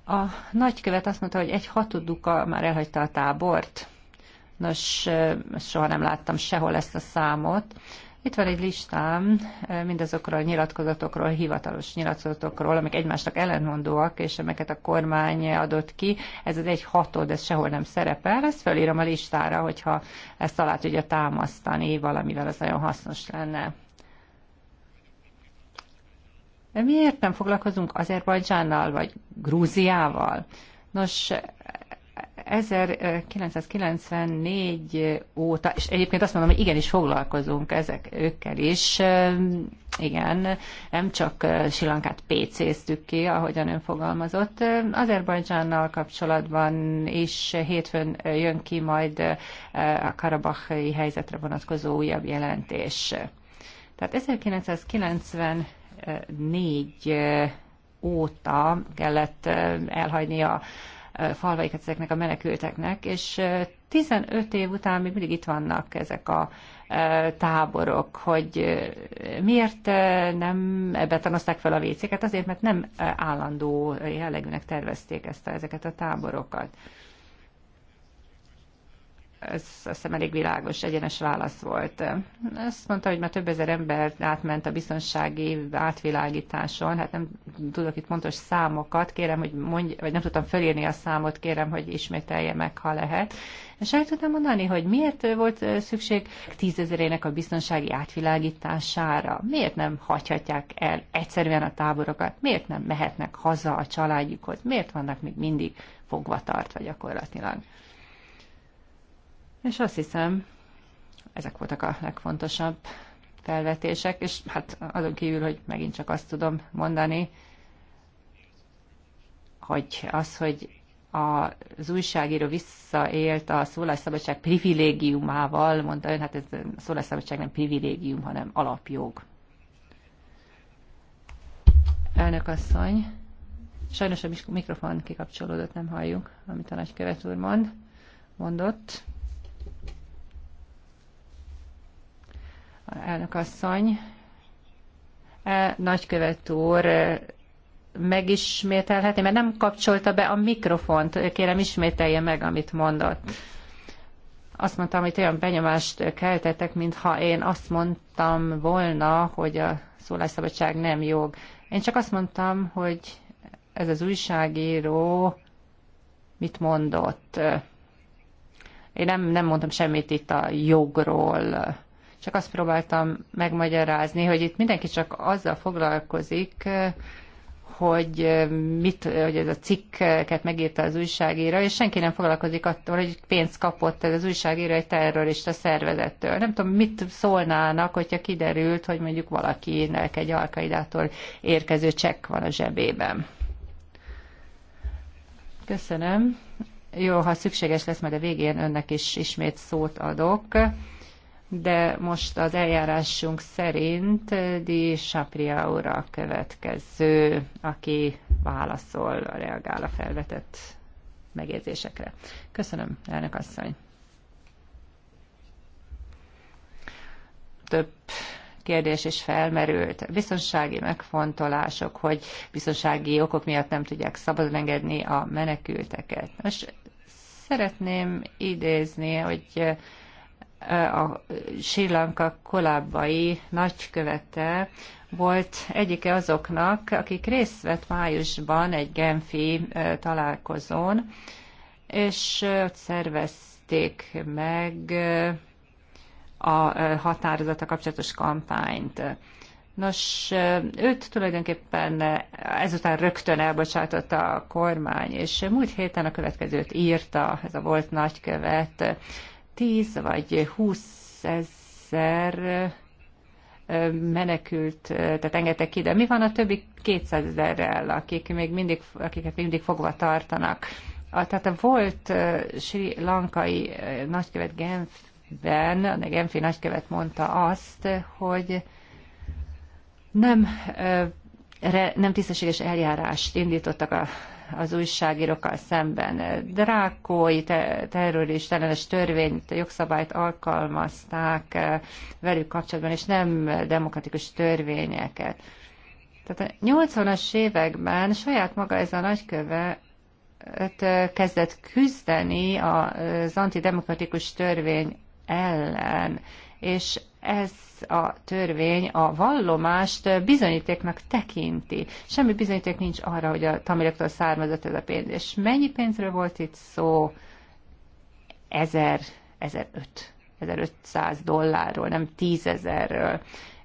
A nagykövet azt mondta, hogy egy hatoduka már elhagyta a tábort. Nos, soha nem láttam sehol ezt a számot. Itt van egy listám mindazokról a nyilatkozatokról, hivatalos nyilatkozatokról, amik egymásnak ellenmondóak, és amiket a kormány adott ki. Ez az egy hatod, ez sehol nem szerepel. Ezt felírom a listára, hogyha ezt alá tudja támasztani valamivel, az nagyon hasznos lenne. De miért nem foglalkozunk Azerbajdzsánnal vagy Grúziával? Nos, 1994 óta, és egyébként azt mondom, hogy igenis foglalkozunk ezek őkkel is, igen, nem csak Silankát PC-ztük ki, ahogyan ön fogalmazott. Azerbajdzsánnal kapcsolatban is hétfőn jön ki majd a karabahi helyzetre vonatkozó újabb jelentés. Tehát 1994 óta kellett elhagyni a falvaikat ezeknek a menekülteknek, és 15 év után még mindig itt vannak ezek a táborok, hogy miért nem betanozták fel a vécéket, azért, mert nem állandó jellegűnek tervezték ezt a, ezeket a táborokat ez azt hiszem elég világos, egyenes válasz volt. Azt mondta, hogy már több ezer ember átment a biztonsági átvilágításon, hát nem tudok itt pontos számokat, kérem, hogy mondj, vagy nem tudtam fölírni a számot, kérem, hogy ismételje meg, ha lehet. És el tudtam mondani, hogy miért volt szükség tízezerének a biztonsági átvilágítására? Miért nem hagyhatják el egyszerűen a táborokat? Miért nem mehetnek haza a családjukhoz? Miért vannak még mindig fogva tartva gyakorlatilag? És azt hiszem, ezek voltak a legfontosabb felvetések, és hát azon kívül, hogy megint csak azt tudom mondani, hogy az, hogy az újságíró visszaélt a szólásszabadság privilégiumával, mondta ön, hát ez a szólásszabadság nem privilégium, hanem alapjog. Elnök asszony, sajnos a mikrofon kikapcsolódott, nem halljuk, amit a nagykövet úr mond, mondott. elnök asszony. E, nagykövet úr, e, megismételhetné, mert nem kapcsolta be a mikrofont. Kérem, ismételje meg, amit mondott. Azt mondtam, hogy olyan benyomást keltettek, mintha én azt mondtam volna, hogy a szólásszabadság nem jog. Én csak azt mondtam, hogy ez az újságíró mit mondott. Én nem, nem mondtam semmit itt a jogról csak azt próbáltam megmagyarázni, hogy itt mindenki csak azzal foglalkozik, hogy, mit, hogy ez a cikket megírta az újságíró, és senki nem foglalkozik attól, hogy pénzt kapott ez az újságíró egy terrorista szervezettől. Nem tudom, mit szólnának, hogyha kiderült, hogy mondjuk valakinek egy alkaidától érkező csekk van a zsebében. Köszönöm. Jó, ha szükséges lesz, majd a végén önnek is ismét szót adok de most az eljárásunk szerint Di Sapria ura a következő, aki válaszol, reagál a felvetett megjegyzésekre. Köszönöm, elnök asszony. Több kérdés is felmerült. Biztonsági megfontolások, hogy biztonsági okok miatt nem tudják szabadon engedni a menekülteket. Most szeretném idézni, hogy a Sri Lanka kolábai nagykövete volt egyike azoknak, akik részt vett májusban egy Genfi találkozón, és ott szervezték meg a határozata kapcsolatos kampányt. Nos, őt tulajdonképpen ezután rögtön elbocsátotta a kormány, és múlt héten a következőt írta ez a volt nagykövet. 10 vagy 20 ezer menekült, tehát engedtek ki, de mi van a többi 200 ezerrel, akik még mindig, akiket még mindig fogva tartanak? A, tehát a volt Sri Lankai nagykövet Genfben, a Genfi nagykövet mondta azt, hogy nem nem tisztességes eljárást indítottak a az újságírókkal szemben. Drákói te- terrorista törvényt, jogszabályt alkalmazták eh, velük kapcsolatban, és nem demokratikus törvényeket. Tehát a 80-as években saját maga ez a nagyköve eh, kezdett küzdeni eh, az antidemokratikus törvény ellen, és ez a törvény a vallomást bizonyítéknak tekinti. Semmi bizonyíték nincs arra, hogy a tamiloktól származott ez a pénz. És mennyi pénzről volt itt szó? 1000, 1005, 1500 dollárról, nem tízezerről.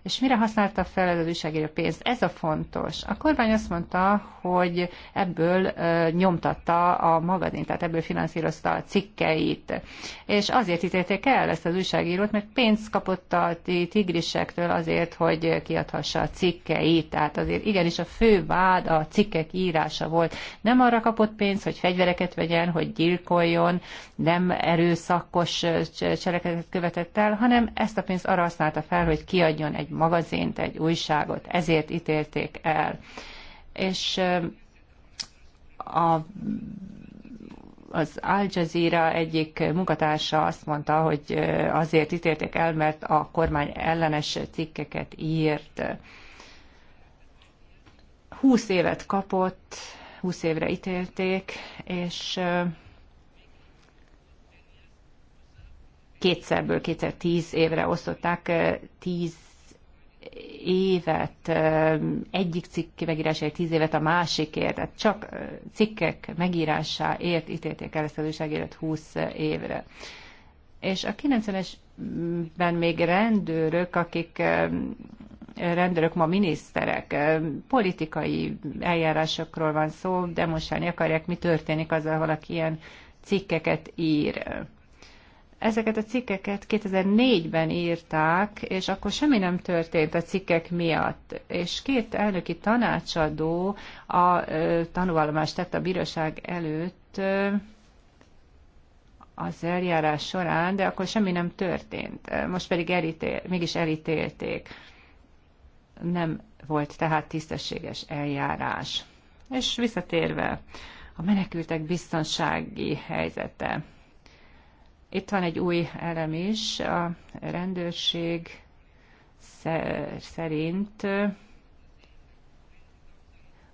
És mire használta fel ez az újságíró pénzt? Ez a fontos. A kormány azt mondta, hogy ebből nyomtatta a magazint, tehát ebből finanszírozta a cikkeit. És azért ítélték el ezt az újságírót, mert pénzt kapott a tigrisektől azért, hogy kiadhassa a cikkeit. Tehát azért igenis a fő vád a cikkek írása volt. Nem arra kapott pénzt, hogy fegyvereket vegyen, hogy gyilkoljon, nem erőszakos cselekedet követett el, hanem ezt a pénzt arra használta fel, hogy kiadjon egy magazint, egy újságot, ezért ítélték el. És a az Al Jazeera egyik munkatársa azt mondta, hogy azért ítélték el, mert a kormány ellenes cikkeket írt. 20 évet kapott, 20 évre ítélték, és kétszerből kétszer tíz évre osztották, tíz évet, egyik cikk megírásáért tíz évet a másikért, tehát csak cikkek megírásáért ítélték el ezt az újságért húsz évre. És a 90 esben még rendőrök, akik rendőrök ma miniszterek, politikai eljárásokról van szó, demonstrálni akarják, mi történik azzal, valaki ilyen cikkeket ír. Ezeket a cikkeket 2004-ben írták, és akkor semmi nem történt a cikkek miatt. És két elnöki tanácsadó a tanulmányt tett a bíróság előtt az eljárás során, de akkor semmi nem történt. Most pedig elítél, mégis elítélték. Nem volt tehát tisztességes eljárás. És visszatérve a menekültek biztonsági helyzete. Itt van egy új elem is, a rendőrség szerint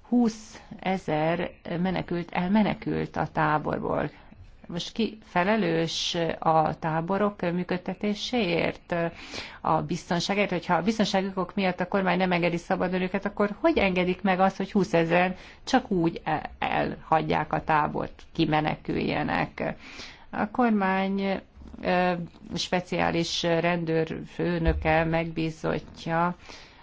20 ezer menekült elmenekült a táborból. Most ki felelős a táborok működtetéséért, a biztonságért? Hogyha a biztonságokok miatt a kormány nem engedi szabad őket, akkor hogy engedik meg azt, hogy 20 ezeren csak úgy e- elhagyják a tábort, kimeneküljenek? A kormány speciális rendőrfőnöke megbízottja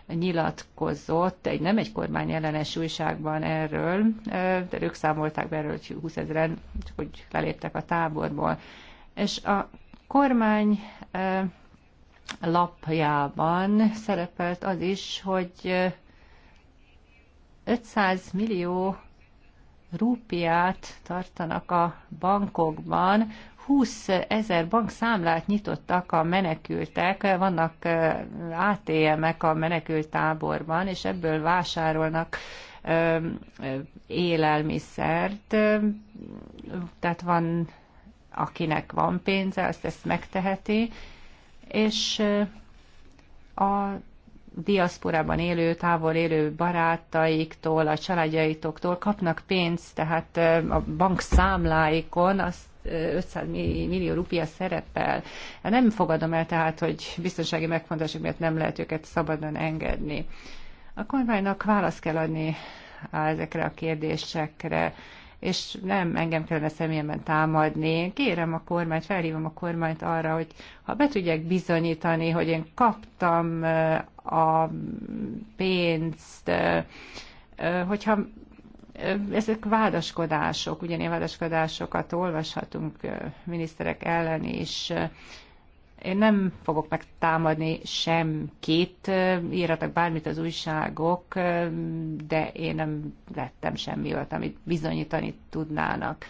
nyilatkozott, egy nem egy kormány ellenes újságban erről, de ők számolták be erről, hogy 20 ezeren, csak hogy leléptek a táborból. És a kormány lapjában szerepelt az is, hogy 500 millió rúpiát tartanak a bankokban, 20 ezer bankszámlát nyitottak a menekültek, vannak ATM-ek a menekült táborban, és ebből vásárolnak élelmiszert. Tehát van, akinek van pénze, azt ezt megteheti, és a diaszporában élő, távol élő barátaiktól, a családjaitoktól kapnak pénzt, tehát a bank számláikon azt 500 millió rupia szerepel. Hát nem fogadom el tehát, hogy biztonsági megfontolások miatt nem lehet őket szabadon engedni. A kormánynak választ kell adni ezekre a kérdésekre és nem engem kellene személyemben támadni. Én kérem a kormányt, felhívom a kormányt arra, hogy ha be tudják bizonyítani, hogy én kaptam eh, a pénzt, eh, eh, hogyha ezek vádaskodások, ugyanilyen vádaskodásokat hát olvashatunk miniszterek ellen is, én nem fogok megtámadni sem két írhatok bármit az újságok, de én nem lettem semmi olyat, amit bizonyítani tudnának.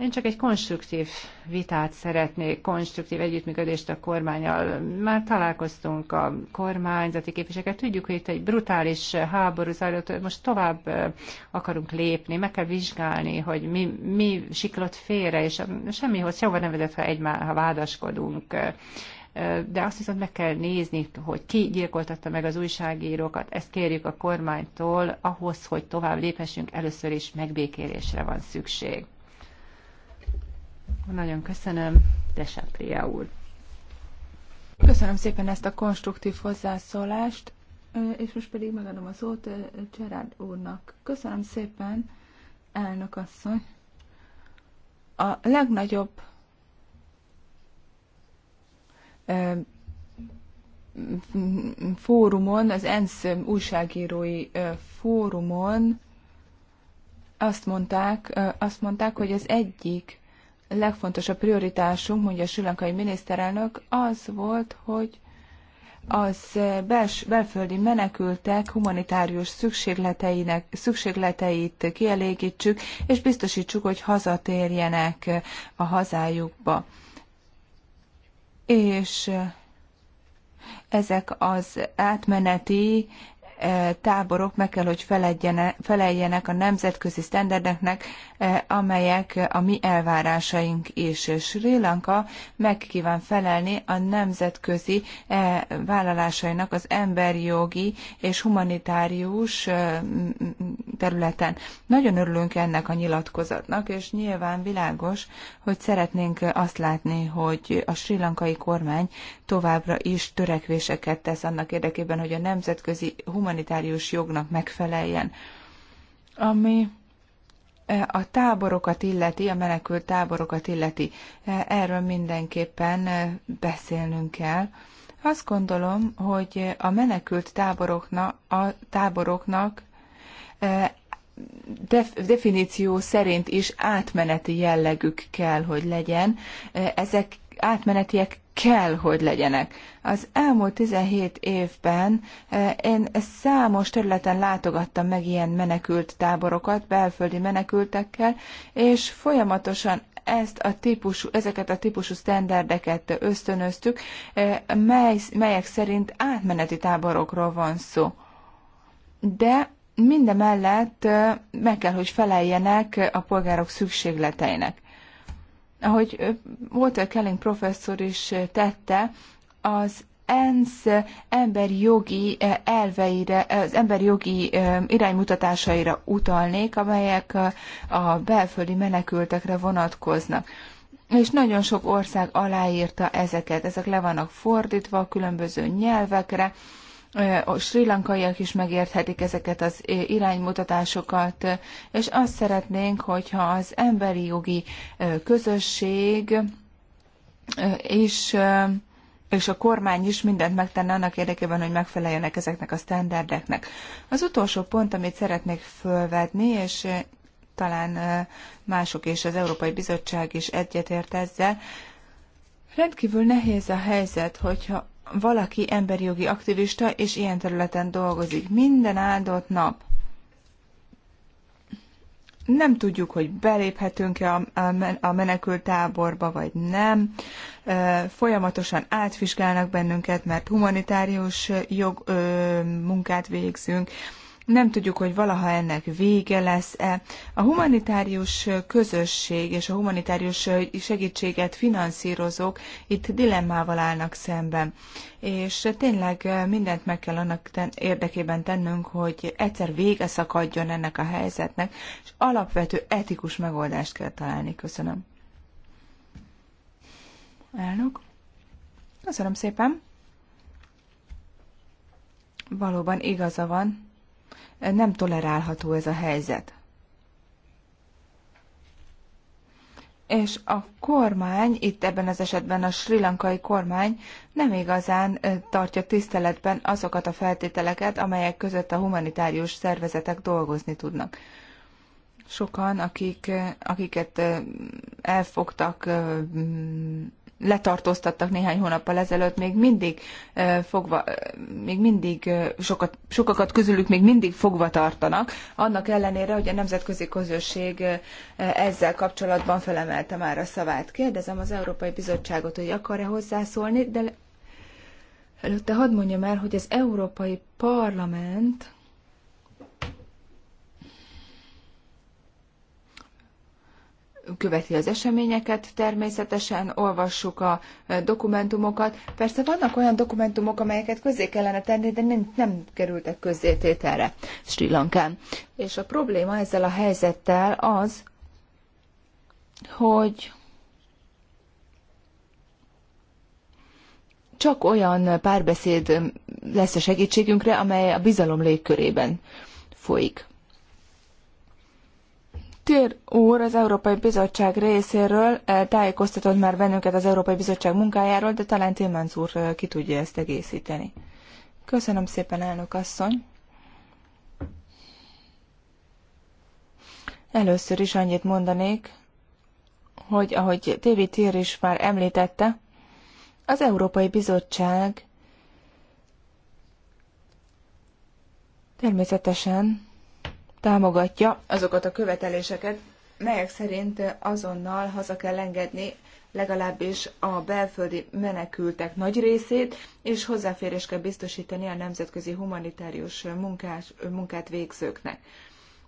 Én csak egy konstruktív vitát szeretnék, konstruktív együttműködést a kormányal. Már találkoztunk a kormányzati képviseket, tudjuk, hogy itt egy brutális háború zajlott, most tovább akarunk lépni, meg kell vizsgálni, hogy mi, mi siklott félre, és semmihoz sehova nem vezet, ha, egymá, ha vádaskodunk de azt viszont meg kell nézni, hogy ki gyilkoltatta meg az újságírókat, ezt kérjük a kormánytól, ahhoz, hogy tovább léphessünk, először is megbékélésre van szükség. Nagyon köszönöm, Desapria úr. Köszönöm szépen ezt a konstruktív hozzászólást, és most pedig megadom a szót Cserád úrnak. Köszönöm szépen, elnök asszony. A legnagyobb fórumon, az ENSZ újságírói fórumon azt mondták, azt mondták, hogy az egyik legfontosabb prioritásunk, mondja a sülankai miniszterelnök, az volt, hogy az bels, belföldi menekültek humanitárius szükségleteinek, szükségleteit kielégítsük, és biztosítsuk, hogy hazatérjenek a hazájukba. És ezek az átmeneti E, táborok meg kell, hogy feleljenek a nemzetközi sztenderdeknek, e, amelyek a mi elvárásaink is. Sri Lanka meg kíván felelni a nemzetközi e, vállalásainak az emberi jogi és humanitárius területen. Nagyon örülünk ennek a nyilatkozatnak, és nyilván világos, hogy szeretnénk azt látni, hogy a sri lankai kormány továbbra is törekvéseket tesz annak érdekében, hogy a nemzetközi humanitárius humanitárius jognak megfeleljen. Ami eh, a táborokat illeti, a menekült táborokat illeti, eh, erről mindenképpen eh, beszélnünk kell. Azt gondolom, hogy a menekült táboroknak, a táboroknak definíció szerint is átmeneti jellegük kell, hogy legyen. Ezek átmenetiek kell, hogy legyenek. Az elmúlt 17 évben eh, én számos területen látogattam meg ilyen menekült táborokat, belföldi menekültekkel, és folyamatosan ezt a típusú, ezeket a típusú sztenderdeket ösztönöztük, eh, mely, melyek szerint átmeneti táborokról van szó. De mindemellett eh, meg kell, hogy feleljenek a polgárok szükségleteinek ahogy Walter Kelling professzor is tette, az ENSZ jogi elveire, az jogi iránymutatásaira utalnék, amelyek a belföldi menekültekre vonatkoznak. És nagyon sok ország aláírta ezeket. Ezek le vannak fordítva a különböző nyelvekre, a sri lankaiak is megérthetik ezeket az iránymutatásokat, és azt szeretnénk, hogyha az emberi jogi közösség és, és a kormány is mindent megtenne annak érdekében, hogy megfeleljenek ezeknek a sztenderdeknek. Az utolsó pont, amit szeretnék fölvetni, és talán mások és az Európai Bizottság is egyetért ezzel, rendkívül nehéz a helyzet, hogyha valaki emberi jogi aktivista, és ilyen területen dolgozik. Minden áldott nap. Nem tudjuk, hogy beléphetünk-e a táborba vagy nem. Folyamatosan átvizsgálnak bennünket, mert humanitárius jog, munkát végzünk nem tudjuk, hogy valaha ennek vége lesz-e. A humanitárius közösség és a humanitárius segítséget finanszírozók itt dilemmával állnak szemben. És tényleg mindent meg kell annak érdekében tennünk, hogy egyszer vége szakadjon ennek a helyzetnek, és alapvető etikus megoldást kell találni. Köszönöm. Elnök. Köszönöm szépen. Valóban igaza van. Nem tolerálható ez a helyzet. és a kormány, itt ebben az esetben a sri lankai kormány nem igazán tartja tiszteletben azokat a feltételeket, amelyek között a humanitárius szervezetek dolgozni tudnak. Sokan, akik, akiket elfogtak, letartóztattak néhány hónappal ezelőtt, még mindig fogva, még mindig sokat, sokakat közülük még mindig fogva tartanak, annak ellenére, hogy a nemzetközi közösség ezzel kapcsolatban felemelte már a szavát. Kérdezem az Európai Bizottságot, hogy akar-e hozzászólni, de előtte hadd mondjam el, hogy az Európai Parlament követi az eseményeket, természetesen olvassuk a dokumentumokat. Persze vannak olyan dokumentumok, amelyeket közé kellene tenni, de nem, nem kerültek közzétételre Sri Lankán. És a probléma ezzel a helyzettel az, hogy csak olyan párbeszéd lesz a segítségünkre, amely a bizalom légkörében folyik. Tér úr az Európai Bizottság részéről eh, tájékoztatott már bennünket az Európai Bizottság munkájáról, de talán Tilmanc úr eh, ki tudja ezt egészíteni. Köszönöm szépen, elnök asszony! Először is annyit mondanék, hogy ahogy Tévi Tér is már említette, az Európai Bizottság természetesen támogatja azokat a követeléseket, melyek szerint azonnal haza kell engedni legalábbis a belföldi menekültek nagy részét, és hozzáférés kell biztosítani a nemzetközi humanitárius munkás, munkát végzőknek.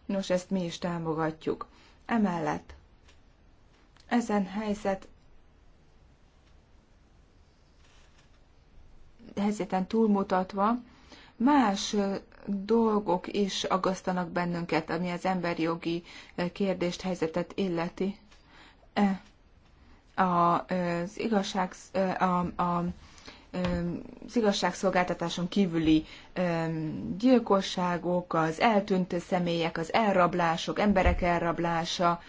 Nos, ezt mi is támogatjuk. Emellett ezen helyzet helyzeten túlmutatva más dolgok is aggasztanak bennünket, ami az emberi jogi eh, kérdést, helyzetet illeti. E, az, igazság, e, a, a, e, az igazságszolgáltatáson kívüli gyilkosságok, az eltűnt személyek, az elrablások, emberek elrablása.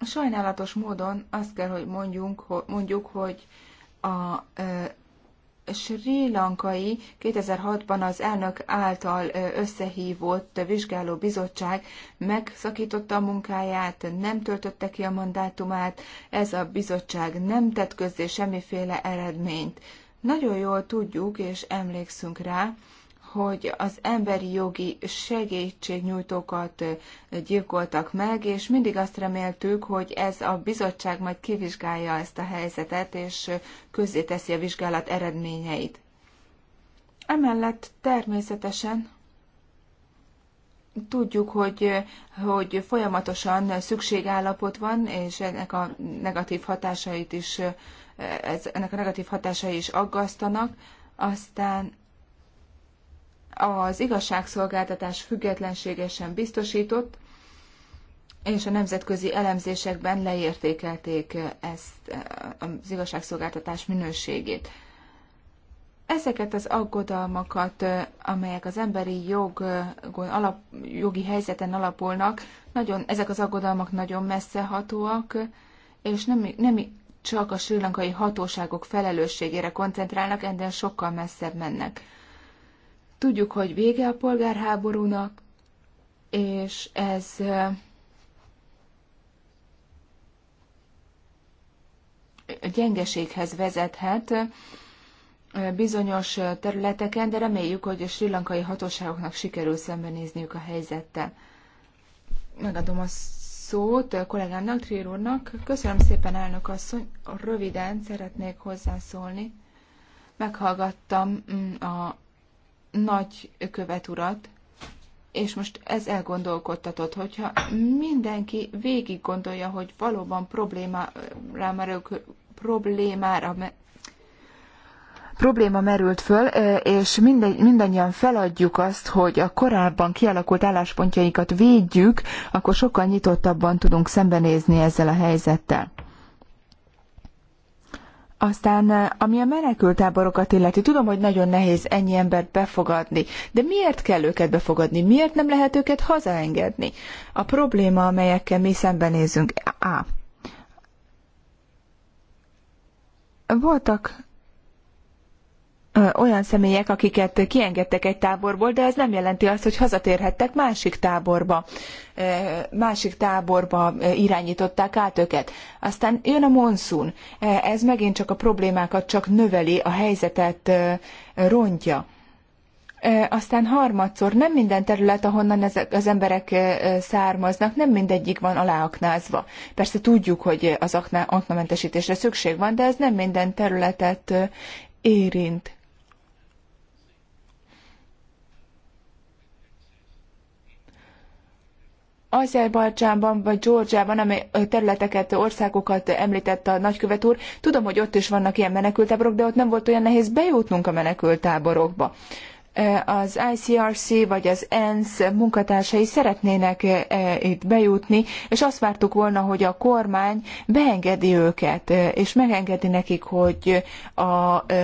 Sajnálatos módon azt kell, hogy mondjunk, mondjuk, hogy a Sri Lankai 2006-ban az elnök által összehívott vizsgáló bizottság megszakította a munkáját, nem töltötte ki a mandátumát, ez a bizottság nem tett közzé semmiféle eredményt. Nagyon jól tudjuk és emlékszünk rá, hogy az emberi jogi segítségnyújtókat gyilkoltak meg, és mindig azt reméltük, hogy ez a bizottság majd kivizsgálja ezt a helyzetet, és közzéteszi a vizsgálat eredményeit. Emellett természetesen tudjuk, hogy, hogy folyamatosan szükségállapot van, és ennek a negatív hatásait is, ez, ennek a negatív hatásai is aggasztanak, aztán az igazságszolgáltatás függetlenségesen biztosított, és a nemzetközi elemzésekben leértékelték ezt eh, az igazságszolgáltatás minőségét. Ezeket az aggodalmakat, eh, amelyek az emberi jog, eh, alap, jogi helyzeten alapulnak, nagyon, ezek az aggodalmak nagyon messzehatóak, és nem, nem csak a sri hatóságok felelősségére koncentrálnak, ennél sokkal messzebb mennek. Tudjuk, hogy vége a polgárháborúnak, és ez gyengeséghez vezethet bizonyos területeken, de reméljük, hogy a sri lankai hatóságoknak sikerül szembenézniük a helyzettel. Megadom a szót a kollégámnak, Trier úrnak. Köszönöm szépen, elnök asszony. Röviden szeretnék hozzászólni. Meghallgattam mm, a nagy követ urat, és most ez elgondolkodtatott, hogyha mindenki végig gondolja, hogy valóban problémára merül, problémára probléma merült föl, és minden, mindannyian feladjuk azt, hogy a korábban kialakult álláspontjainkat védjük, akkor sokkal nyitottabban tudunk szembenézni ezzel a helyzettel. Aztán, eh, ami a menekültáborokat illeti, tudom, hogy nagyon nehéz ennyi embert befogadni, de miért kell őket befogadni? Miért nem lehet őket hazaengedni? A probléma, amelyekkel mi szembenézünk, A. Voltak olyan személyek, akiket kiengedtek egy táborból, de ez nem jelenti azt, hogy hazatérhettek másik táborba, másik táborba irányították át őket. Aztán jön a monszun, ez megint csak a problémákat csak növeli, a helyzetet rontja. Aztán harmadszor nem minden terület, ahonnan ezek az emberek származnak, nem mindegyik van aláaknázva. Persze tudjuk, hogy az aknamentesítésre szükség van, de ez nem minden területet érint. Azerbajdzsánban vagy Georgiában, amely területeket, országokat említett a nagykövet úr, tudom, hogy ott is vannak ilyen menekültáborok, de ott nem volt olyan nehéz bejutnunk a menekültáborokba az ICRC vagy az ENSZ munkatársai szeretnének e, e, itt bejutni, és azt vártuk volna, hogy a kormány beengedi őket, e, és megengedi nekik, hogy a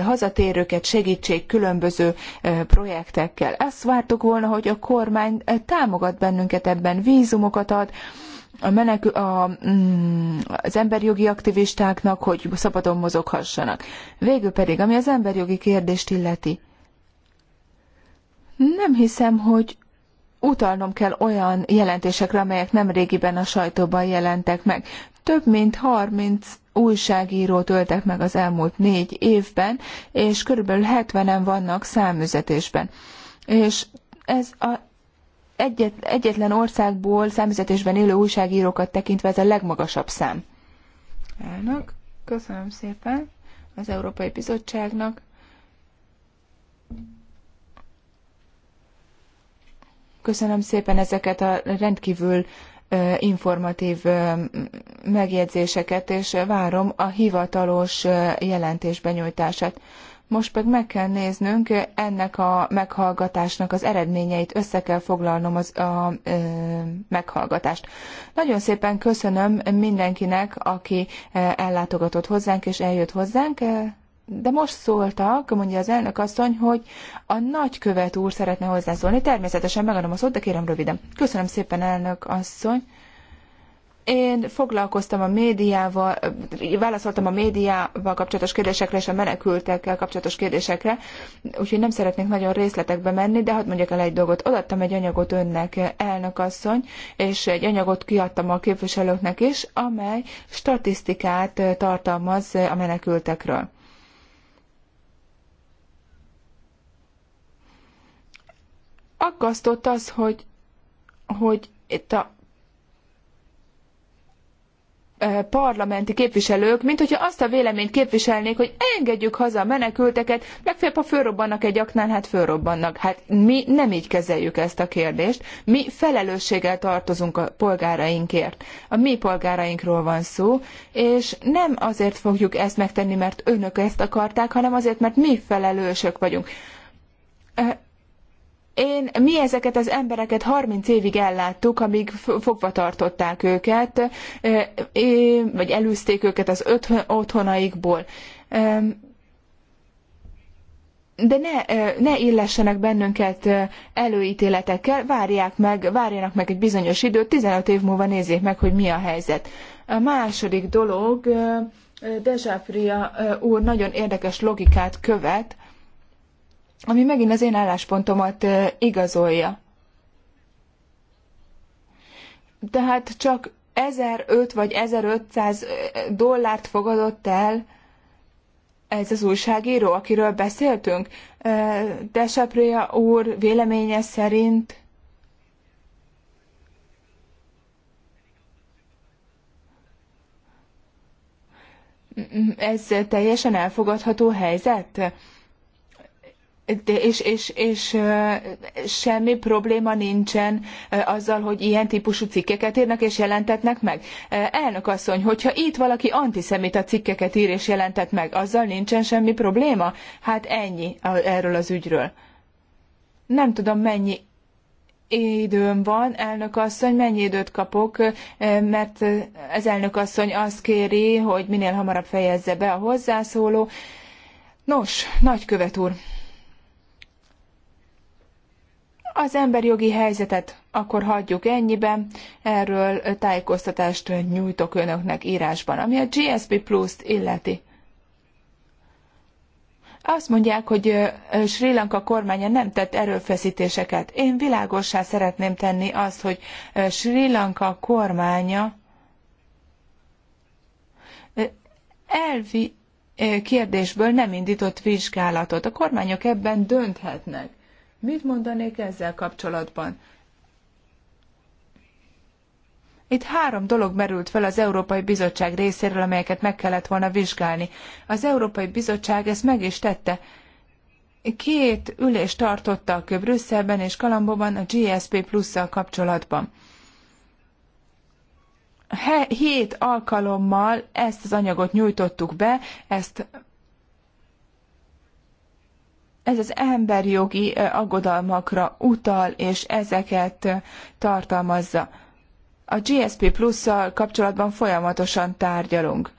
hazatérőket segítsék különböző projektekkel. Azt vártuk volna, hogy a kormány támogat bennünket ebben, vízumokat ad, a menek, a, mm, az emberjogi aktivistáknak, hogy szabadon mozoghassanak. Végül pedig, ami az emberjogi kérdést illeti nem hiszem, hogy utalnom kell olyan jelentésekre, amelyek nem régiben a sajtóban jelentek meg. Több mint 30 újságírót öltek meg az elmúlt négy évben, és körülbelül 70-en vannak számüzetésben. És ez a egyet, egyetlen országból számüzetésben élő újságírókat tekintve ez a legmagasabb szám. Elnök, köszönöm szépen az Európai Bizottságnak. Köszönöm szépen ezeket a rendkívül informatív megjegyzéseket, és várom a hivatalos jelentés benyújtását. Most pedig meg kell néznünk ennek a meghallgatásnak az eredményeit, össze kell foglalnom az, a ö, meghallgatást. Nagyon szépen köszönöm mindenkinek, aki ellátogatott hozzánk és eljött hozzánk de most szóltak, mondja az elnök asszony, hogy a nagykövet úr szeretne hozzászólni. Természetesen megadom a szót, de kérem röviden. Köszönöm szépen, elnök asszony. Én foglalkoztam a médiával, válaszoltam a médiával kapcsolatos kérdésekre és a menekültekkel kapcsolatos kérdésekre, úgyhogy nem szeretnék nagyon részletekbe menni, de hadd mondjak el egy dolgot. Odaadtam egy anyagot önnek, elnökasszony, és egy anyagot kiadtam a képviselőknek is, amely statisztikát tartalmaz a menekültekről. aggasztott az, hogy, hogy itt a parlamenti képviselők, mint hogyha azt a véleményt képviselnék, hogy engedjük haza a menekülteket, legfeljebb, ha fölrobbannak egy aknál, hát fölrobbannak. Hát mi nem így kezeljük ezt a kérdést. Mi felelősséggel tartozunk a polgárainkért. A mi polgárainkról van szó, és nem azért fogjuk ezt megtenni, mert önök ezt akarták, hanem azért, mert mi felelősök vagyunk én, mi ezeket az embereket 30 évig elláttuk, amíg fogva tartották őket, vagy elűzték őket az otthonaikból. De ne, ne illessenek bennünket előítéletekkel, várják meg, várjanak meg egy bizonyos időt, 15 év múlva nézzék meg, hogy mi a helyzet. A második dolog, Dezsáfria úr nagyon érdekes logikát követ, ami megint az én álláspontomat igazolja. Tehát csak 1005 vagy 1500 dollárt fogadott el ez az újságíró, akiről beszéltünk. Desapria úr véleménye szerint ez teljesen elfogadható helyzet? de és, és, és semmi probléma nincsen azzal, hogy ilyen típusú cikkeket írnak és jelentetnek meg. Elnök asszony, hogyha itt valaki antiszemita cikkeket ír és jelentet meg, azzal nincsen semmi probléma? Hát ennyi erről az ügyről. Nem tudom, mennyi időm van, elnök asszony, mennyi időt kapok, mert az elnök asszony azt kéri, hogy minél hamarabb fejezze be a hozzászóló. Nos, nagykövet úr, az emberjogi helyzetet akkor hagyjuk ennyiben, erről tájékoztatást nyújtok önöknek írásban, ami a GSP Plus-t illeti. Azt mondják, hogy Sri Lanka kormánya nem tett erőfeszítéseket. Én világossá szeretném tenni azt, hogy Sri Lanka kormánya elvi kérdésből nem indított vizsgálatot. A kormányok ebben dönthetnek. Mit mondanék ezzel kapcsolatban? Itt három dolog merült fel az Európai Bizottság részéről, amelyeket meg kellett volna vizsgálni. Az Európai Bizottság ezt meg is tette. Két ülést tartottak Brüsszelben és Kalambóban a GSP plusszal kapcsolatban. Hét alkalommal ezt az anyagot nyújtottuk be, ezt ez az emberjogi aggodalmakra utal, és ezeket tartalmazza. A GSP Plus-szal kapcsolatban folyamatosan tárgyalunk.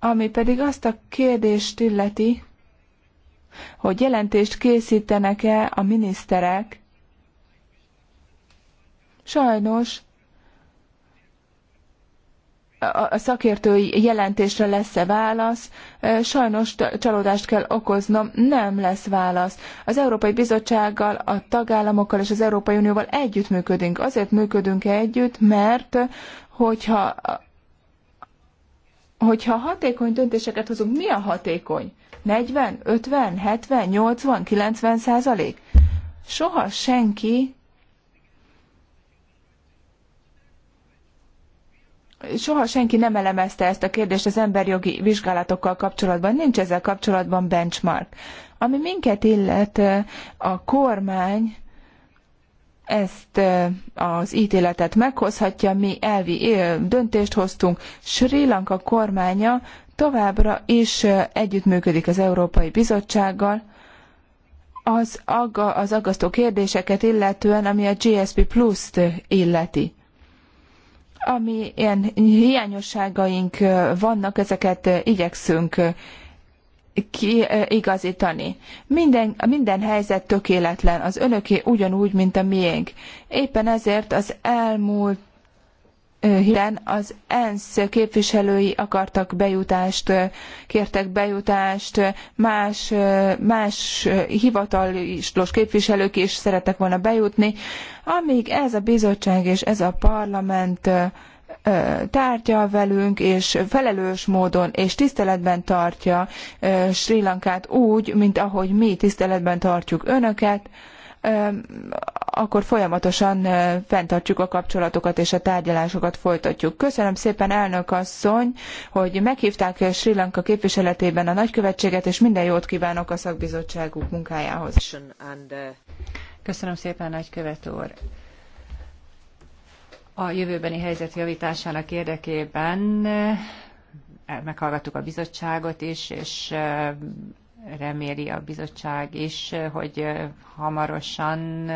Ami pedig azt a kérdést illeti, hogy jelentést készítenek-e a miniszterek, sajnos a szakértői jelentésre lesz-e válasz? Sajnos csalódást kell okoznom, nem lesz válasz. Az Európai Bizottsággal, a tagállamokkal és az Európai Unióval együttműködünk. Azért működünk együtt, mert hogyha, hogyha hatékony döntéseket hozunk, mi a hatékony? 40, 50, 70, 80, 90 százalék? Soha senki soha senki nem elemezte ezt a kérdést az emberjogi vizsgálatokkal kapcsolatban, nincs ezzel kapcsolatban benchmark. Ami minket illet, a kormány ezt az ítéletet meghozhatja, mi elvi döntést hoztunk, Sri Lanka kormánya továbbra is együttműködik az Európai Bizottsággal, az, az aggasztó kérdéseket illetően, ami a GSP Plus-t illeti ami ilyen hiányosságaink vannak, ezeket igyekszünk kiigazítani. Minden, minden helyzet tökéletlen, az önöké ugyanúgy, mint a miénk. Éppen ezért az elmúlt héten az ENSZ képviselői akartak bejutást, kértek bejutást, más, más hivatalos képviselők is szerettek volna bejutni, amíg ez a bizottság és ez a parlament tárgyal velünk, és felelős módon és tiszteletben tartja Sri Lankát úgy, mint ahogy mi tiszteletben tartjuk önöket, akkor folyamatosan fenntartjuk a kapcsolatokat és a tárgyalásokat folytatjuk. Köszönöm szépen, elnök asszony, hogy meghívták Sri Lanka képviseletében a nagykövetséget, és minden jót kívánok a szakbizottságuk munkájához. Köszönöm szépen, nagykövet úr a jövőbeni helyzet javításának érdekében eh, meghallgattuk a bizottságot is, és eh, reméli a bizottság is, hogy hamarosan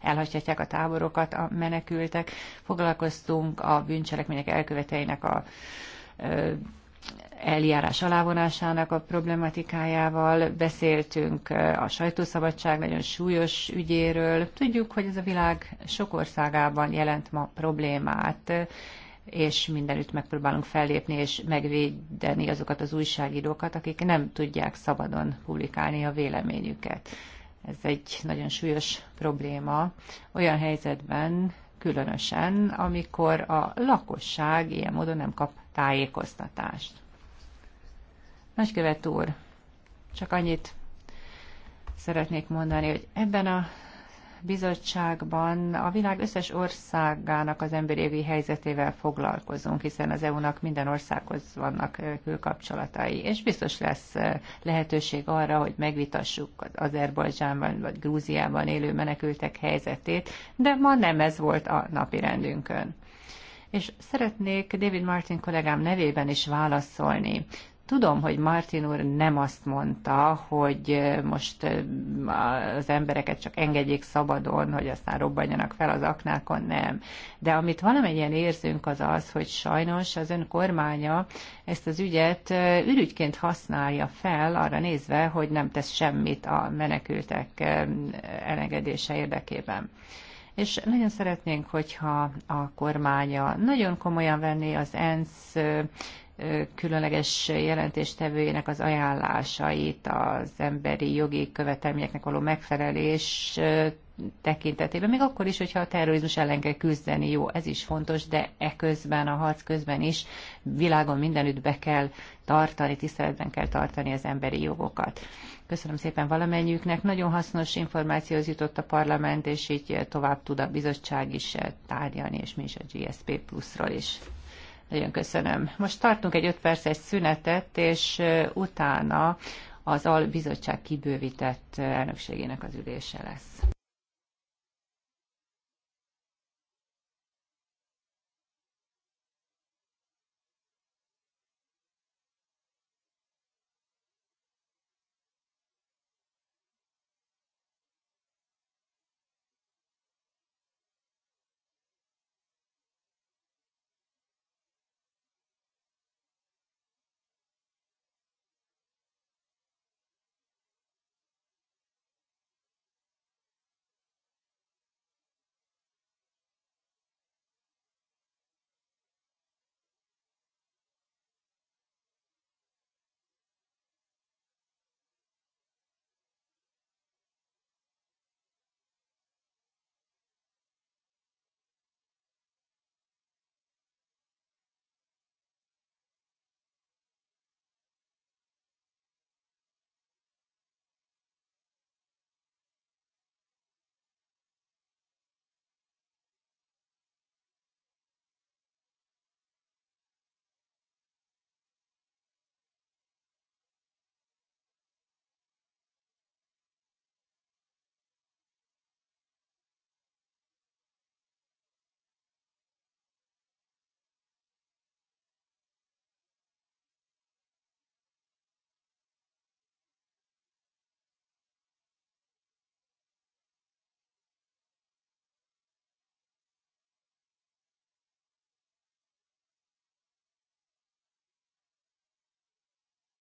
elhagyhatják a táborokat a menekültek. Foglalkoztunk a bűncselekmények elköveteinek a eljárás alávonásának a problematikájával, beszéltünk a sajtószabadság nagyon súlyos ügyéről. Tudjuk, hogy ez a világ sok országában jelent ma problémát, és mindenütt megpróbálunk fellépni és megvédeni azokat az újságírókat, akik nem tudják szabadon publikálni a véleményüket. Ez egy nagyon súlyos probléma. Olyan helyzetben különösen, amikor a lakosság ilyen módon nem kap tájékoztatást. Nagykövet úr, csak annyit szeretnék mondani, hogy ebben a bizottságban a világ összes országának az emberi jogi helyzetével foglalkozunk, hiszen az EU-nak minden országhoz vannak külkapcsolatai, és biztos lesz lehetőség arra, hogy megvitassuk az Azerbajdzsánban vagy Grúziában élő menekültek helyzetét, de ma nem ez volt a napi rendünkön és szeretnék David Martin kollégám nevében is válaszolni. Tudom, hogy Martin úr nem azt mondta, hogy most az embereket csak engedjék szabadon, hogy aztán robbanjanak fel az aknákon, nem. De amit valamennyien érzünk az az, hogy sajnos az ön kormánya ezt az ügyet ürügyként használja fel, arra nézve, hogy nem tesz semmit a menekültek elengedése érdekében és nagyon szeretnénk, hogyha a kormánya nagyon komolyan venné az ENSZ különleges jelentéstevőjének az ajánlásait az emberi jogi követelményeknek való megfelelés tekintetében, még akkor is, hogyha a terrorizmus ellen kell küzdeni, jó, ez is fontos, de e közben, a harc közben is világon mindenütt be kell tartani, tiszteletben kell tartani az emberi jogokat. Köszönöm szépen valamennyiüknek, nagyon hasznos információhoz jutott a parlament, és így tovább tud a bizottság is tárgyalni, és mi is a GSP pluszról is. Nagyon köszönöm. Most tartunk egy öt perces szünetet, és utána az albizottság kibővített elnökségének az ülése lesz.